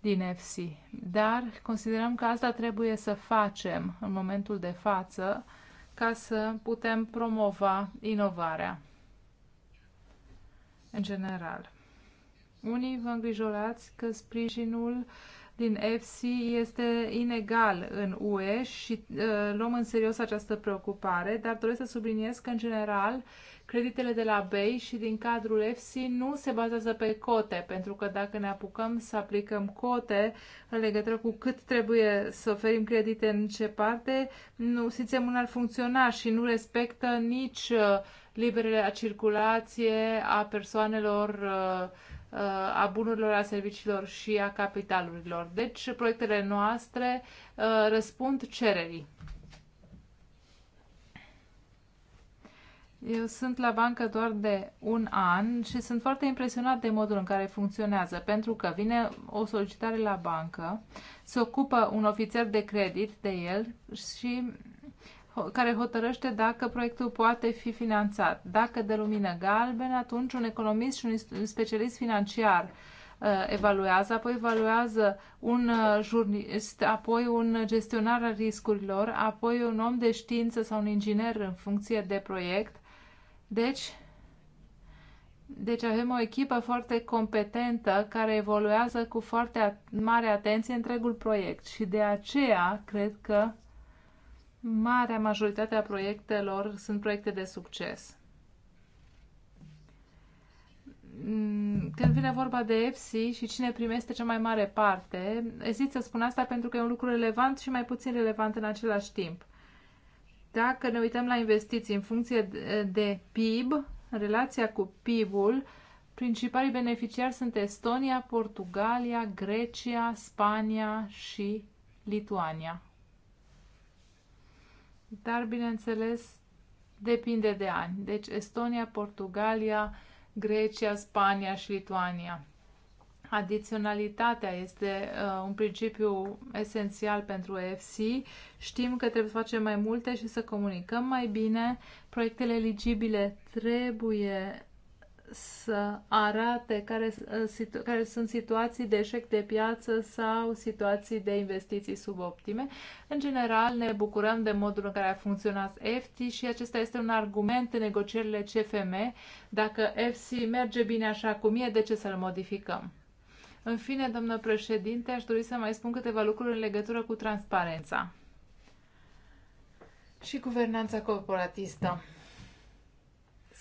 din EFSI, dar considerăm că asta trebuie să facem în momentul de față, ca să putem promova inovarea în general. Unii vă îngrijorați că sprijinul din EFSI este inegal în UE și uh, luăm în serios această preocupare, dar doresc să subliniez că, în general, Creditele de la BEI și din cadrul EFSI nu se bazează pe cote, pentru că dacă ne apucăm să aplicăm cote în legătură cu cât trebuie să oferim credite în ce parte, nu un alt funcționar și nu respectă nici uh, liberele a circulație a persoanelor uh, uh, a bunurilor, a serviciilor și a capitalurilor. Deci, proiectele noastre răspund cererii. Eu sunt la bancă doar de un an și sunt foarte impresionat de modul în care funcționează, pentru că vine o solicitare la bancă, se ocupă un ofițer de credit de el și care hotărăște dacă proiectul poate fi finanțat. Dacă de lumină galbenă, atunci un economist și un specialist financiar uh, evaluează, apoi evaluează un uh, jurnist, apoi un gestionar al riscurilor, apoi un om de știință sau un inginer în funcție de proiect deci, deci avem o echipă foarte competentă care evoluează cu foarte mare atenție întregul proiect și de aceea cred că marea majoritate a proiectelor sunt proiecte de succes. Mm, când vine vorba de EPSI și cine primește cea mai mare parte, ezit să spun asta pentru că e un lucru relevant și mai puțin relevant în același timp. Dacă ne uităm la investiții în funcție de PIB, relația cu PIB-ul, principalii beneficiari sunt Estonia, Portugalia, Grecia, Spania și Lituania. Dar, bineînțeles, depinde de ani. Deci Estonia, Portugalia, Grecia, Spania și Lituania. Adiționalitatea este uh, un principiu esențial pentru EFC. Știm că trebuie să facem mai multe și să comunicăm mai bine. Proiectele eligibile trebuie să arate care, uh, situ, care sunt situații de eșec de piață sau situații de investiții suboptime. În general, ne bucurăm de modul în care a funcționat EFTI și acesta este un argument în negocierile CFM. Dacă FC merge bine așa cum e, de ce să-l modificăm? În fine, doamnă președinte, aș dori să mai spun câteva lucruri în legătură cu transparența și guvernanța corporatistă.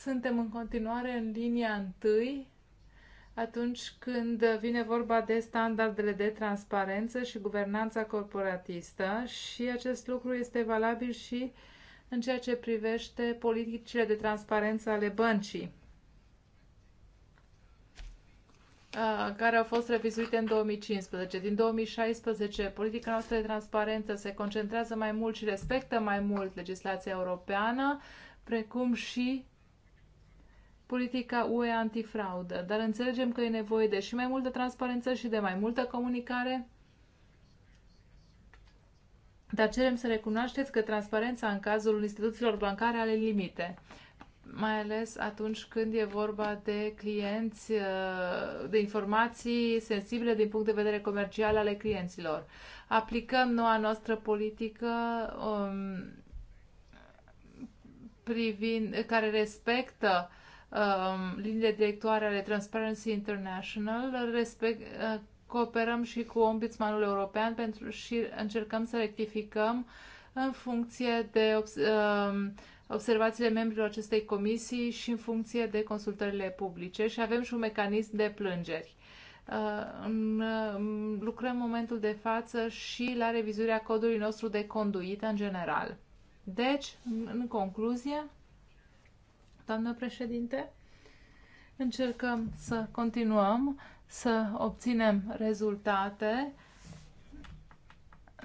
Suntem în continuare în linia întâi atunci când vine vorba de standardele de transparență și guvernanța corporatistă și acest lucru este valabil și în ceea ce privește politicile de transparență ale băncii. care au fost revizuite în 2015. Din 2016, politica noastră de transparență se concentrează mai mult și respectă mai mult legislația europeană, precum și politica UE antifraudă. Dar înțelegem că e nevoie de și mai multă transparență și de mai multă comunicare. Dar cerem să recunoașteți că transparența în cazul instituțiilor bancare are limite mai ales atunci când e vorba de clienți, uh, de informații sensibile din punct de vedere comercial ale clienților. Aplicăm noua noastră politică um, privind, care respectă um, liniile directoare ale Transparency International, respect, uh, cooperăm și cu Ombudsmanul European pentru și încercăm să rectificăm în funcție de Um, observațiile membrilor acestei comisii și în funcție de consultările publice și avem și un mecanism de plângeri. Uh, um, lucrăm în momentul de față și la revizuirea codului nostru de conduită în general. Deci, în concluzie, doamnă președinte, încercăm să continuăm să obținem rezultate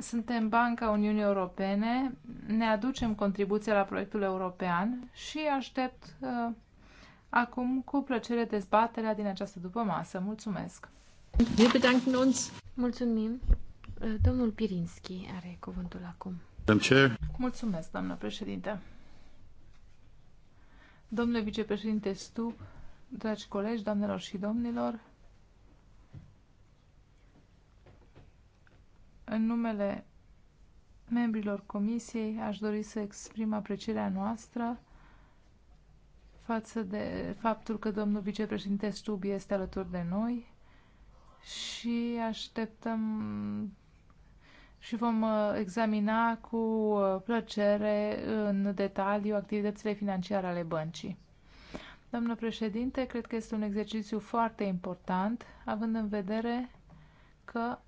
suntem Banca Uniunii Europene, ne aducem contribuția la proiectul european și aștept uh, acum cu plăcere dezbaterea din această dupămasă. Mulțumesc! Wir bedanken uns. Mulțumim! Uh, domnul Pirinski are cuvântul acum. Mulțumesc, doamnă președinte! Domnule vicepreședinte Stub, dragi colegi, doamnelor și domnilor, În numele membrilor comisiei aș dori să exprim aprecierea noastră față de faptul că domnul vicepreședinte Stub este alături de noi și așteptăm și vom uh, examina cu uh, plăcere în detaliu activitățile financiare ale băncii. Doamnă președinte, cred că este un exercițiu foarte important, având în vedere că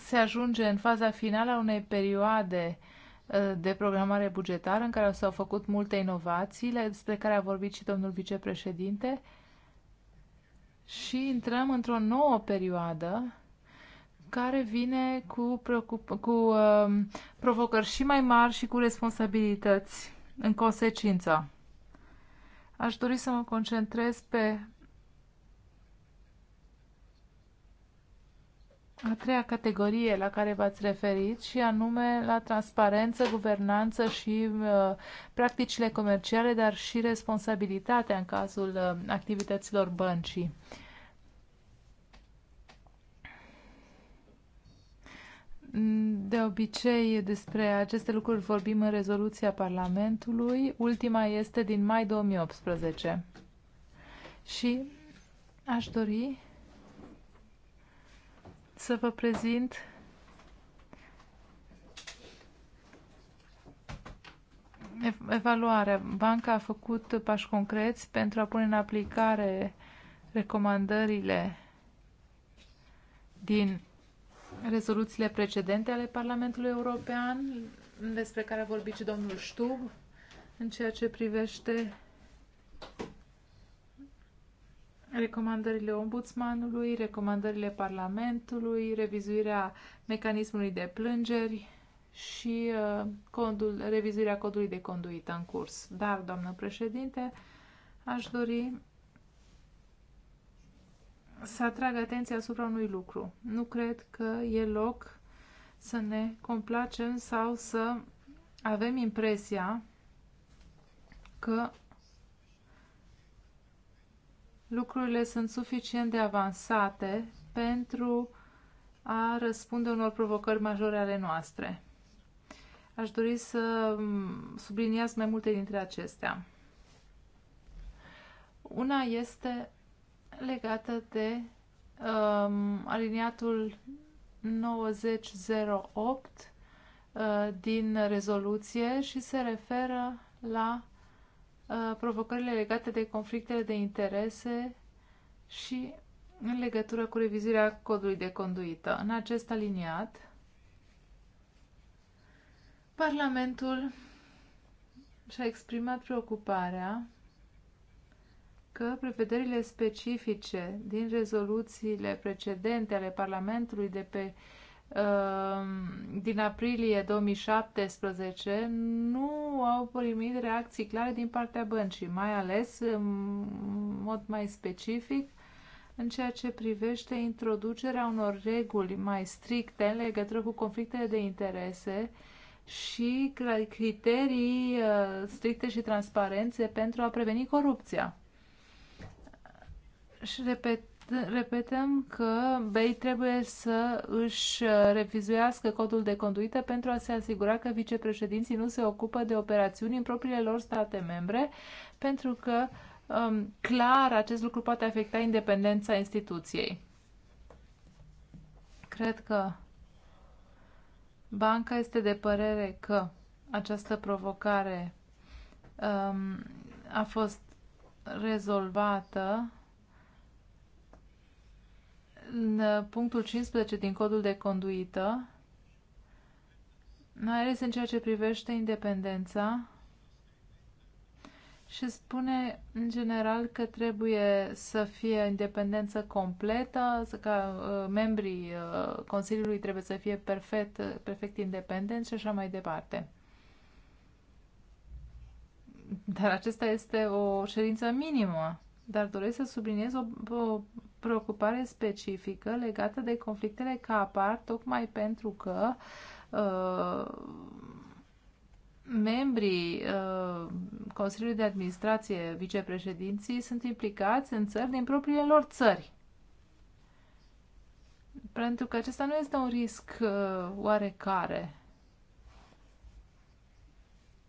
se ajunge în faza finală a unei perioade uh, de programare bugetară în care s-au făcut multe inovații, despre care a vorbit și domnul vicepreședinte, și intrăm într-o nouă perioadă care vine cu, cu uh, provocări și mai mari și cu responsabilități în consecință. Aș dori să mă concentrez pe a treia categorie la care v-ați referit și anume la transparență, guvernanță și uh, practicile comerciale, dar și responsabilitatea în cazul uh, activităților băncii. De obicei, despre aceste lucruri vorbim în rezoluția Parlamentului. Ultima este din mai 2018. Și aș dori să vă prezint evaluarea. Banca a făcut pași concreți pentru a pune în aplicare recomandările din rezoluțiile precedente ale Parlamentului European, despre care a vorbit și domnul Stub în ceea ce privește recomandările ombudsmanului, recomandările Parlamentului, revizuirea mecanismului de plângeri și uh, codul, revizuirea codului de conduită în curs. Dar, doamnă președinte, aș dori să atrag atenția asupra unui lucru. Nu cred că e loc să ne complacem sau să avem impresia că lucrurile sunt suficient de avansate pentru a răspunde unor provocări majore ale noastre. Aș dori să subliniez mai multe dintre acestea. Una este legată de um, aliniatul 9008 uh, din rezoluție și se referă la Uh, provocările legate de conflictele de interese și în legătură cu revizirea codului de conduită. În acest aliniat, Parlamentul și-a exprimat preocuparea că prevederile specifice din rezoluțiile precedente ale Parlamentului de pe Ehm, din aprilie 2017 nu au primit reacții clare din partea băncii, mai ales în mod mai specific în ceea ce privește introducerea unor reguli mai stricte în legătură cu conflictele de interese și criterii eh, stricte și transparențe pentru a preveni corupția. Și repet, repetăm că BEI trebuie să își revizuiască codul de conduită pentru a se asigura că vicepreședinții nu se ocupă de operațiuni în propriile lor state membre, pentru că um, clar acest lucru poate afecta independența instituției. Cred că banca este de părere că această provocare um, a fost rezolvată în uh, punctul 15 din codul de conduită, mai ales în ceea ce privește independența, și spune în general că trebuie să fie independență completă, să ca uh, membrii uh, Consiliului trebuie să fie perfect, uh, perfect independenți și așa mai departe. Dar acesta este o cerință minimă dar doresc să subliniez o, o preocupare specifică legată de conflictele ca apar tocmai pentru că uh, membrii uh, Consiliului de Administrație, vicepreședinții, sunt implicați în țări din propriile lor țări. Pentru că acesta nu este un risc uh, oarecare.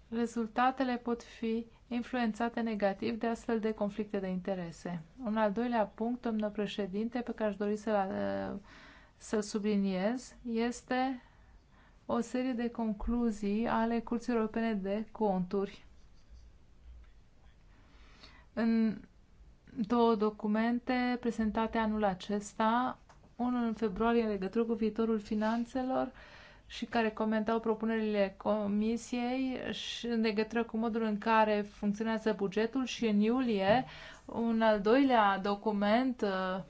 Rezultatele pot fi influențate negativ de astfel de conflicte de interese. Un al doilea punct, domnul președinte, pe care aș dori să-l uh, să subliniez, este o serie de concluzii ale Curții Europene de Conturi. În două documente prezentate anul acesta, unul în februarie în legătură cu viitorul finanțelor și care comentau propunerile comisiei și în legătură cu modul în care funcționează bugetul și în iulie un al doilea document uh,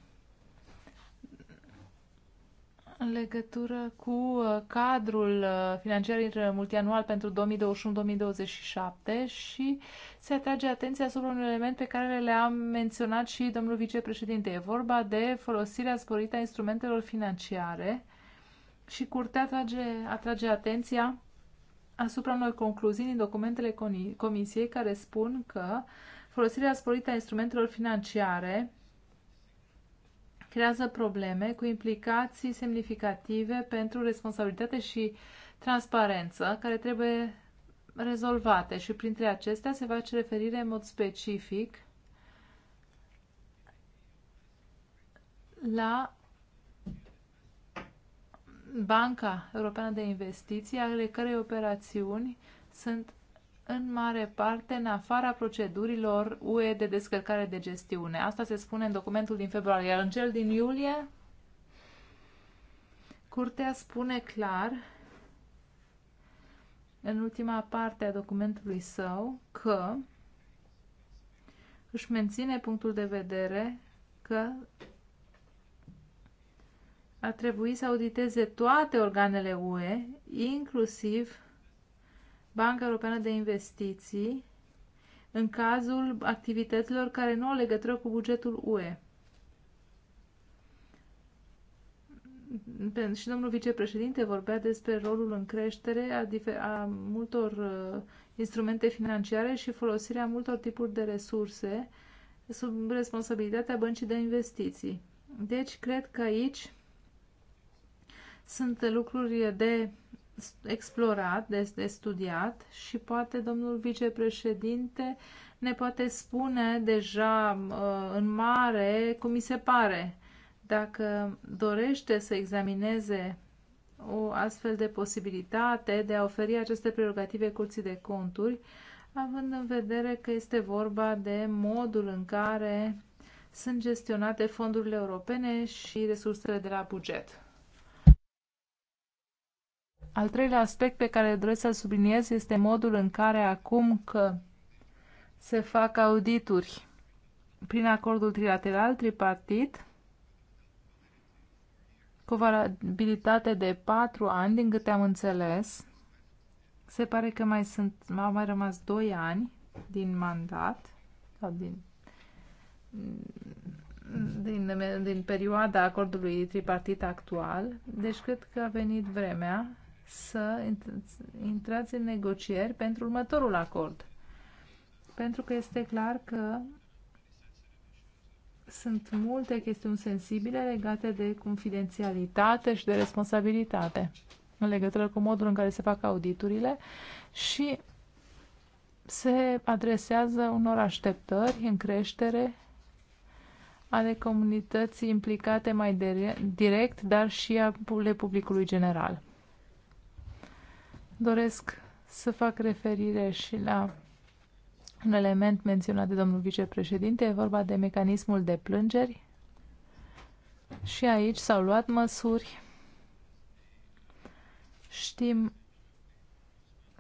în legătură cu uh, cadrul uh, financiar multianual pentru 2021-2027 și se atrage atenția asupra unui element pe care le-a menționat și domnul vicepreședinte. E vorba de folosirea sporită a instrumentelor financiare și curtea atrage, atrage atenția asupra unor concluzii din documentele comisiei care spun că folosirea sporită a instrumentelor financiare creează probleme cu implicații semnificative pentru responsabilitate și transparență care trebuie rezolvate și printre acestea se face referire în mod specific la Banca Europeană de Investiții, ale cărei operațiuni sunt în mare parte în afara procedurilor UE de descărcare de gestiune. Asta se spune în documentul din februarie, iar în cel din iulie, Curtea spune clar, în ultima parte a documentului său, că își menține punctul de vedere că ar trebui să auditeze toate organele UE, inclusiv Banca Europeană de Investiții, în cazul activităților care nu au legătură cu bugetul UE. Și domnul vicepreședinte vorbea despre rolul în creștere a, a multor uh, instrumente financiare și folosirea multor tipuri de resurse sub responsabilitatea băncii de investiții. Deci, cred că aici sunt lucruri de explorat, de, de studiat și poate domnul vicepreședinte ne poate spune deja uh, în mare cum mi se pare. Dacă dorește să examineze o astfel de posibilitate de a oferi aceste prerogative curții de conturi, având în vedere că este vorba de modul în care sunt gestionate fondurile europene și resursele de la buget. Al treilea aspect pe care doresc să-l subliniez este modul în care acum că se fac audituri prin acordul trilateral, tripartit, cu valabilitate de patru ani, din câte am înțeles. Se pare că mai sunt, au mai rămas doi ani din mandat, sau din, din, din perioada acordului tripartit actual, deci cred că a venit vremea să intrați în negocieri pentru următorul acord. Pentru că este clar că sunt multe chestiuni sensibile legate de confidențialitate și de responsabilitate în legătură cu modul în care se fac auditurile și se adresează unor așteptări în creștere ale comunității implicate mai direct, dar și ale publicului general doresc să fac referire și la un element menționat de domnul vicepreședinte, e vorba de mecanismul de plângeri. Și aici s-au luat măsuri. Știm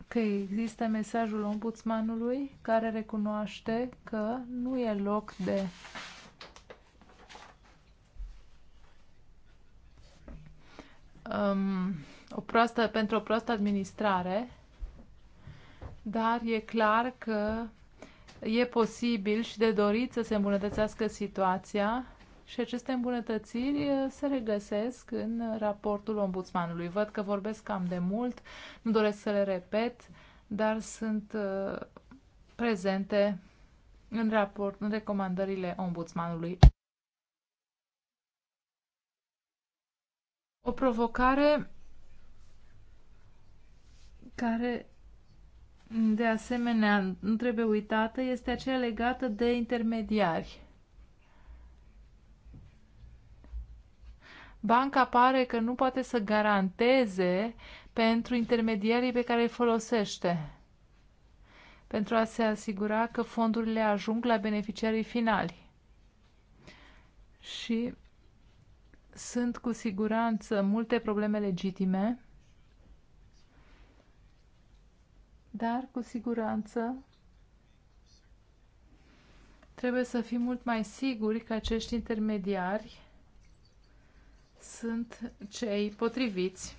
că există mesajul ombudsmanului care recunoaște că nu e loc de um, o proastă, pentru o proastă administrare, dar e clar că e posibil și de dorit să se îmbunătățească situația și aceste îmbunătățiri uh, se regăsesc în raportul ombudsmanului. Văd că vorbesc cam de mult, nu doresc să le repet, dar sunt uh, prezente în raport, în recomandările ombudsmanului. O provocare care de asemenea nu trebuie uitată este aceea legată de intermediari. Banca pare că nu poate să garanteze pentru intermediarii pe care îi folosește, pentru a se asigura că fondurile ajung la beneficiarii finali. Și sunt cu siguranță multe probleme legitime dar cu siguranță trebuie să fim mult mai siguri că acești intermediari sunt cei potriviți.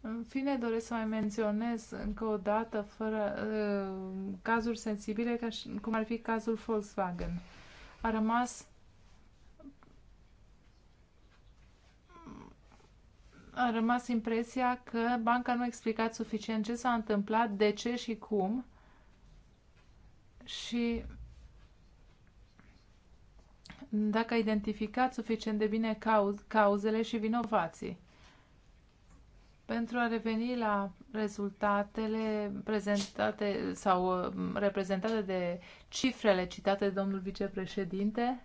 În fine, doresc să mai menționez încă o dată, fără uh, cazuri sensibile, ca și, cum ar fi cazul Volkswagen. A rămas a rămas impresia că banca nu a explicat suficient ce s-a întâmplat, de ce și cum. Și dacă a identificat suficient de bine cauz, cauzele și vinovații. Pentru a reveni la rezultatele prezentate sau um, reprezentate de cifrele citate de domnul vicepreședinte,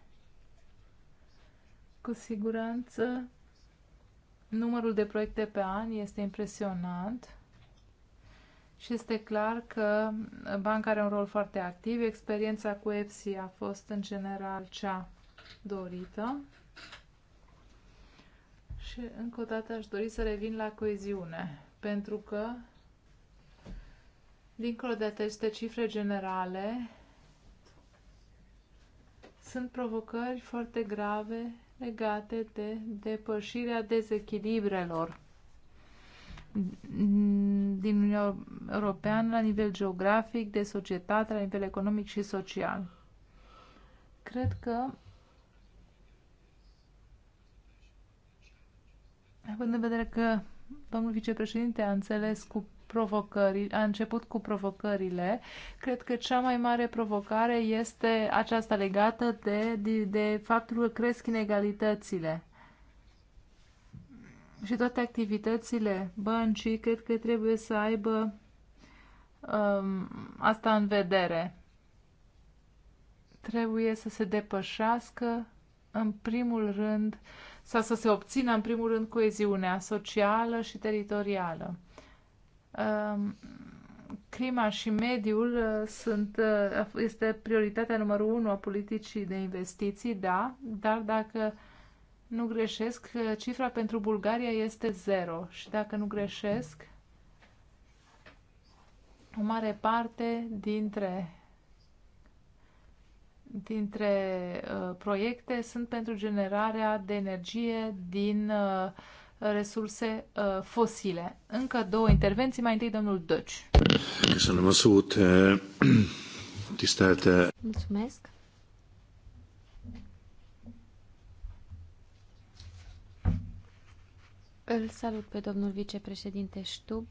cu siguranță Numărul de proiecte pe an este impresionant și este clar că banca are un rol foarte activ. Experiența cu EPSI a fost în general cea dorită. Și încă o dată aș dori să revin la coeziune, pentru că, dincolo de aceste cifre generale, sunt provocări foarte grave legate de depășirea dezechilibrelor din Uniunea Europeană la nivel geografic, de societate, la nivel economic și social. Cred că având în vedere că domnul vicepreședinte a înțeles cu provocări, a început cu provocările. Cred că cea mai mare provocare este aceasta legată de, de, de faptul că cresc inegalitățile. Și toate activitățile băncii cred că trebuie să aibă um, asta în vedere. Trebuie să se depășească în primul rând sau să se obțină în primul rând coeziunea socială și teritorială. Um, clima și mediul uh, sunt, uh, este prioritatea numărul unu a politicii de investiții, da, dar dacă nu greșesc, uh, cifra pentru Bulgaria este zero și dacă nu greșesc, o mare parte dintre dintre uh, proiecte sunt pentru generarea de energie din uh, resurse uh, fosile. Încă două intervenții, mai întâi domnul Dăci. Eh, eh. Mulțumesc. Îl salut pe domnul vicepreședinte Ștub.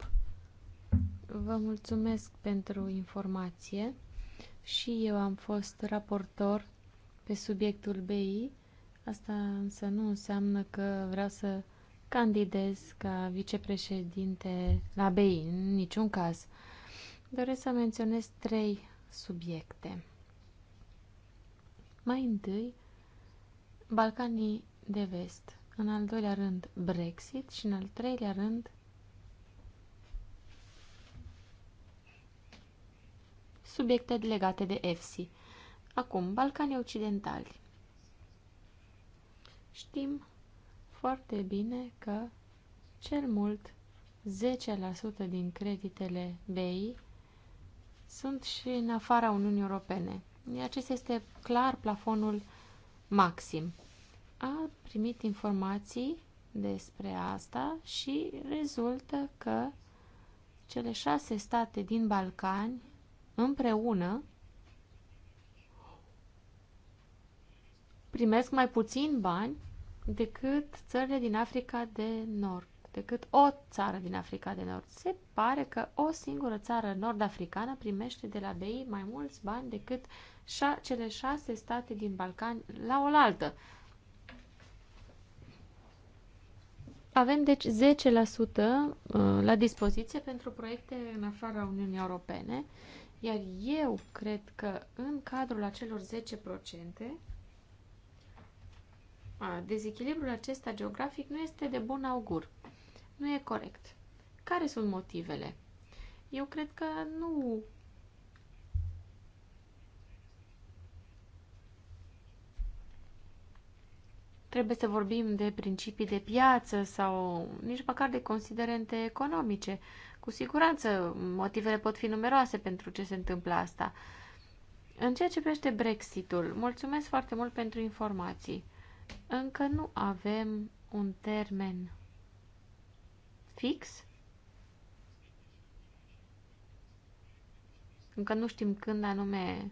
Vă mulțumesc pentru informație. Și eu am fost raportor pe subiectul BI. Asta însă nu înseamnă că vreau să candidez ca vicepreședinte la BI, în niciun caz. Doresc să menționez trei subiecte. Mai întâi, Balcanii de vest, în al doilea rând Brexit și în al treilea rând subiecte legate de EFSI. Acum, Balcanii Occidentali. Știm foarte bine că cel mult 10% din creditele BEI sunt și în afara Uniunii Europene. Acesta este clar plafonul maxim. A primit informații despre asta și rezultă că cele șase state din Balcani împreună primesc mai puțin bani decât țările din Africa de Nord, decât o țară din Africa de Nord. Se pare că o singură țară nord-africană primește de la BI mai mulți bani decât șa- cele șase state din Balcani la oaltă. Avem deci 10% uh, la dispoziție pentru proiecte în afara Uniunii Europene, iar eu cred că în cadrul acelor Dezechilibrul acesta geografic nu este de bun augur. Nu e corect. Care sunt motivele? Eu cred că nu trebuie să vorbim de principii de piață sau nici măcar de considerente economice. Cu siguranță, motivele pot fi numeroase pentru ce se întâmplă asta. În ceea ce privește Brexitul, mulțumesc foarte mult pentru informații încă nu avem un termen fix. Încă nu știm când anume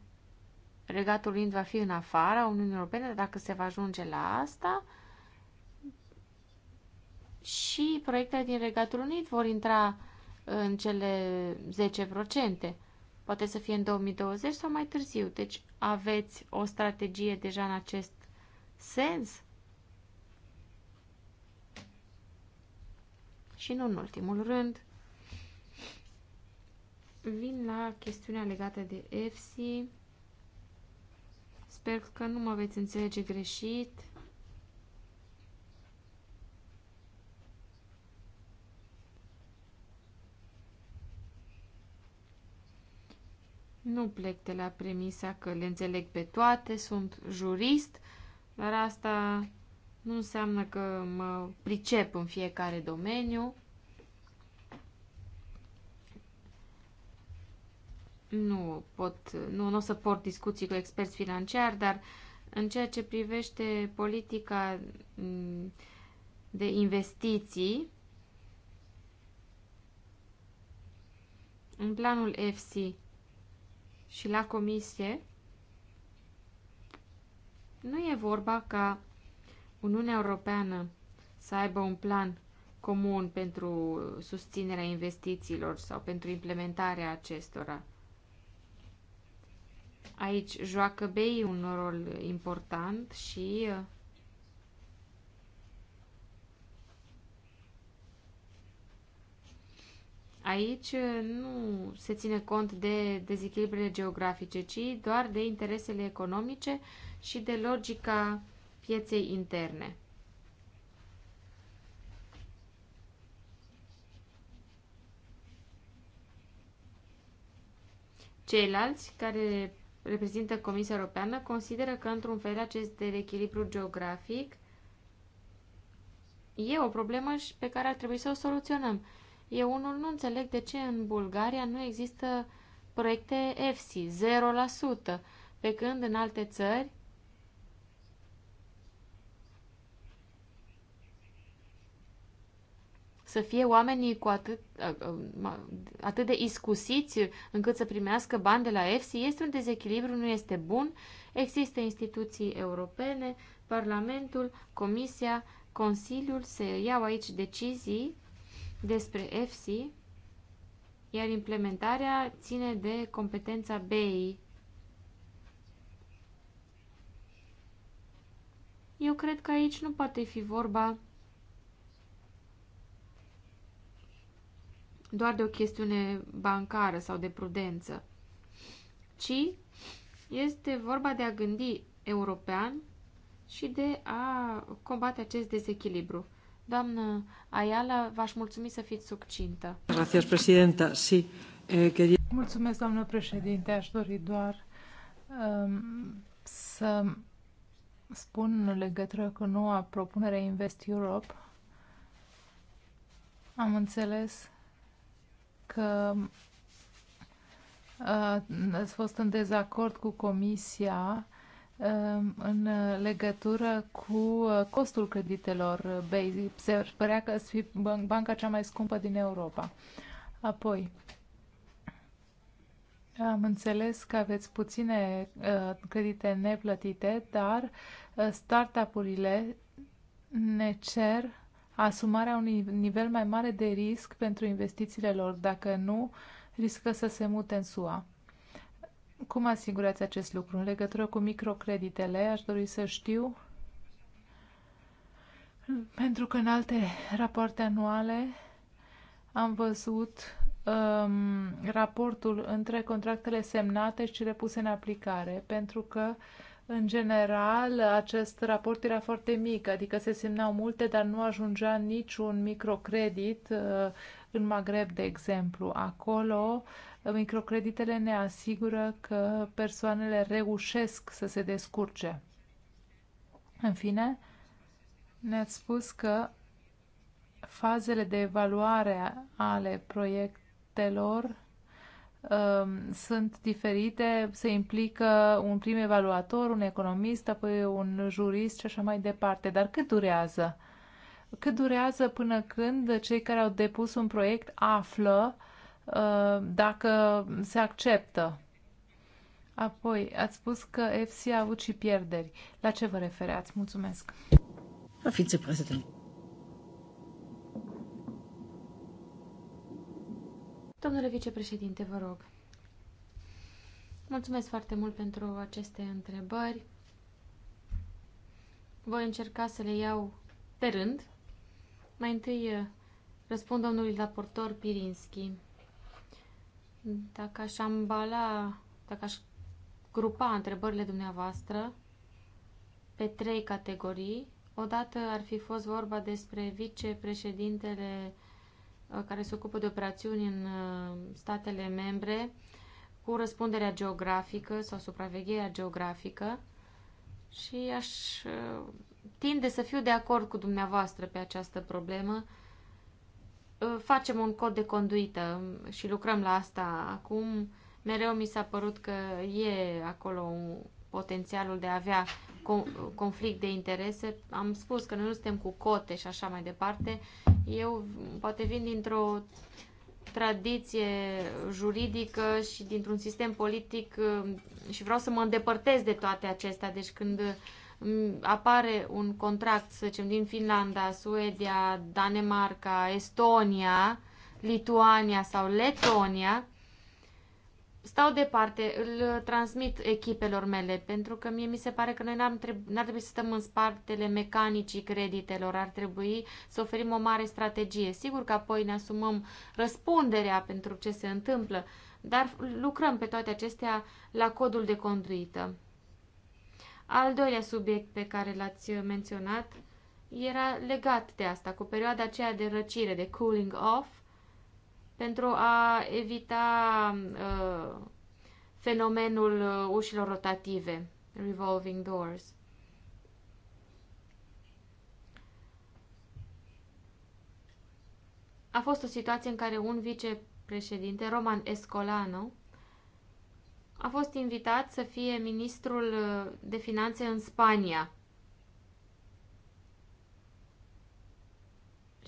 Regatul Unit va fi în afara Uniunii Europene, dacă se va ajunge la asta. Și proiectele din Regatul Unit vor intra în cele 10%. Poate să fie în 2020 sau mai târziu. Deci aveți o strategie deja în acest sens? Și nu în ultimul rând, vin la chestiunea legată de FC. Sper că nu mă veți înțelege greșit. Nu plec de la premisa că le înțeleg pe toate, sunt jurist, dar asta nu înseamnă că mă pricep în fiecare domeniu. Nu pot, nu, nu o să port discuții cu experți financiari, dar în ceea ce privește politica mm, de investiții, în planul EFSI și la comisie, nu e vorba ca Uniunea Europeană să aibă un plan comun pentru susținerea investițiilor sau pentru implementarea acestora. Aici joacă BEI un rol important și uh, Aici uh, nu se ține cont de dezechilibrele geografice, ci doar de interesele economice și de logica pieței interne. Ceilalți, care reprezintă Comisia Europeană, consideră că, într-un fel, acest dezechilibru geografic e o problemă și pe care ar trebui să o soluționăm. Eu unul nu înțeleg de ce în Bulgaria nu există proiecte EFSI, 0%, pe când în alte țări să fie oamenii cu atât, atât de iscusiți încât să primească bani de la EFSI, este un dezechilibru, nu este bun. Există instituții europene, Parlamentul, Comisia, Consiliul, se iau aici decizii despre FC, iar implementarea ține de competența BI. Eu cred că aici nu poate fi vorba doar de o chestiune bancară sau de prudență, ci este vorba de a gândi european și de a combate acest dezechilibru. Doamnă Ayala, v-aș mulțumi să fiți succintă. Gracias, Sí. Eh, Mulțumesc, doamnă președinte. Aș dori doar um, să spun în legătură cu noua propunere Invest Europe. Am înțeles că uh, ați fost în dezacord cu Comisia Ehm, în legătură cu uh, costul creditelor BEI. Se părea că ați fi banca cea mai scumpă din Europa. Apoi, am înțeles că aveți puține uh, credite neplătite, dar uh, startup-urile ne cer asumarea unui nivel mai mare de risc pentru investițiile lor. Dacă nu, riscă să se mute în SUA. Cum asigurați acest lucru? În legătură cu microcreditele, aș dori să știu, pentru că în alte rapoarte anuale am văzut um, raportul între contractele semnate și cele puse în aplicare, pentru că în general, acest raport era foarte mic, adică se semnau multe, dar nu ajungea niciun microcredit uh, în Maghreb, de exemplu. Acolo microcreditele ne asigură că persoanele reușesc să se descurce. În fine, ne-ați spus că fazele de evaluare ale proiectelor um, sunt diferite, se implică un prim evaluator, un economist, apoi un jurist și așa mai departe. Dar cât durează? Cât durează până când cei care au depus un proiect află Uh, dacă se acceptă. Apoi, ați spus că FC a avut și pierderi. La ce vă refereați? Mulțumesc. A vicepreședinte. Domnule vicepreședinte, vă rog. Mulțumesc foarte mult pentru aceste întrebări. Voi încerca să le iau pe rând. Mai întâi răspund domnului raportor Pirinski. Dacă aș ambala, dacă aș grupa întrebările dumneavoastră pe trei categorii, odată ar fi fost vorba despre vicepreședintele uh, care se ocupă de operațiuni în uh, statele membre cu răspunderea geografică sau supravegherea geografică și aș uh, tinde să fiu de acord cu dumneavoastră pe această problemă Uh, facem un cod de conduită și lucrăm la asta acum. Mereu mi s-a părut că e acolo potențialul de a avea conflict de interese. Am spus că noi nu suntem cu cote și așa mai departe. Eu poate vin dintr-o tradiție juridică și dintr-un sistem politic uh, și vreau să mă îndepărtez de toate acestea. Deci când Mm, apare un contract, să zicem, din Finlanda, Suedia, Danemarca, Estonia, Lituania sau Letonia, stau departe, îl transmit echipelor mele, pentru că mie mi se pare că noi n-ar trebui, trebui să stăm în spatele mecanicii creditelor, ar trebui să oferim o mare strategie. Sigur că apoi ne asumăm răspunderea pentru ce se întâmplă, dar lucrăm pe toate acestea la codul de conduită. Al doilea subiect pe care l-ați menționat era legat de asta, cu perioada aceea de răcire, de cooling off, pentru a evita uh, fenomenul uh, ușilor rotative, revolving doors. A fost o situație în care un vicepreședinte, Roman Escolano, a fost invitat să fie ministrul uh, de finanțe în Spania.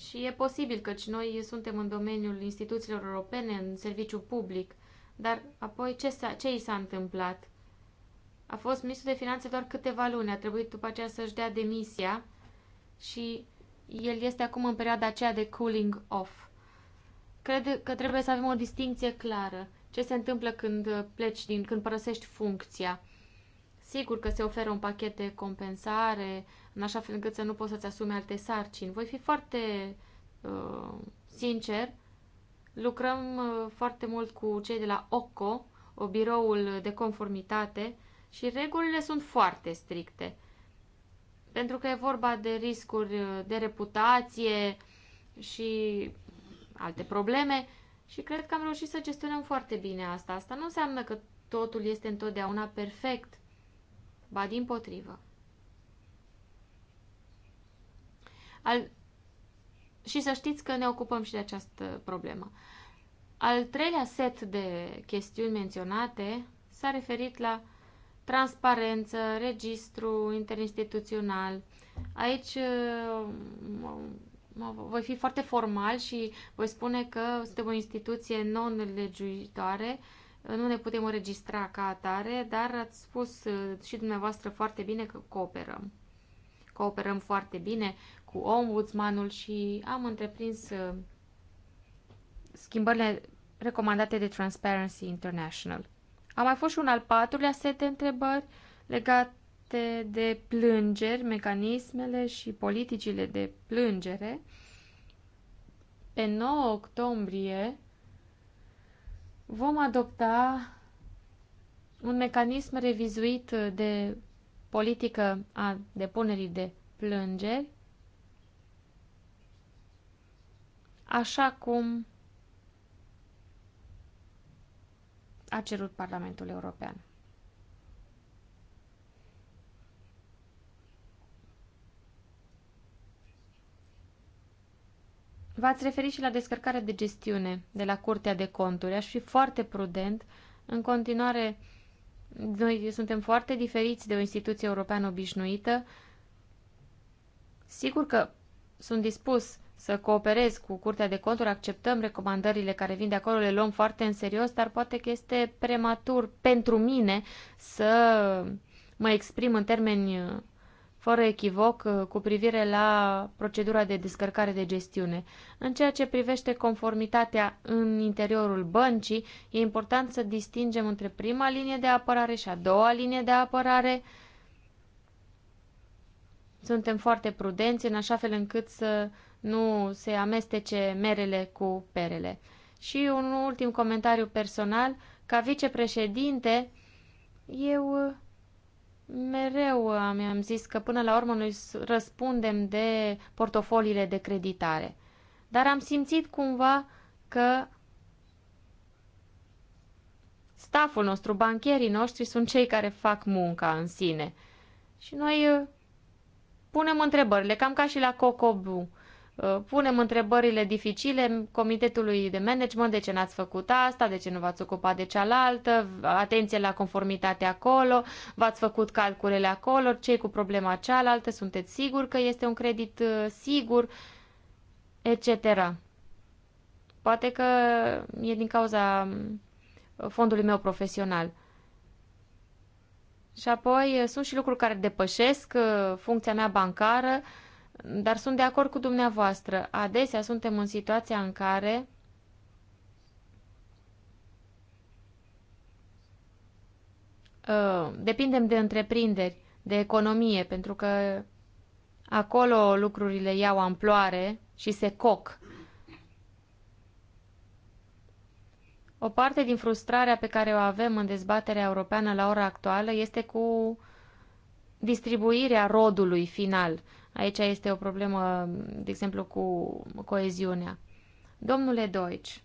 Și e posibil căci noi suntem în domeniul instituțiilor europene, în serviciu public, dar apoi ce, ce i s-a întâmplat? A fost ministru de finanțe doar câteva luni, a trebuit după aceea să-și dea demisia și el este acum în perioada aceea de cooling off. Cred că trebuie să avem o distinție clară ce se întâmplă când uh, pleci din, când părăsești funcția. Sigur că se oferă un pachet de compensare, în așa fel încât să nu poți să-ți asumi alte sarcini. Voi fi foarte uh, sincer, lucrăm uh, foarte mult cu cei de la OCO, o biroul de conformitate, și regulile sunt foarte stricte. Pentru că e vorba de riscuri uh, de reputație și alte probleme, și cred că am reușit să gestionăm foarte bine asta. Asta nu înseamnă că totul este întotdeauna perfect, ba din potrivă. Al... Și să știți că ne ocupăm și de această problemă. Al treilea set de chestiuni menționate s-a referit la transparență, registru interinstituțional. Aici uh, voi fi foarte formal și voi spune că suntem o instituție non-legiuitoare, nu ne putem înregistra ca atare, dar ați spus uh, și dumneavoastră foarte bine că cooperăm. Cooperăm foarte bine cu ombudsmanul și am întreprins uh, schimbările recomandate de Transparency International. A mai fost și un al patrulea set de întrebări legat legate de plângeri, mecanismele și politicile de plângere. Pe 9 octombrie vom adopta un mecanism revizuit de politică a depunerii de plângeri, așa cum a cerut Parlamentul European. V-ați referit și la descărcarea de gestiune de la Curtea de Conturi. Aș fi foarte prudent. În continuare, noi suntem foarte diferiți de o instituție europeană obișnuită. Sigur că sunt dispus să cooperez cu Curtea de Conturi, acceptăm recomandările care vin de acolo, le luăm foarte în serios, dar poate că este prematur pentru mine să mă exprim în termeni fără echivoc uh, cu privire la procedura de descărcare de gestiune. În ceea ce privește conformitatea în interiorul băncii, e important să distingem între prima linie de apărare și a doua linie de apărare. Suntem foarte prudenți în așa fel încât să nu se amestece merele cu perele. Și un ultim comentariu personal, ca vicepreședinte, eu uh, mereu uh, mi-am zis că până la urmă noi răspundem de portofoliile de creditare. Dar am simțit cumva că staful nostru, bancherii noștri sunt cei care fac munca în sine. Și noi uh, punem întrebările, cam ca și la Cocobu. Uh, punem întrebările dificile comitetului de management, de ce n-ați făcut asta, de ce nu v-ați ocupat de cealaltă, atenție la conformitate acolo, v-ați făcut calculele acolo, ce cu problema cealaltă, sunteți sigur că este un credit uh, sigur, etc. Poate că e din cauza um, fondului meu profesional. Și apoi uh, sunt și lucruri care depășesc funcția mea bancară, dar sunt de acord cu dumneavoastră. Adesea suntem în situația în care uh, depindem de întreprinderi, de economie, pentru că acolo lucrurile iau amploare și se coc. O parte din frustrarea pe care o avem în dezbaterea europeană la ora actuală este cu distribuirea rodului final Aici este o problemă, de exemplu, cu coeziunea. Domnule Deutsch,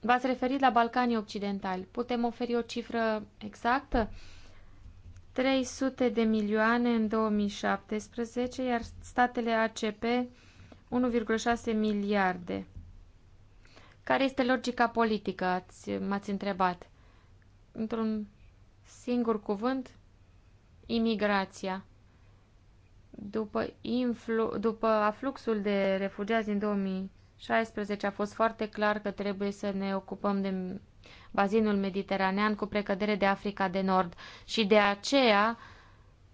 v-ați referit la Balcanii Occidentali. Putem oferi o cifră exactă? 300 de milioane în 2017, iar statele ACP 1,6 miliarde. Care este logica politică, m-ați întrebat. Într-un singur cuvânt, imigrația. După, influ, după afluxul de refugiați din 2016 a fost foarte clar că trebuie să ne ocupăm de bazinul mediteranean cu precădere de Africa de Nord și de aceea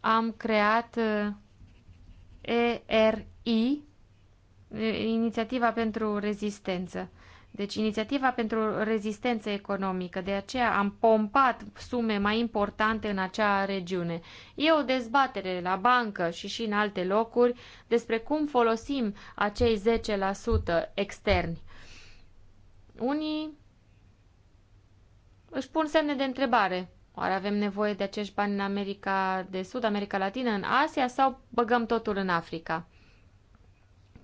am creat uh, ERI, uh, Inițiativa pentru Rezistență. Deci inițiativa pentru rezistență economică, de aceea am pompat sume mai importante în acea regiune. E o dezbatere la bancă și și în alte locuri despre cum folosim acei 10% externi. Unii își pun semne de întrebare. Oare avem nevoie de acești bani în America de Sud, America Latină, în Asia sau băgăm totul în Africa?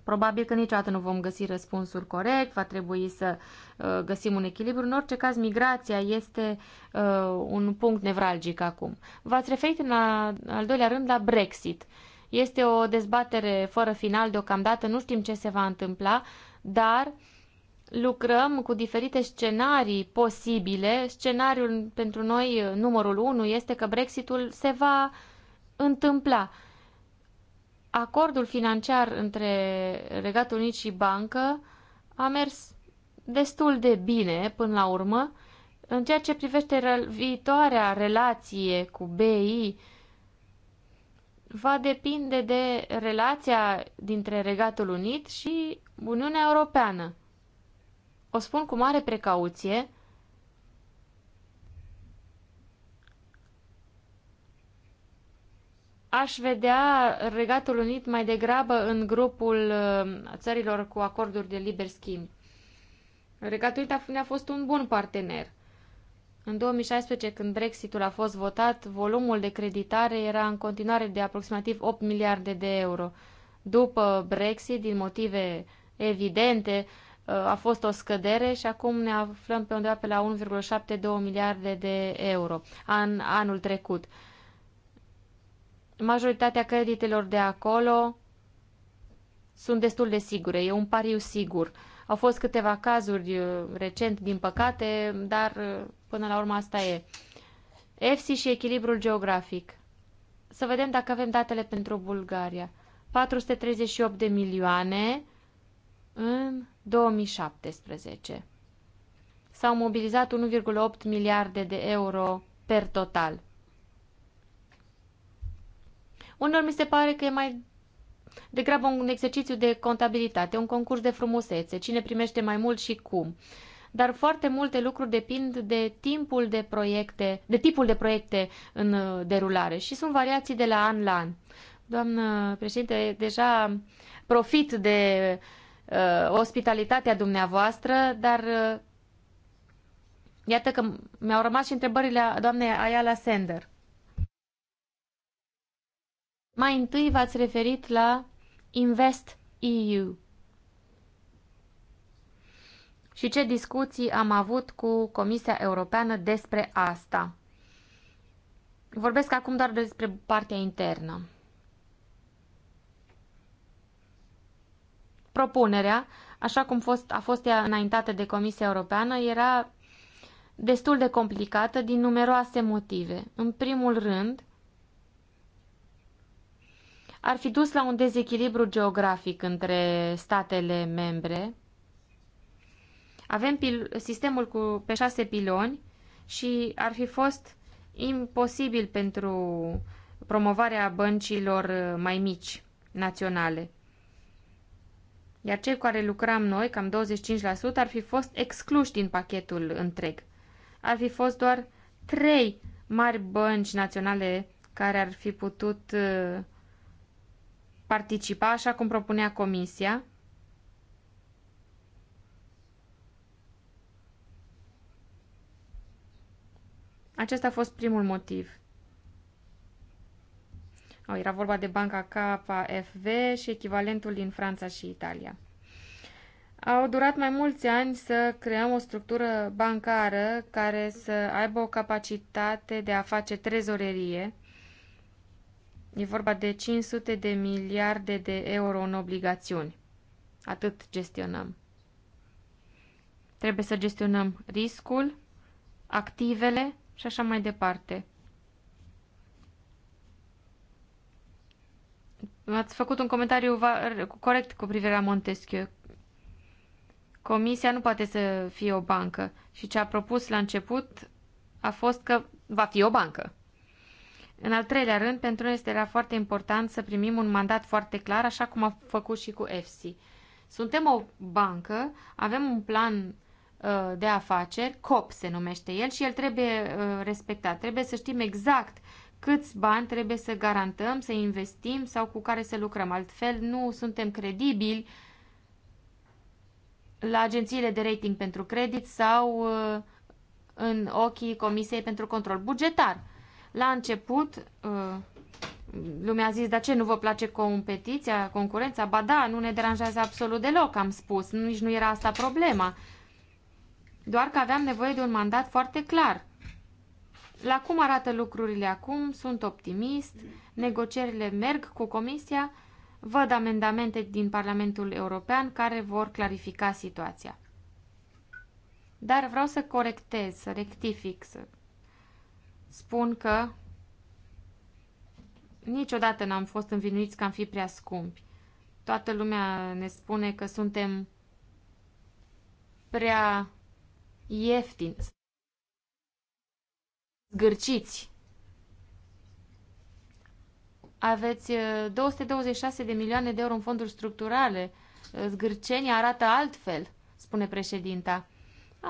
Probabil că niciodată nu vom găsi răspunsul corect, va trebui să uh, găsim un echilibru. În orice caz, migrația este uh, un punct nevralgic acum. V-ați referit în al doilea rând la Brexit. Este o dezbatere fără final deocamdată, nu știm ce se va întâmpla, dar lucrăm cu diferite scenarii posibile. Scenariul pentru noi, uh, numărul 1, este că Brexitul se va întâmpla acordul financiar între Regatul Unit și bancă a mers destul de bine până la urmă. În ceea ce privește viitoarea relație cu BI, va depinde de relația dintre Regatul Unit și Uniunea Europeană. O spun cu mare precauție, aș vedea Regatul Unit mai degrabă în grupul uh, țărilor cu acorduri de liber schimb. Regatul Unit ne-a fost un bun partener. În 2016, când Brexitul a fost votat, volumul de creditare era în continuare de aproximativ 8 miliarde de euro. După Brexit, din motive evidente, uh, a fost o scădere și acum ne aflăm pe undeva pe la 1,72 miliarde de euro an, anul trecut majoritatea creditelor de acolo sunt destul de sigure, e un pariu sigur. Au fost câteva cazuri uh, recent, din păcate, dar uh, până la urmă asta e. EFSI și echilibrul geografic. Să vedem dacă avem datele pentru Bulgaria. 438 de milioane în 2017. S-au mobilizat 1,8 miliarde de euro per total. Unor mi se pare că e mai degrabă un exercițiu de contabilitate, un concurs de frumusețe, cine primește mai mult și cum. Dar foarte multe lucruri depind de timpul de proiecte, de tipul de proiecte în uh, derulare și sunt variații de la an la an. Doamnă președinte, deja profit de uh, ospitalitatea dumneavoastră, dar uh, iată că mi-au rămas și întrebările doamnei Ayala Sender. Mai întâi v-ați referit la Invest EU și ce discuții am avut cu Comisia Europeană despre asta. Vorbesc acum doar despre partea internă. Propunerea, așa cum fost, a fost ea înaintată de Comisia Europeană, era destul de complicată din numeroase motive. În primul rând, ar fi dus la un dezechilibru geografic între statele membre. Avem sistemul cu, pe șase piloni și ar fi fost imposibil pentru promovarea băncilor uh, mai mici, naționale. Iar cei care lucram noi, cam 25%, ar fi fost excluși din pachetul întreg. Ar fi fost doar trei mari bănci naționale care ar fi putut uh, participa așa cum propunea Comisia. Acesta a fost primul motiv. Oh, era vorba de banca KFV și echivalentul din Franța și Italia. Au durat mai mulți ani să creăm o structură bancară care să aibă o capacitate de a face trezorerie, E vorba de 500 de miliarde de euro în obligațiuni. Atât gestionăm. Trebuie să gestionăm riscul, activele și așa mai departe. Ați făcut un comentariu corect cu privire la Montesquieu. Comisia nu poate să fie o bancă și ce a propus la început a fost că va fi o bancă. În al treilea rând, pentru noi este era foarte important să primim un mandat foarte clar, așa cum am făcut și cu EFSI. Suntem o bancă, avem un plan uh, de afaceri, COP se numește el, și el trebuie uh, respectat. Trebuie să știm exact câți bani trebuie să garantăm, să investim sau cu care să lucrăm. Altfel nu suntem credibili la agențiile de rating pentru credit sau uh, în ochii Comisiei pentru Control Bugetar. La început, uh, lumea a zis, dar ce, nu vă place competiția, concurența? Ba da, nu ne deranjează absolut deloc, am spus. Nici nu era asta problema. Doar că aveam nevoie de un mandat foarte clar. La cum arată lucrurile acum, sunt optimist, negocierile merg cu Comisia, văd amendamente din Parlamentul European care vor clarifica situația. Dar vreau să corectez, să rectific, să spun că niciodată n-am fost învinuiți că am fi prea scumpi. Toată lumea ne spune că suntem prea ieftini, zgârciți. Aveți 226 uh, de milioane de euro în fonduri structurale. Uh, zgârcenii arată altfel, spune președinta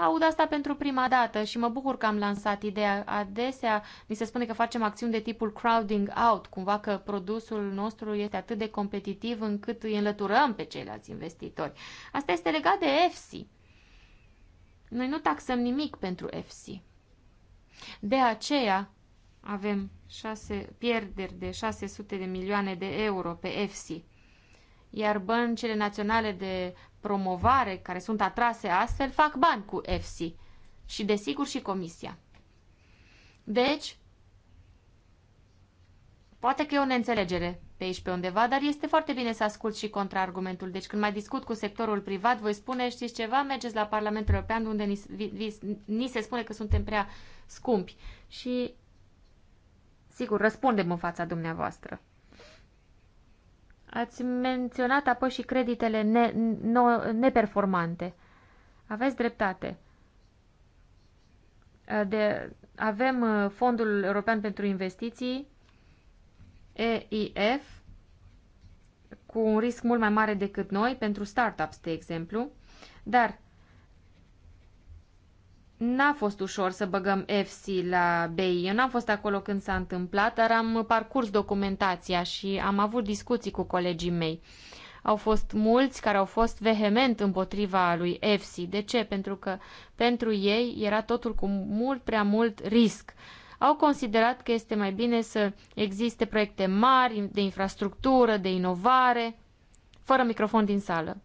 aud asta pentru prima dată și mă bucur că am lansat ideea. Adesea mi se spune că facem acțiuni de tipul crowding out, cumva că produsul nostru este atât de competitiv încât îi înlăturăm pe ceilalți investitori. Asta este legat de FC. Noi nu taxăm nimic pentru FC. De aceea avem șase, pierderi de 600 de milioane de euro pe FC. iar băncile naționale de promovare care sunt atrase astfel fac bani cu FC și desigur și comisia. Deci, poate că e o neînțelegere pe aici pe undeva, dar este foarte bine să ascult și contraargumentul. Deci când mai discut cu sectorul privat, voi spune, știți ceva, mergeți la Parlamentul European unde ni, vi, ni se spune că suntem prea scumpi. Și, sigur, răspundem în fața dumneavoastră. Ați menționat apoi și creditele ne, no, neperformante. Aveți dreptate. Uh, de, avem uh, Fondul European pentru Investiții, EIF, cu un risc mult mai mare decât noi, pentru startups, de exemplu, dar N-a fost ușor să băgăm FC la BI. Eu n-am fost acolo când s-a întâmplat, dar am parcurs documentația și am avut discuții cu colegii mei. Au fost mulți care au fost vehement împotriva lui FC. De ce? Pentru că pentru ei era totul cu mult prea mult risc. Au considerat că este mai bine să existe proiecte mari de infrastructură, de inovare, fără microfon din sală.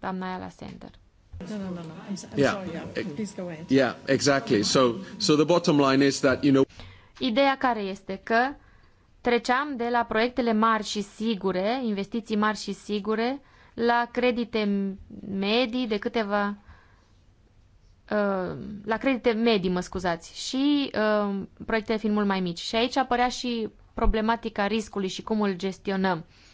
Doamna Ala Sender. No, no, no, no. I'm, I'm yeah. sorry. Yeah. Please go ahead. Yeah, exactly. So, so the bottom line is that, you know... Ideea care este că treceam de la proiectele mari și sigure, investiții mari și sigure, la credite medii de câteva uh, la credite medii, mă scuzați, și uh, proiectele fiind mult mai mici. Și aici apărea și problematica riscului și cum îl gestionăm. Uh,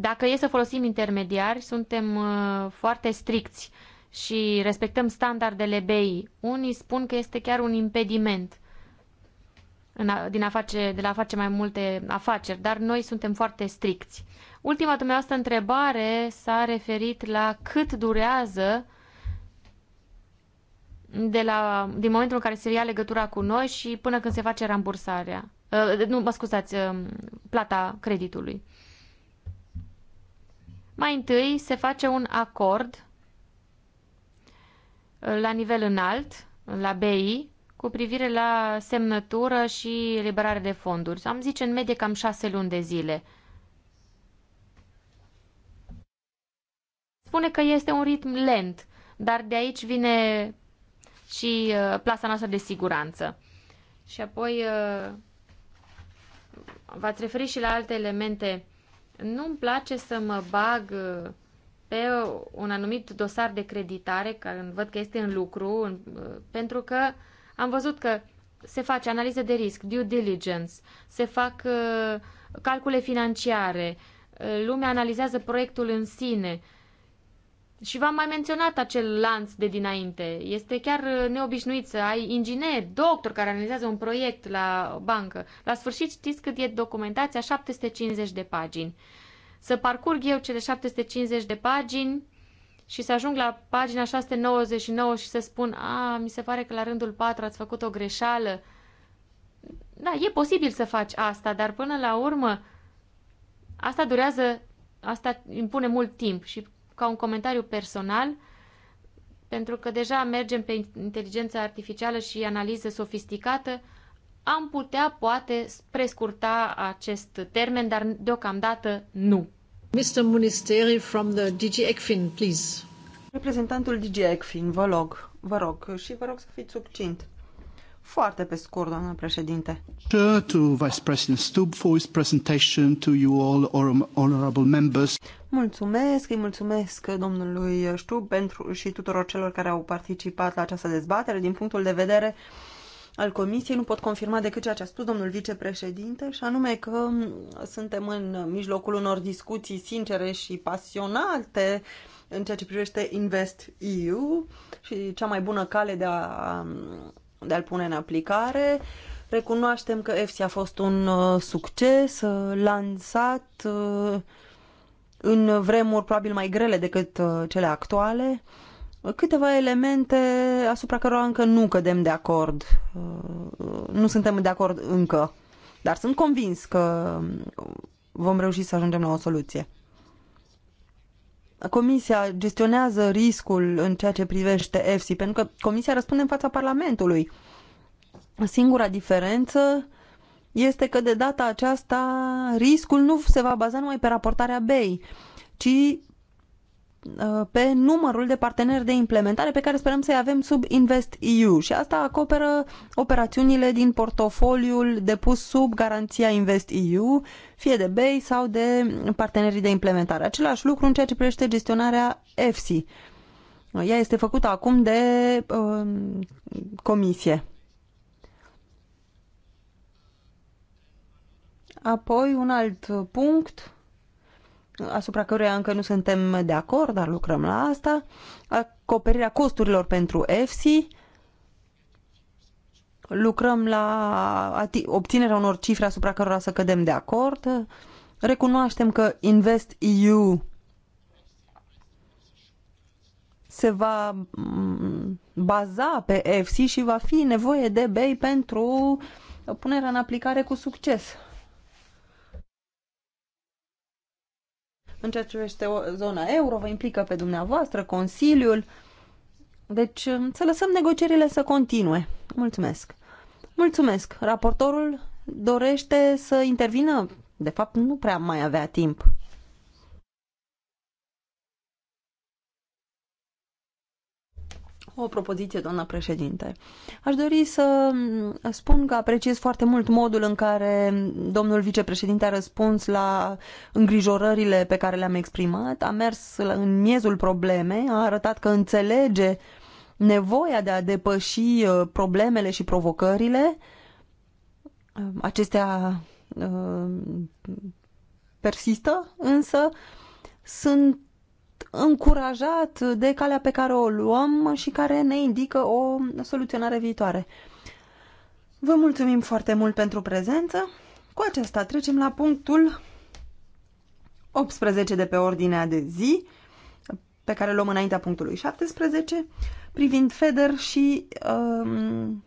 dacă e să folosim intermediari, suntem uh, foarte stricți și respectăm standardele BI. Unii spun că este chiar un impediment în a, din a face, de la a face mai multe afaceri, dar noi suntem foarte stricți. Ultima dumneavoastră întrebare s-a referit la cât durează de la, din momentul în care se ia legătura cu noi și până când se face rambursarea. Uh, nu, mă scuzați, uh, plata creditului. Uh, mai întâi se face un acord la nivel înalt, la BI, cu privire la semnătură și eliberare de fonduri. Am zice în medie cam șase luni de zile. Spune că este un ritm lent, dar de aici vine și uh, plasa noastră de siguranță. Și apoi uh, v-ați referit și la alte elemente nu-mi place să mă bag uh, pe un anumit dosar de creditare, că văd că este în lucru, uh, pentru că am văzut că se face analiză de risc, due diligence, se fac uh, calcule financiare, lumea analizează proiectul în sine, și v-am mai menționat acel lanț de dinainte. Este chiar uh, neobișnuit să ai ingineri, doctor care analizează un proiect la bancă. La sfârșit știți cât e documentația? 750 de pagini. Să parcurg eu cele 750 de pagini și să ajung la pagina 699 și să spun a, mi se pare că la rândul 4 ați făcut o greșeală. Da, e posibil să faci asta, dar până la urmă asta durează, asta impune mult timp și ca un comentariu personal, pentru că deja mergem pe inteligența artificială și analiză sofisticată, am putea poate prescurta acest termen, dar deocamdată nu. Mr. Ministeri from the DG ECFIN, please. Reprezentantul DG ECFIN, vă rog, vă rog și vă rog să fiți succint. Foarte pe scurt, doamnă președinte. To Vice President Stubb for his presentation to you all honorable members. Mulțumesc, îi mulțumesc domnului Ștub pentru și tuturor celor care au participat la această dezbatere. Din punctul de vedere al Comisiei nu pot confirma decât ceea ce a spus domnul vicepreședinte și anume că suntem în mijlocul unor discuții sincere și pasionate în ceea ce privește Invest EU și cea mai bună cale de, a, de a-l pune în aplicare. Recunoaștem că EFSI a fost un uh, succes uh, lansat uh, în vremuri probabil mai grele decât uh, cele actuale, câteva elemente asupra cărora încă nu cădem de acord. Uh, nu suntem de acord încă, dar sunt convins că vom reuși să ajungem la o soluție. Comisia gestionează riscul în ceea ce privește EFSI, pentru că Comisia răspunde în fața Parlamentului. Singura diferență este că de data aceasta riscul nu se va baza numai pe raportarea BEI, ci uh, pe numărul de parteneri de implementare pe care sperăm să-i avem sub Invest EU și asta acoperă operațiunile din portofoliul depus sub garanția Invest EU, fie de BEI sau de partenerii de implementare. Același lucru în ceea ce privește gestionarea EFSI. Ea este făcută acum de uh, comisie. Apoi un alt punct asupra căruia încă nu suntem de acord, dar lucrăm la asta, acoperirea costurilor pentru EFSI, lucrăm la obținerea unor cifre asupra cărora să cădem de acord, recunoaștem că Invest EU se va mm, baza pe EFSI și va fi nevoie de BEI pentru punerea în aplicare cu succes. în ceea ce privește zona euro, vă implică pe dumneavoastră, Consiliul. Deci să lăsăm negocierile să continue. Mulțumesc. Mulțumesc. Raportorul dorește să intervină? De fapt, nu prea mai avea timp. O propoziție, doamna președinte. Aș dori să spun că apreciez foarte mult modul în care domnul vicepreședinte a răspuns la îngrijorările pe care le-am exprimat, a mers în miezul problemei, a arătat că înțelege nevoia de a depăși uh, problemele și provocările, uh, acestea uh, persistă, însă sunt încurajat de calea pe care o luăm și care ne indică o soluționare viitoare. Vă mulțumim foarte mult pentru prezență. Cu acesta trecem la punctul 18 de pe ordinea de zi, pe care luăm înaintea punctului 17, privind FEDER și um,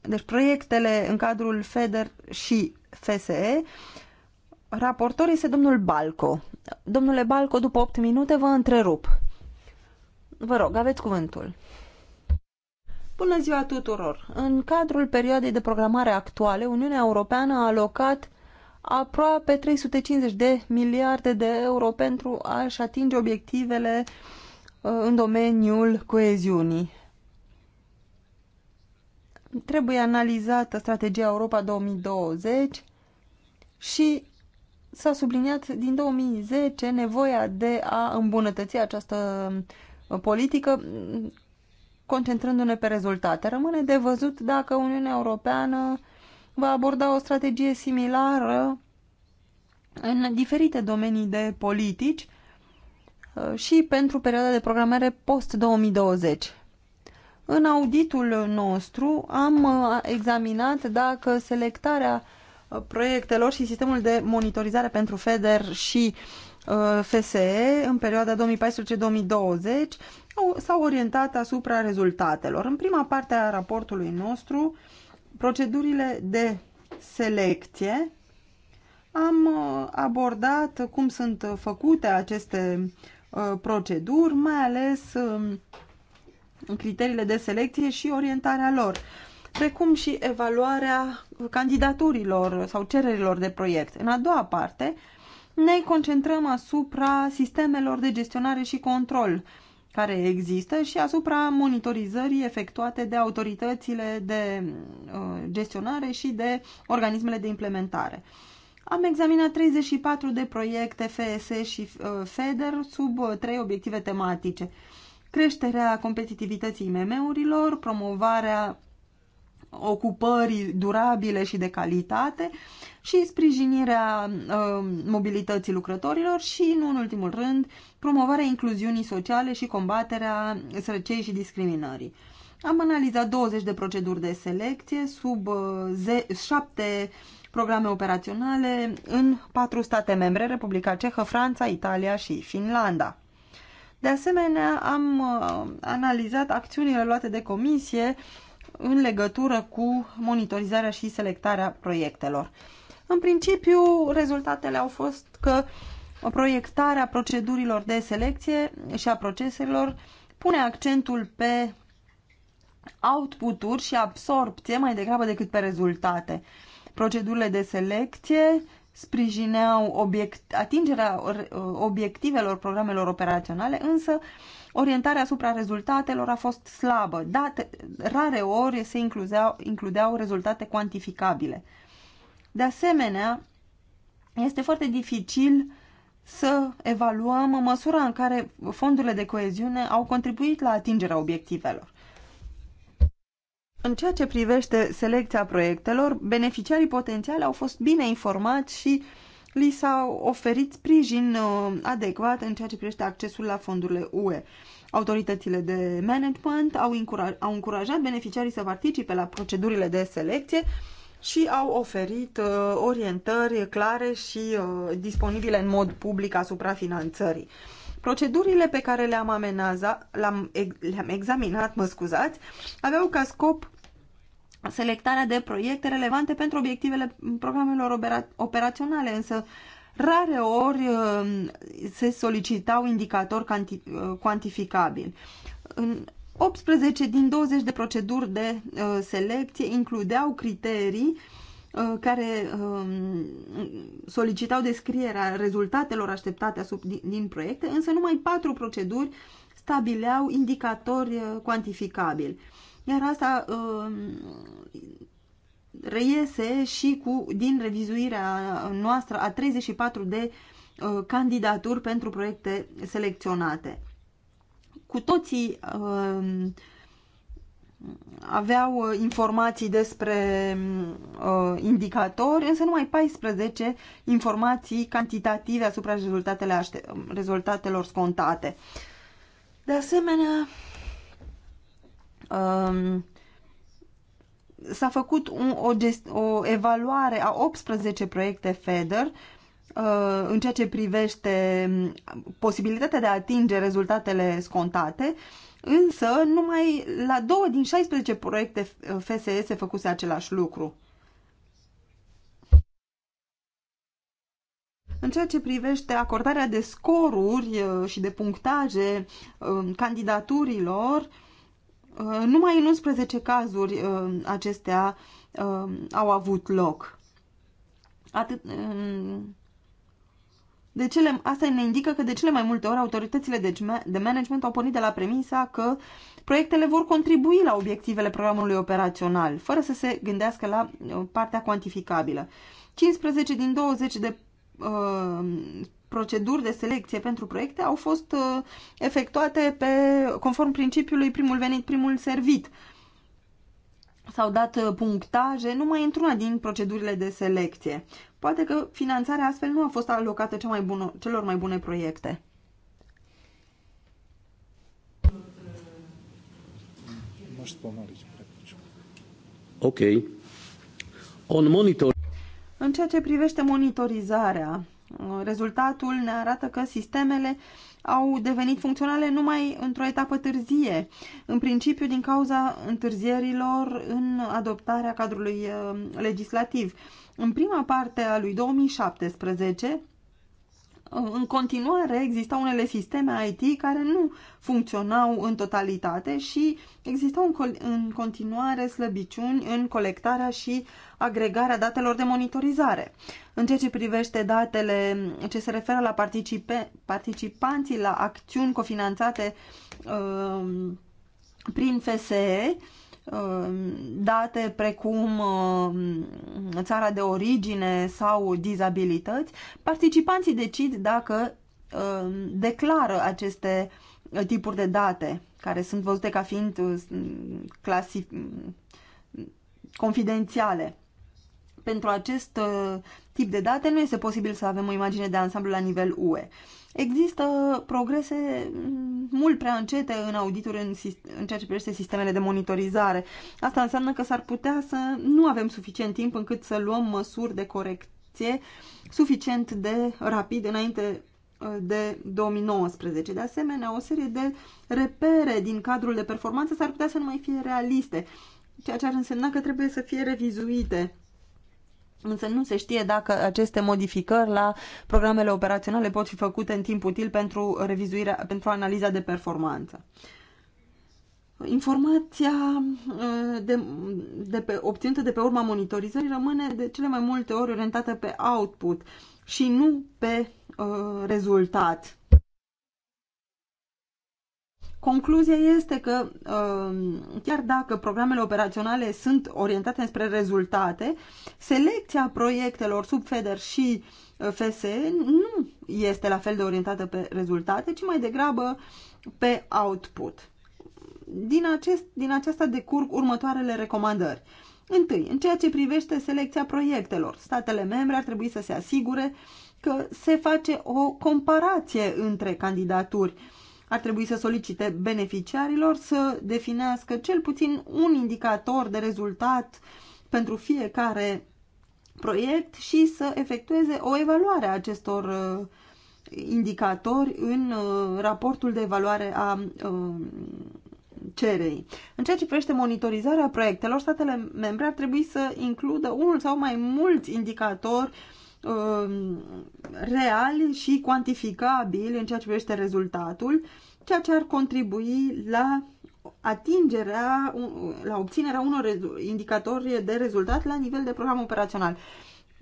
deci proiectele în cadrul FEDER și FSE Raportor este domnul Balco. Domnule Balco, după 8 minute vă întrerup. Vă rog, aveți cuvântul. Bună ziua tuturor! În cadrul perioadei de programare actuale, Uniunea Europeană a alocat aproape 350 de miliarde de euro pentru a-și atinge obiectivele uh, în domeniul coeziunii. Trebuie analizată strategia Europa 2020 și s-a subliniat din 2010 nevoia de a îmbunătăți această uh, politică concentrându-ne pe rezultate. Rămâne de văzut dacă Uniunea Europeană va aborda o strategie similară în diferite domenii de politici uh, și pentru perioada de programare post-2020. În auditul nostru am uh, examinat dacă selectarea Uh, proiectelor și sistemul de monitorizare pentru FEDER și uh, FSE în perioada 2014-2020 s-au orientat asupra rezultatelor. În prima parte a raportului nostru, procedurile de selecție, am uh, abordat cum sunt făcute aceste proceduri, mai ales um, criteriile de selecție și orientarea lor precum și evaluarea candidaturilor sau cererilor de proiect. În a doua parte, ne concentrăm asupra sistemelor de gestionare și control care există și asupra monitorizării efectuate de autoritățile de uh, gestionare și de organismele de implementare. Am examinat 34 de proiecte FSE și uh, FEDER sub uh, trei obiective tematice. Creșterea competitivității IMM-urilor, promovarea ocupării durabile și de calitate și sprijinirea uh, mobilității lucrătorilor și, nu în ultimul rând, promovarea incluziunii sociale și combaterea sărăciei și discriminării. Am analizat 20 de proceduri de selecție sub 7 uh, programe operaționale în patru state membre, Republica Cehă, Franța, Italia și Finlanda. De asemenea, am uh, analizat acțiunile luate de comisie în legătură cu monitorizarea și selectarea proiectelor. În principiu, rezultatele au fost că proiectarea procedurilor de selecție și a proceselor pune accentul pe output-uri și absorpție mai degrabă decât pe rezultate. Procedurile de selecție sprijineau obiect, atingerea obiectivelor programelor operaționale, însă Orientarea asupra rezultatelor a fost slabă. Date, rare ori se includeau, includeau rezultate cuantificabile. De asemenea, este foarte dificil să evaluăm măsura în care fondurile de coeziune au contribuit la atingerea obiectivelor. În ceea ce privește selecția proiectelor, beneficiarii potențiali au fost bine informați și uh, li s-a oferit sprijin uh, adecvat în ceea ce privește accesul la fondurile UE. Autoritățile de management au, încuraj, au încurajat beneficiarii să participe la procedurile de selecție și au oferit uh, orientări clare și uh, disponibile în mod public asupra finanțării. Procedurile pe care le-am le, -am amenaza, le, -am, examinat, mă scuzați, aveau ca scop selectarea de proiecte relevante pentru obiectivele programelor opera operaționale, însă rare ori uh, se solicitau indicatori uh, cuantificabili. În 18 din 20 de proceduri de uh, selecție includeau criterii care um, solicitau descrierea rezultatelor așteptate din proiecte, însă numai patru proceduri stabileau indicatori cuantificabili. Iar asta um, reiese și cu, din revizuirea noastră a 34 de uh, candidaturi pentru proiecte selecționate. Cu toții um, aveau uh, informații despre uh, indicatori, însă numai 14 informații cantitative asupra rezultatelor scontate. De asemenea, um, s-a făcut un, o, gest, o evaluare a 18 proiecte FEDER uh, în ceea ce privește um, posibilitatea de a atinge rezultatele scontate, însă numai la două din 16 proiecte FSE uh, se făcuse același lucru. În ceea ce privește acordarea de scoruri uh, și de punctaje um, candidaturilor, Uh, numai în 11 cazuri uh, acestea uh, au avut loc. Atât, um, de cele, asta ne indică că de cele mai multe ori autoritățile de management au pornit de la premisa că proiectele vor contribui la obiectivele programului operațional, fără să se gândească la partea cuantificabilă. 15 din 20 de uh, proceduri de selecție pentru proiecte au fost uh, efectuate pe, conform principiului primul venit, primul servit. S-au dat uh, punctaje numai într-una din procedurile de selecție. Poate că finanțarea astfel nu a fost alocată cea mai bună, celor mai bune proiecte. Ok. On monitor. În ceea ce privește monitorizarea, rezultatul ne arată că sistemele au devenit funcționale numai într-o etapă târzie, în principiu din cauza întârzierilor în adoptarea cadrului eh, legislativ. În prima parte a lui 2017, în continuare existau unele sisteme IT care nu funcționau în totalitate și existau în continuare slăbiciuni în colectarea și agregarea datelor de monitorizare. În ceea ce privește datele ce se referă la participe, participanții la acțiuni cofinanțate uh, prin FSE, Uh, date precum uh, țara de origine sau dizabilități, participanții decid dacă uh, declară aceste tipuri de date care sunt văzute ca fiind clasi... confidențiale. Pentru acest tip de date nu este posibil să avem o imagine de ansamblu la nivel UE. Există progrese mm, mult prea încete în audituri în, în ceea ce privește sistemele de monitorizare. Asta înseamnă că s-ar putea să nu avem suficient timp încât să luăm măsuri de corecție suficient de rapid înainte uh, de 2019. De asemenea, o serie de repere din cadrul de performanță s-ar putea să nu mai fie realiste, ceea ce ar însemna că trebuie să fie revizuite însă nu se știe dacă aceste modificări la programele operaționale pot fi făcute în timp util pentru, revizuirea, pentru analiza de performanță. Informația uh, de, de pe, obținută de pe urma monitorizării rămâne de cele mai multe ori orientată pe output și nu pe uh, rezultat. Concluzia este că uh, chiar dacă programele operaționale sunt orientate spre rezultate, selecția proiectelor sub FEDER și uh, FSE nu este la fel de orientată pe rezultate, ci mai degrabă pe output. Din, acest, din aceasta decurg următoarele recomandări. Întâi, în ceea ce privește selecția proiectelor, statele membre ar trebui să se asigure că se face o comparație între candidaturi ar trebui să solicite beneficiarilor să definească cel puțin un indicator de rezultat pentru fiecare proiect și să efectueze o evaluare a acestor uh, indicatori în uh, raportul de evaluare a uh, cerei. În ceea ce privește monitorizarea proiectelor, statele membre ar trebui să includă unul sau mai mulți indicatori Um, real și cuantificabil în ceea ce privește rezultatul, ceea ce ar contribui la atingerea, la obținerea unor indicatori de rezultat la nivel de program operațional.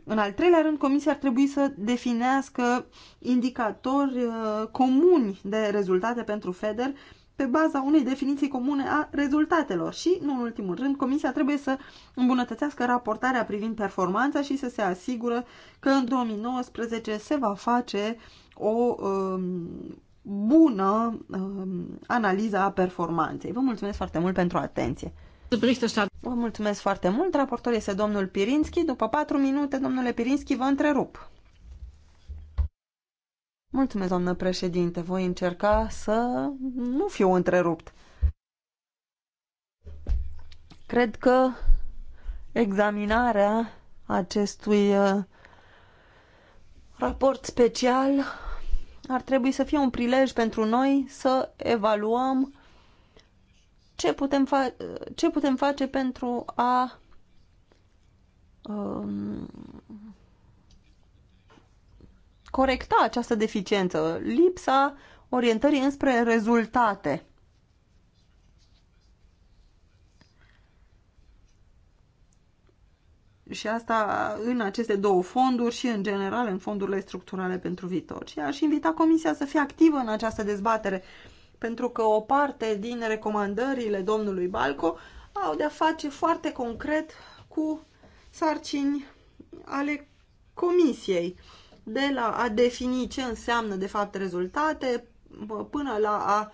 În al treilea rând, Comisia ar trebui să definească indicatori uh, comuni de rezultate pentru FEDER pe baza unei definiții comune a rezultatelor și, nu în ultimul rând, Comisia trebuie să îmbunătățească raportarea privind performanța și să se asigură că în 2019 se va face o um, bună um, analiză a performanței. Vă mulțumesc foarte mult pentru atenție! Vă mulțumesc foarte mult. Raportor este domnul Pirinski. După patru minute, domnule Pirinski, vă întrerup. Mulțumesc, doamnă președinte. Voi încerca să nu fiu întrerupt. Cred că examinarea acestui uh, raport special ar trebui să fie un prilej pentru noi să evaluăm ce putem, fa ce putem face pentru a um, corecta această deficiență, lipsa orientării înspre rezultate. și asta în aceste două fonduri și în general în fondurile structurale pentru viitor. Și aș invita Comisia să fie activă în această dezbatere, pentru că o parte din recomandările domnului Balco au de-a face foarte concret cu sarcini ale Comisiei de la a defini ce înseamnă de fapt rezultate până la a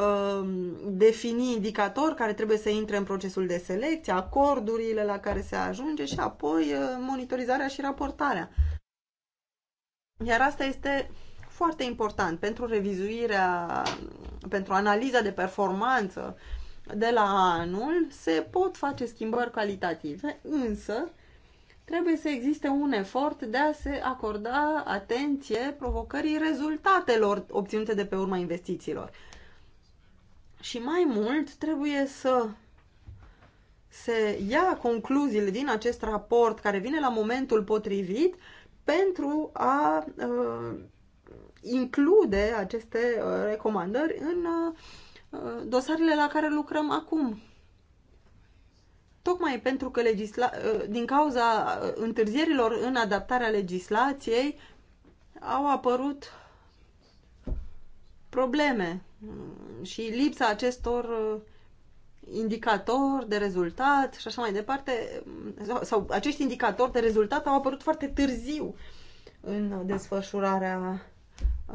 um, defini indicatori care trebuie să intre în procesul de selecție, acordurile la care se ajunge și apoi uh, monitorizarea și raportarea. Iar asta este foarte important pentru revizuirea, pentru analiza de performanță de la anul, se pot face schimbări calitative, însă trebuie să existe un efort de a se acorda atenție provocării rezultatelor obținute de pe urma investițiilor. Și mai mult trebuie să se ia concluziile din acest raport care vine la momentul potrivit pentru a uh, include aceste uh, recomandări în uh, dosarele la care lucrăm acum tocmai pentru că legisla... Ă, din cauza ă, întârzierilor în adaptarea legislației au apărut probleme ă, și lipsa acestor indicatori de rezultat și așa mai departe, sau acești indicatori de rezultat au apărut foarte târziu în desfășurarea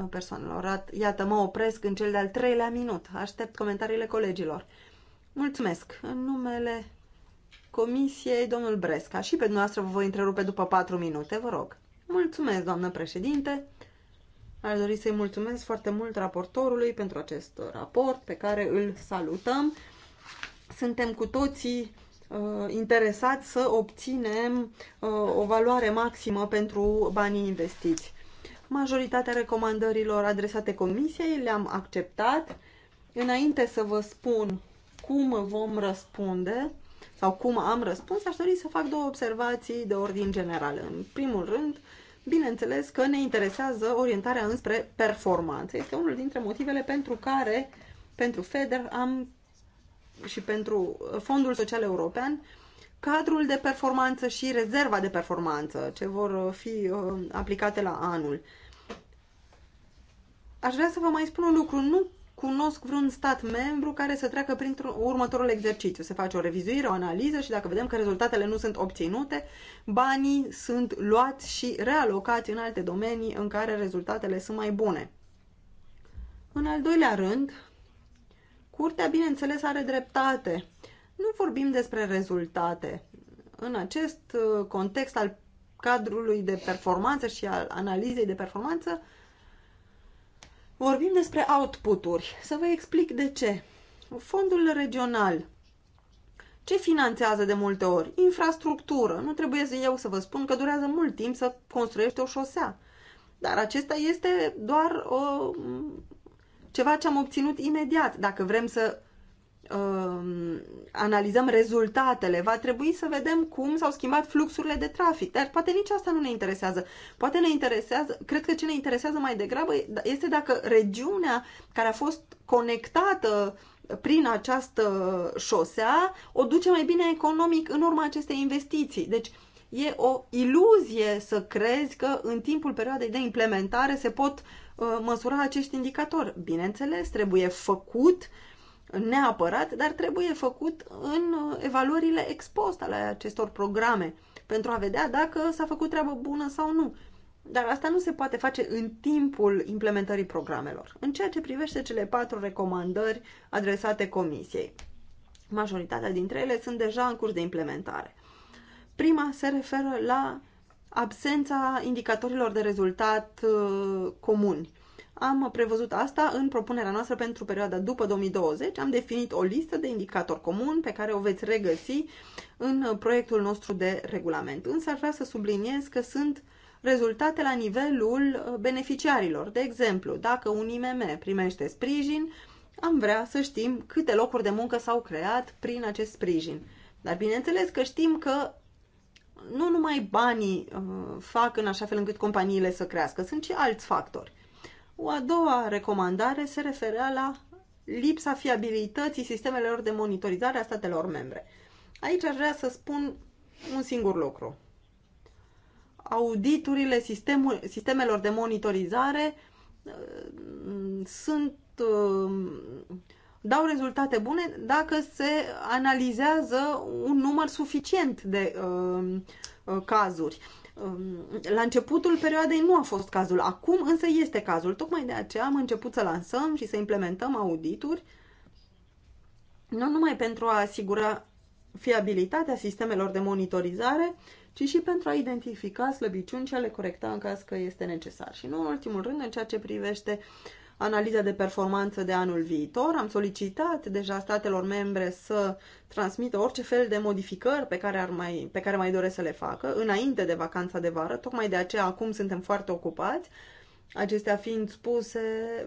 persoanelor. Iată, mă opresc în cel de-al treilea minut. Aștept comentariile colegilor. Mulțumesc! În numele Comisiei, domnul Bresca. Și pe dumneavoastră vă voi întrerupe după patru minute, vă rog. Mulțumesc, doamnă președinte. Aș dori să-i mulțumesc foarte mult raportorului pentru acest raport pe care îl salutăm. Suntem cu toții uh, interesați să obținem uh, o valoare maximă pentru banii investiți. Majoritatea recomandărilor adresate comisiei le-am acceptat. Înainte să vă spun cum vom răspunde, sau cum am răspuns, aș dori să fac două observații de ordin general. În primul rând, bineînțeles că ne interesează orientarea înspre performanță. Este unul dintre motivele pentru care, pentru FEDER am și pentru Fondul Social European, cadrul de performanță și rezerva de performanță ce vor fi uh, aplicate la anul. Aș vrea să vă mai spun un lucru. Nu cunosc vreun stat membru care să treacă printr următorul exercițiu. Se face o revizuire, o analiză și dacă vedem că rezultatele nu sunt obținute, banii sunt luați și realocați în alte domenii în care rezultatele sunt mai bune. În al doilea rând, curtea, bineînțeles, are dreptate. Nu vorbim despre rezultate. În acest uh, context al cadrului de performanță și al analizei de performanță, Vorbim despre outputuri. Să vă explic de ce. Fondul regional. Ce finanțează de multe ori? Infrastructură. Nu trebuie să eu să vă spun că durează mult timp să construiești o șosea. Dar acesta este doar o, uh, ceva ce am obținut imediat. Dacă vrem să Um, analizăm rezultatele, va trebui să vedem cum s-au schimbat fluxurile de trafic. Dar poate nici asta nu ne interesează. Poate ne interesează, cred că ce ne interesează mai degrabă da, este dacă regiunea care a fost conectată prin această șosea o duce mai bine economic în urma acestei investiții. Deci e o iluzie să crezi că în timpul perioadei de implementare se pot uh, măsura acești indicatori. Bineînțeles, trebuie făcut uh, neapărat, dar trebuie făcut în uh, evaluările expost ale acestor programe pentru a vedea dacă s-a făcut treabă bună sau nu. Dar asta nu se poate face în timpul implementării programelor. În ceea ce privește cele patru recomandări adresate Comisiei, majoritatea dintre ele sunt deja în curs de implementare. Prima se referă la absența indicatorilor de rezultat uh, comuni. Am prevăzut asta în propunerea noastră pentru perioada după 2020. Am definit o listă de indicatori comuni pe care o veți regăsi în proiectul nostru de regulament. Însă aș vrea să subliniez că sunt rezultate la nivelul beneficiarilor. De exemplu, dacă un IMM primește sprijin, am vrea să știm câte locuri de muncă s-au creat prin acest sprijin. Dar bineînțeles că știm că nu numai banii uh, fac în așa fel încât companiile să crească, sunt și alți factori. O a doua recomandare se referea la lipsa fiabilității sistemelor de monitorizare a statelor membre. Aici aș vrea să spun un singur lucru. Auditurile sistemul, sistemelor de monitorizare uh, sunt uh, dau rezultate bune dacă se analizează un număr suficient de uh, uh cazuri. Um, la începutul perioadei nu a fost cazul, acum însă este cazul. Tocmai de aceea am început să lansăm și să implementăm audituri, nu numai pentru a asigura fiabilitatea sistemelor de monitorizare, ci și pentru a identifica slăbiciuni și a le corecta în caz că este necesar. Și nu în ultimul rând, în ceea ce privește uh, analiza de performanță de anul viitor. Am solicitat deja statelor membre să transmită orice fel de modificări pe care, ar mai, pe care mai doresc să le facă înainte de vacanța de vară. Tocmai de aceea acum suntem foarte ocupați. Acestea fiind spuse,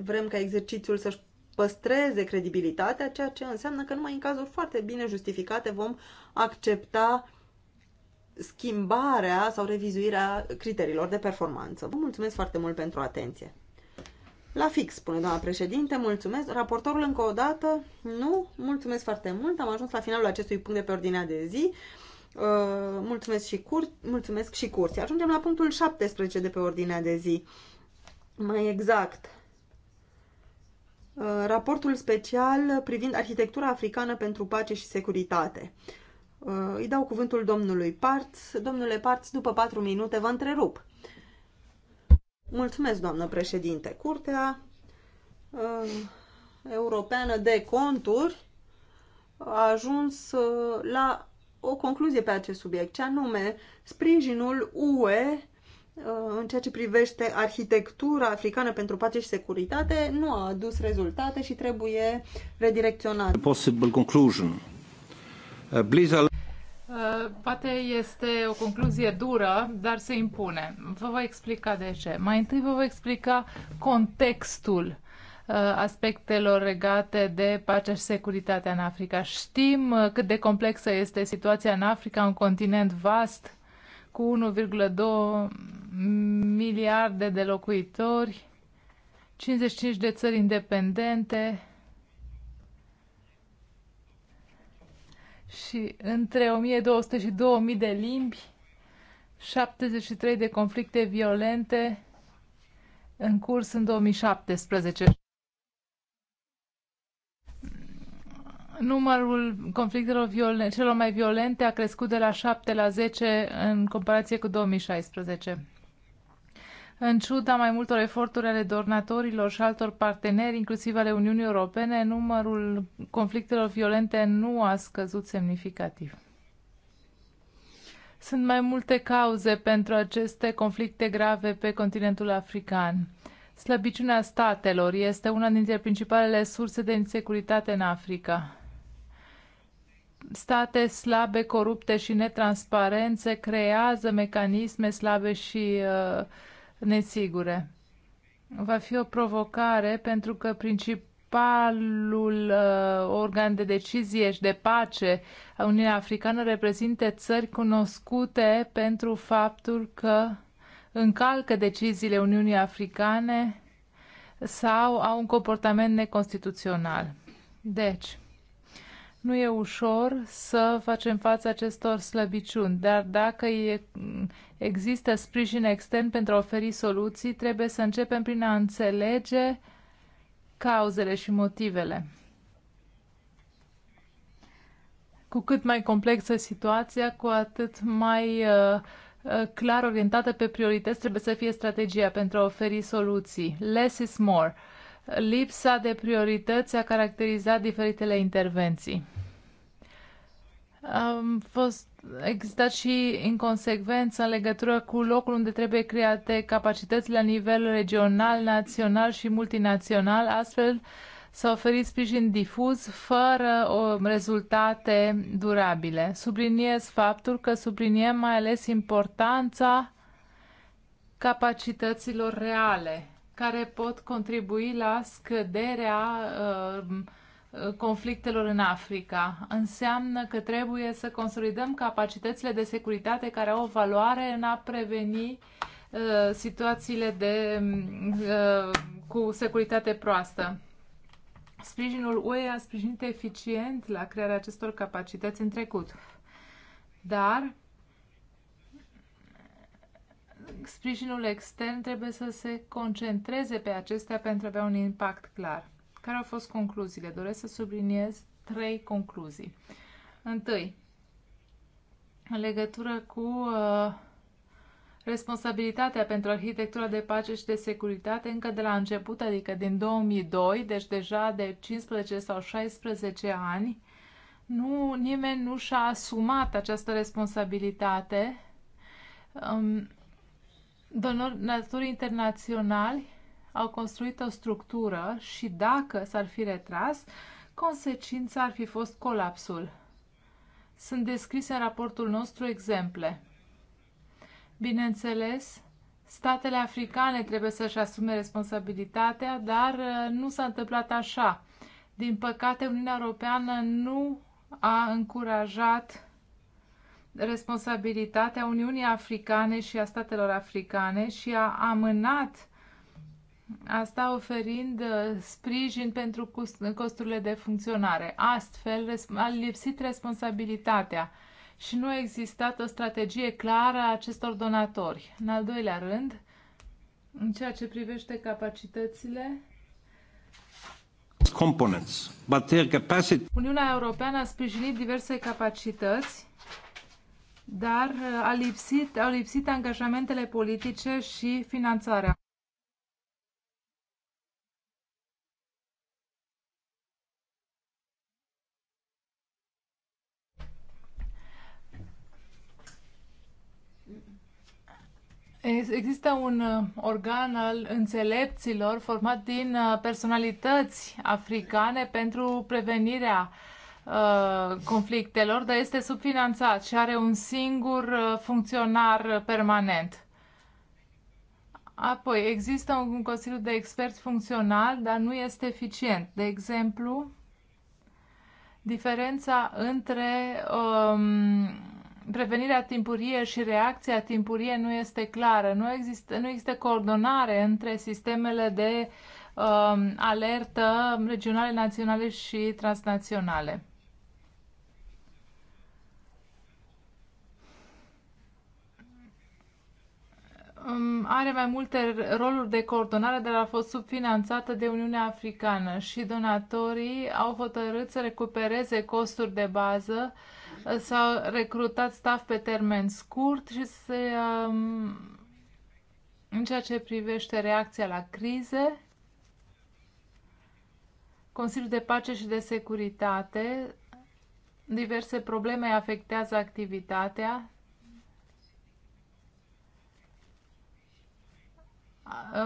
vrem ca exercițiul să-și păstreze credibilitatea, ceea ce înseamnă că numai în cazuri foarte bine justificate vom accepta schimbarea sau revizuirea criteriilor de performanță. Vă mulțumesc foarte mult pentru atenție! La fix, spune doamna președinte, mulțumesc. Raportorul încă o dată, nu, mulțumesc foarte mult. Am ajuns la finalul acestui punct de pe ordinea de zi. Uh, mulțumesc și cur mulțumesc și curții. Ajungem la punctul 17 de pe ordinea de zi. Mai exact, uh, raportul special privind arhitectura africană pentru pace și securitate. Uh, îi dau cuvântul domnului Parț. Domnule Parț, după 4 minute vă întrerup. Mulțumesc, doamnă președinte. Curtea uh, Europeană de Conturi a ajuns uh, la o concluzie pe acest subiect, ce anume sprijinul UE uh, în ceea ce privește arhitectura africană pentru pace și securitate nu a adus rezultate și trebuie redirecționat. Possible conclusion. Uh, Eh, poate este o concluzie dură, dar se impune. Vă voi explica de ce. Mai întâi vă voi explica contextul eh, aspectelor legate de pacea și securitatea în Africa. Știm eh, cât de complexă este situația în Africa, un continent vast cu 1,2 miliarde de locuitori, 55 de țări independente, și între 1200 și 2000 de limbi, 73 de conflicte violente în curs în 2017. Numărul conflictelor violente, celor mai violente a crescut de la 7 la 10 în comparație cu 2016. În ciuda mai multor eforturi ale donatorilor și altor parteneri, inclusiv ale Uniunii Europene, numărul conflictelor violente nu a scăzut semnificativ. Sunt mai multe cauze pentru aceste conflicte grave pe continentul african. Slăbiciunea statelor este una dintre principalele surse de insecuritate în Africa. State slabe, corupte și netransparențe creează mecanisme slabe și uh, nesigure. Va fi o provocare pentru că principalul uh, organ de decizie și de pace a Uniunii Africană reprezintă țări cunoscute pentru faptul că încalcă deciziile Uniunii Africane sau au un comportament neconstituțional. Deci, nu e ușor să facem față acestor slăbiciuni, dar dacă e, există sprijin extern pentru a oferi soluții, trebuie să începem prin a înțelege cauzele și motivele. Cu cât mai complexă situația, cu atât mai uh, uh clar orientată pe priorități trebuie să fie strategia pentru a oferi soluții. Less is more. Uh, Lipsa de priorități a caracterizat diferitele intervenții. Am fost existat și inconsecvență în legătură cu locul unde trebuie create capacități la nivel regional, național și multinațional, astfel s-a oferit sprijin difuz fără o rezultate durabile. Subliniez faptul că subliniem mai ales importanța capacităților reale care pot contribui la scăderea uh, conflictelor în Africa. Înseamnă că trebuie să consolidăm capacitățile de securitate care au o valoare în a preveni uh, situațiile de, uh, cu securitate proastă. Sprijinul UE a sprijinit eficient la crearea acestor capacități în trecut. Dar sprijinul extern trebuie să se concentreze pe acestea pentru a avea un impact clar. Care au fost concluziile? Doresc să subliniez trei concluzii. Întâi, în legătură cu uh, responsabilitatea pentru arhitectura de pace și de securitate încă de la început, adică din 2002, deci deja de 15 sau 16 ani, nu, nimeni nu și-a asumat această responsabilitate um, donatorii internaționali au construit o structură și dacă s-ar fi retras, consecința ar fi fost colapsul. Sunt descrise în raportul nostru exemple. Bineînțeles, statele africane trebuie să-și asume responsabilitatea, dar uh, nu s-a întâmplat așa. Din păcate, Uniunea Europeană nu a încurajat responsabilitatea Uniunii Africane și a statelor africane și a amânat asta oferind uh, sprijin pentru costurile de funcționare. Astfel a lipsit responsabilitatea și nu a existat o strategie clară a acestor donatori. În al doilea rând, în ceea ce privește capacitățile, Uniunea Europeană a sprijinit diverse capacități dar uh, a lipsit, au lipsit angajamentele politice și finanțarea. Există un uh, organ al înțelepților format din uh, personalități africane pentru prevenirea uh, Uh, conflictelor, dar este subfinanțat și are un singur uh, funcționar permanent. Apoi, există un consiliu de experți funcțional, dar nu este eficient. De exemplu, diferența între um, prevenirea timpurie și reacția timpurie nu este clară. Nu există, nu există coordonare între sistemele de um, alertă regionale, naționale și transnaționale. Um, are mai multe roluri de coordonare, dar a fost subfinanțată de Uniunea Africană și donatorii au hotărât să recupereze costuri de bază, uh, s-au recrutat staff pe termen scurt și se um, în ceea ce privește reacția la crize, Consiliul de Pace și de Securitate, diverse probleme afectează activitatea,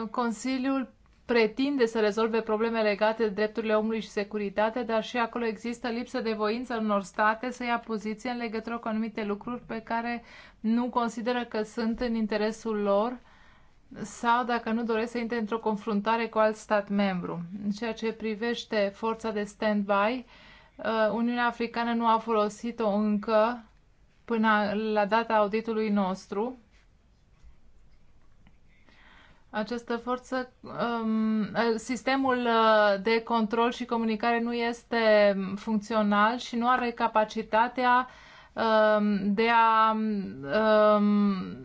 Uh, Consiliul pretinde să rezolve probleme legate de drepturile omului și securitate, dar și acolo există lipsă de voință în unor state să ia poziție în legătură cu anumite lucruri pe care nu consideră că sunt în interesul lor sau dacă nu doresc să intre într-o confruntare cu alt stat membru. În ceea ce privește forța de stand-by, uh, Uniunea Africană nu a folosit-o încă până la data auditului nostru această forță, um, sistemul uh, de control și comunicare nu este funcțional și nu are capacitatea um, de a um,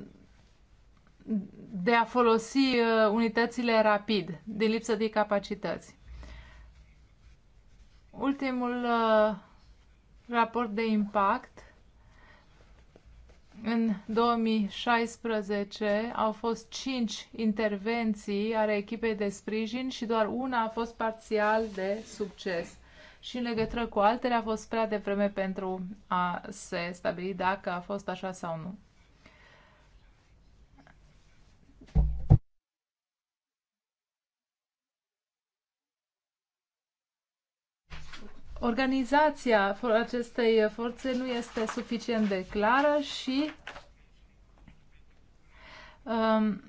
de a folosi uh, unitățile rapid, din lipsă de capacități. Ultimul uh, raport de impact în 2016 au fost 5 intervenții ale echipei de sprijin și doar una a fost parțial de succes. Și în legătură cu altele a fost prea devreme pentru a se stabili dacă a fost așa sau nu. Organizația acestei forțe nu este suficient de clară și um,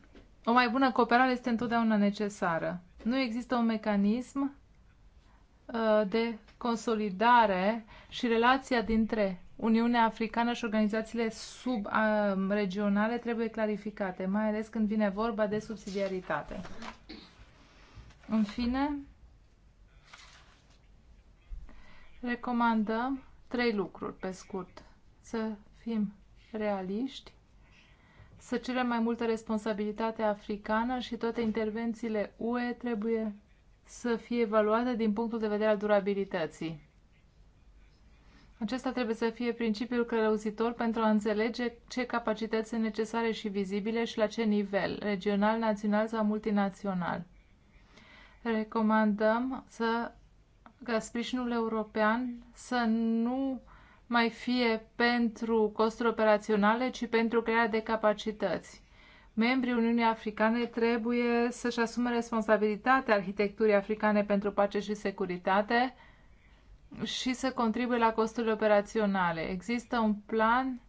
o mai bună cooperare este întotdeauna necesară. Nu există un mecanism uh, de consolidare și relația dintre Uniunea Africană și organizațiile subregionale uh, trebuie clarificate, mai ales când vine vorba de subsidiaritate. În fine, recomandăm trei lucruri pe scurt. Să fim realiști, să cerem mai multă responsabilitate africană și toate intervențiile UE trebuie să fie evaluate din punctul de vedere al durabilității. Acesta trebuie să fie principiul călăuzitor pentru a înțelege ce capacități sunt necesare și vizibile și la ce nivel, regional, național sau multinațional. Recomandăm să ca sprijinul european să nu mai fie pentru costuri operaționale, ci pentru crearea de capacități. Membrii Uniunii Africane trebuie să-și asume responsabilitatea arhitecturii africane pentru pace și securitate și să contribuie la costurile operaționale. Există un plan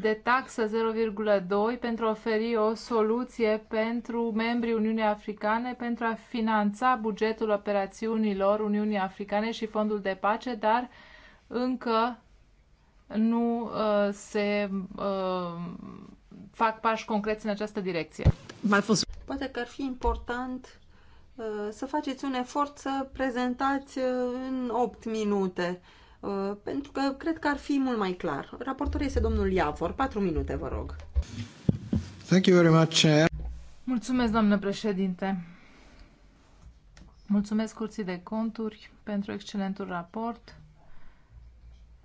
de taxă 0,2 pentru a oferi o soluție pentru membrii Uniunii Africane pentru a finanța bugetul operațiunilor Uniunii Africane și Fondul de Pace, dar încă nu uh, se uh, fac pași concreți în această direcție. Mai Poate că ar fi important uh, să faceți un efort să prezentați uh, în 8 minute Uh, pentru că cred că ar fi mult mai clar. Raportorul este domnul Iavor. Patru minute, vă rog. Thank you very much. Mulțumesc, doamnă președinte. Mulțumesc Curții de Conturi pentru excelentul raport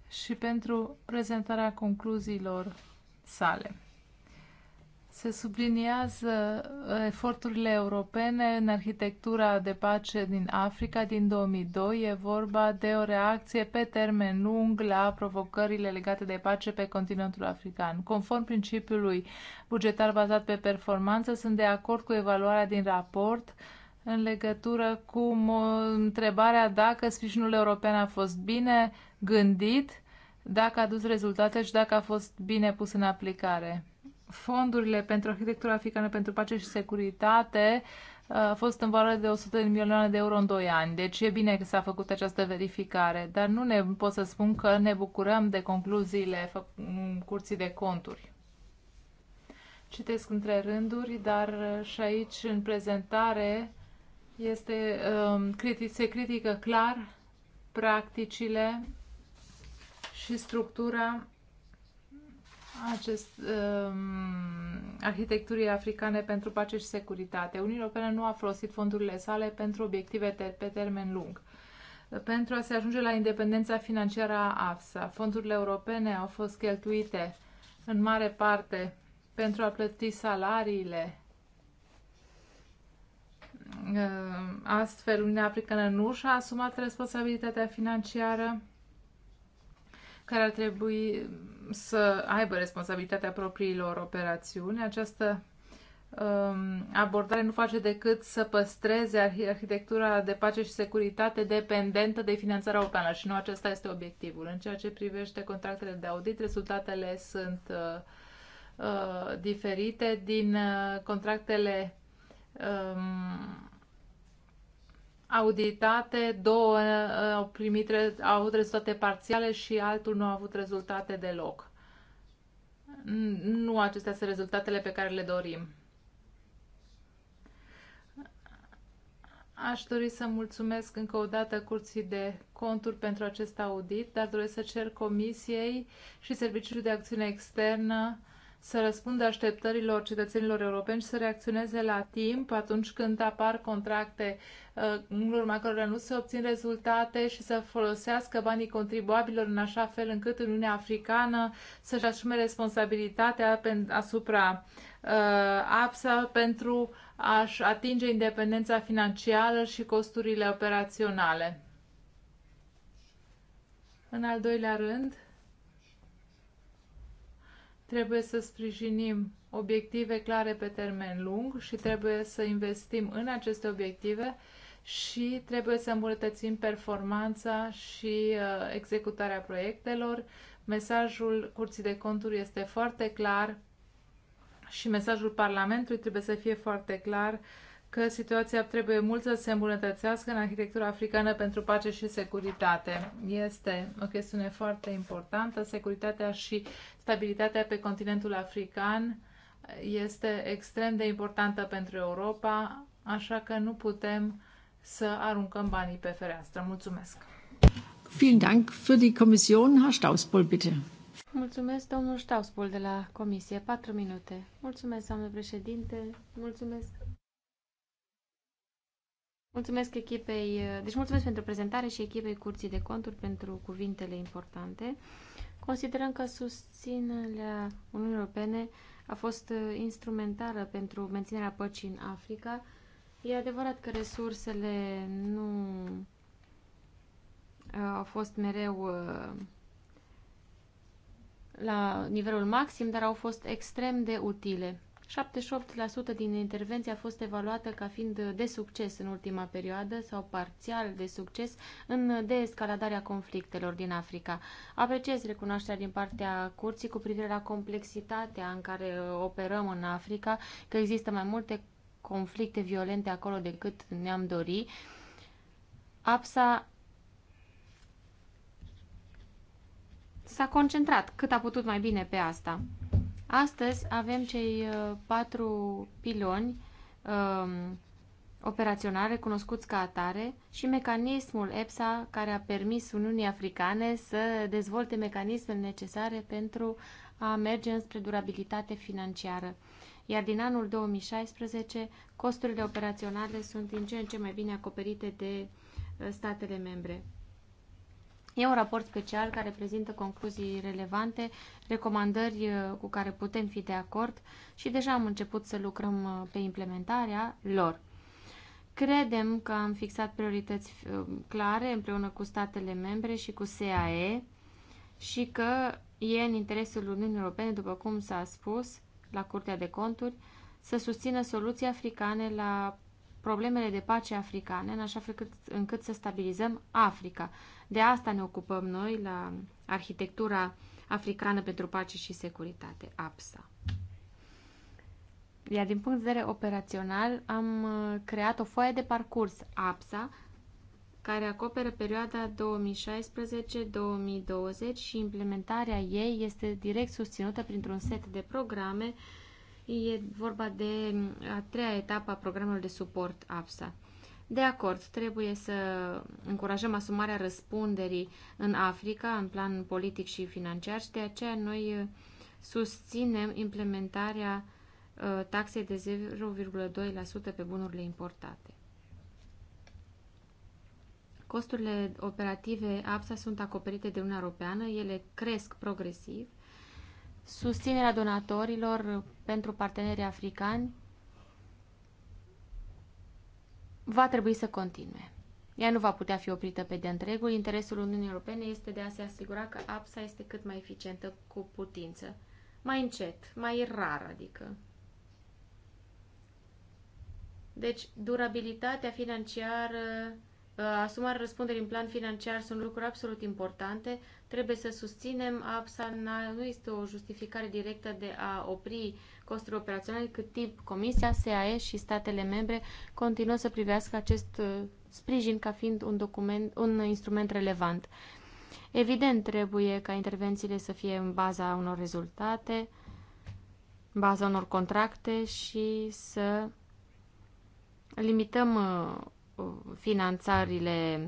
și pentru prezentarea concluziilor sale. Se subliniază uh, eforturile europene în arhitectura de pace din Africa din 2002. E vorba de o reacție pe termen lung la provocările legate de pace pe continentul african. Conform principiului bugetar bazat pe performanță, sunt de acord cu evaluarea din raport în legătură cu întrebarea dacă sprijinul european a fost bine gândit, dacă a dus rezultate și dacă a fost bine pus în aplicare fondurile pentru arhitectura africană pentru pace și securitate a fost în valoare de 100 de milioane de euro în 2 ani. Deci e bine că s-a făcut această verificare, dar nu ne pot să spun că ne bucurăm de concluziile curții de conturi. Citesc între rânduri, dar și aici în prezentare este, um, se critică clar practicile și structura acest, um, arhitecturii africane pentru pace și securitate. Uniunea Europeană nu a folosit fondurile sale pentru obiective te- pe termen lung. Pentru a se ajunge la independența financiară a AFSA, fondurile europene au fost cheltuite în mare parte pentru a plăti salariile. Uh, astfel, Uniunea Africană nu și-a asumat responsabilitatea financiară care ar trebui să aibă responsabilitatea propriilor operațiuni. Această um, abordare nu face decât să păstreze arhitectura de pace și securitate dependentă de finanțarea europeană și nu acesta este obiectivul. În ceea ce privește contractele de audit, rezultatele sunt uh, uh, diferite din uh, contractele um, auditate, două uh, au, primit, au avut rezultate parțiale și altul nu a avut rezultate deloc. Nu acestea sunt rezultatele pe care le dorim. Aș dori să mulțumesc încă o dată Curții de Conturi pentru acest audit, dar doresc să cer Comisiei și Serviciului de Acțiune Externă să răspundă așteptărilor cetățenilor europeni și să reacționeze la timp atunci când apar contracte uh, în urma cărora nu se obțin rezultate și să folosească banii contribuabilor în așa fel încât Uniunea Africană să-și asume responsabilitatea asupra uh, APSA pentru a-și atinge independența financiară și costurile operaționale. În al doilea rând, Trebuie să sprijinim obiective clare pe termen lung și trebuie să investim în aceste obiective și trebuie să îmbunătățim performanța și uh, executarea proiectelor. Mesajul Curții de Conturi este foarte clar și mesajul Parlamentului trebuie să fie foarte clar uh, că situația trebuie mult să se îmbunătățească în arhitectura africană pentru pace și securitate. Este o chestiune foarte importantă. Securitatea și stabilitatea pe continentul african este extrem de importantă pentru Europa, așa că nu putem să aruncăm banii pe fereastră. Mulțumesc! Vielen Dank für die Kommission. Herr bitte. Mulțumesc, domnul Stauspol de la Comisie. Patru minute. Mulțumesc, doamnă președinte. Mulțumesc Mulțumesc echipei, uh, deci mulțumesc pentru prezentare și echipei Curții de Conturi pentru cuvintele importante. Considerăm că susținerea Uniunii Europene a fost uh, instrumentală pentru menținerea păcii în Africa. E adevărat că resursele nu uh, au fost mereu la nivelul maxim, dar au fost extrem de utile. 78% din intervenții a fost evaluată ca fiind de succes în ultima perioadă sau parțial de succes în deescaladarea conflictelor din Africa. Apreciez recunoașterea din partea curții cu privire la complexitatea în care uh, operăm în Africa, că există mai multe conflicte violente acolo decât ne-am dori. APSA s-a concentrat cât a putut mai bine pe asta. Astăzi avem cei uh, patru piloni um, operaționale cunoscuți ca atare și mecanismul EPSA care a permis Uniunii Africane să dezvolte mecanismele necesare pentru a merge înspre durabilitate financiară. Iar din anul 2016, costurile operaționale sunt din ce în ce mai bine acoperite de uh, statele membre. E un raport special care prezintă concluzii relevante, recomandări uh, cu care putem fi de acord și deja am început să lucrăm uh, pe implementarea lor. Credem că am fixat priorități uh, clare împreună cu statele membre și cu SAE și că e în interesul Uniunii Europene, după cum s-a spus la Curtea de Conturi, să susțină soluții africane la problemele de pace africane, în așa fel încât să stabilizăm Africa. De asta ne ocupăm noi la Arhitectura Africană pentru Pace și Securitate, APSA. Iar din punct de vedere operațional, am uh, creat o foaie de parcurs APSA, care acoperă perioada 2016-2020 și implementarea ei este direct susținută printr-un set de programe. E vorba de mm, a treia etapă a programului de suport APSA. De acord, trebuie să încurajăm asumarea răspunderii în Africa, în plan politic și financiar și de aceea noi uh, susținem implementarea uh, taxei de 0,2% pe bunurile importate. Costurile operative APSA sunt acoperite de Uniunea Europeană, ele cresc progresiv. Susținerea donatorilor uh, pentru partenerii africani va trebui să continue. Ea nu va putea fi oprită pe de întregul. Interesul Uniunii Europene este de a se asigura că APSA este cât mai eficientă cu putință. Mai încet, mai rar, adică. Deci, durabilitatea financiară, ă, asumarea răspunderii în plan financiar sunt lucruri absolut importante. Trebuie să susținem APSA. Nu este o justificare directă de a opri costuri operaționale, cât timp Comisia, SAE și statele membre continuă să privească acest uh, sprijin ca fiind un, document, un instrument relevant. Evident, trebuie ca intervențiile să fie în baza unor rezultate, în baza unor contracte și să limităm uh, finanțările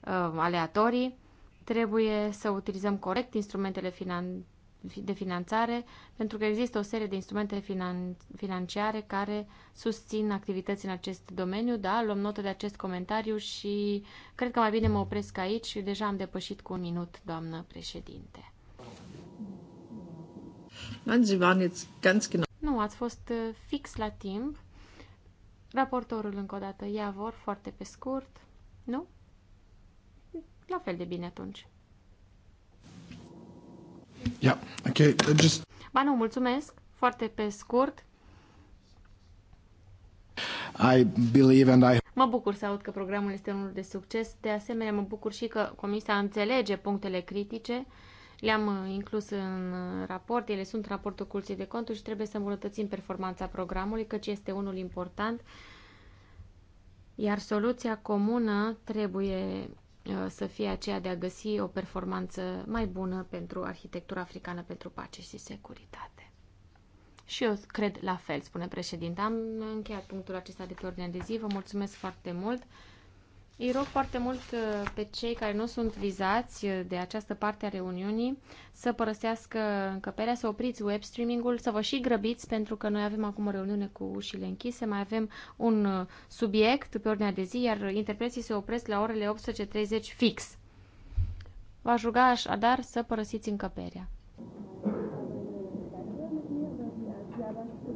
uh, aleatorii. Trebuie să utilizăm corect instrumentele finanțe de finanțare, pentru că există o serie de instrumente finan financiare care susțin activități în acest domeniu. Da, luăm notă de acest comentariu și cred că mai bine mă opresc aici și deja am depășit cu un minut, doamnă președinte. Nu, ați fost uh, fix la timp. Raportorul încă o dată, Iavor, foarte pe scurt, nu? La fel de bine atunci. Yeah, okay, just... Ba nu, mulțumesc. Foarte pe scurt. I believe and I... Mă bucur să aud că programul este unul de succes. De asemenea, mă bucur și că Comisia înțelege punctele critice. Le-am uh, inclus în uh, raport, ele sunt raportul Curții de Conturi și trebuie să îmbunătățim performanța programului, căci este unul important. Iar soluția comună trebuie Uh, să fie aceea de a găsi o performanță mai bună pentru arhitectura africană pentru pace și securitate. Și eu cred la fel, spune președinte. Am încheiat punctul acesta de pe ordinea de zi. Vă mulțumesc foarte mult. Îi rog foarte mult uh, pe cei care nu sunt vizați uh, de această parte a reuniunii să părăsească încăperea, să opriți web streaming-ul, să vă și grăbiți, pentru că noi avem acum o reuniune cu ușile închise, mai avem un uh, subiect pe ordinea de zi, iar interpreții se opresc la orele 18.30 fix. V-aș ruga așadar să părăsiți încăperea.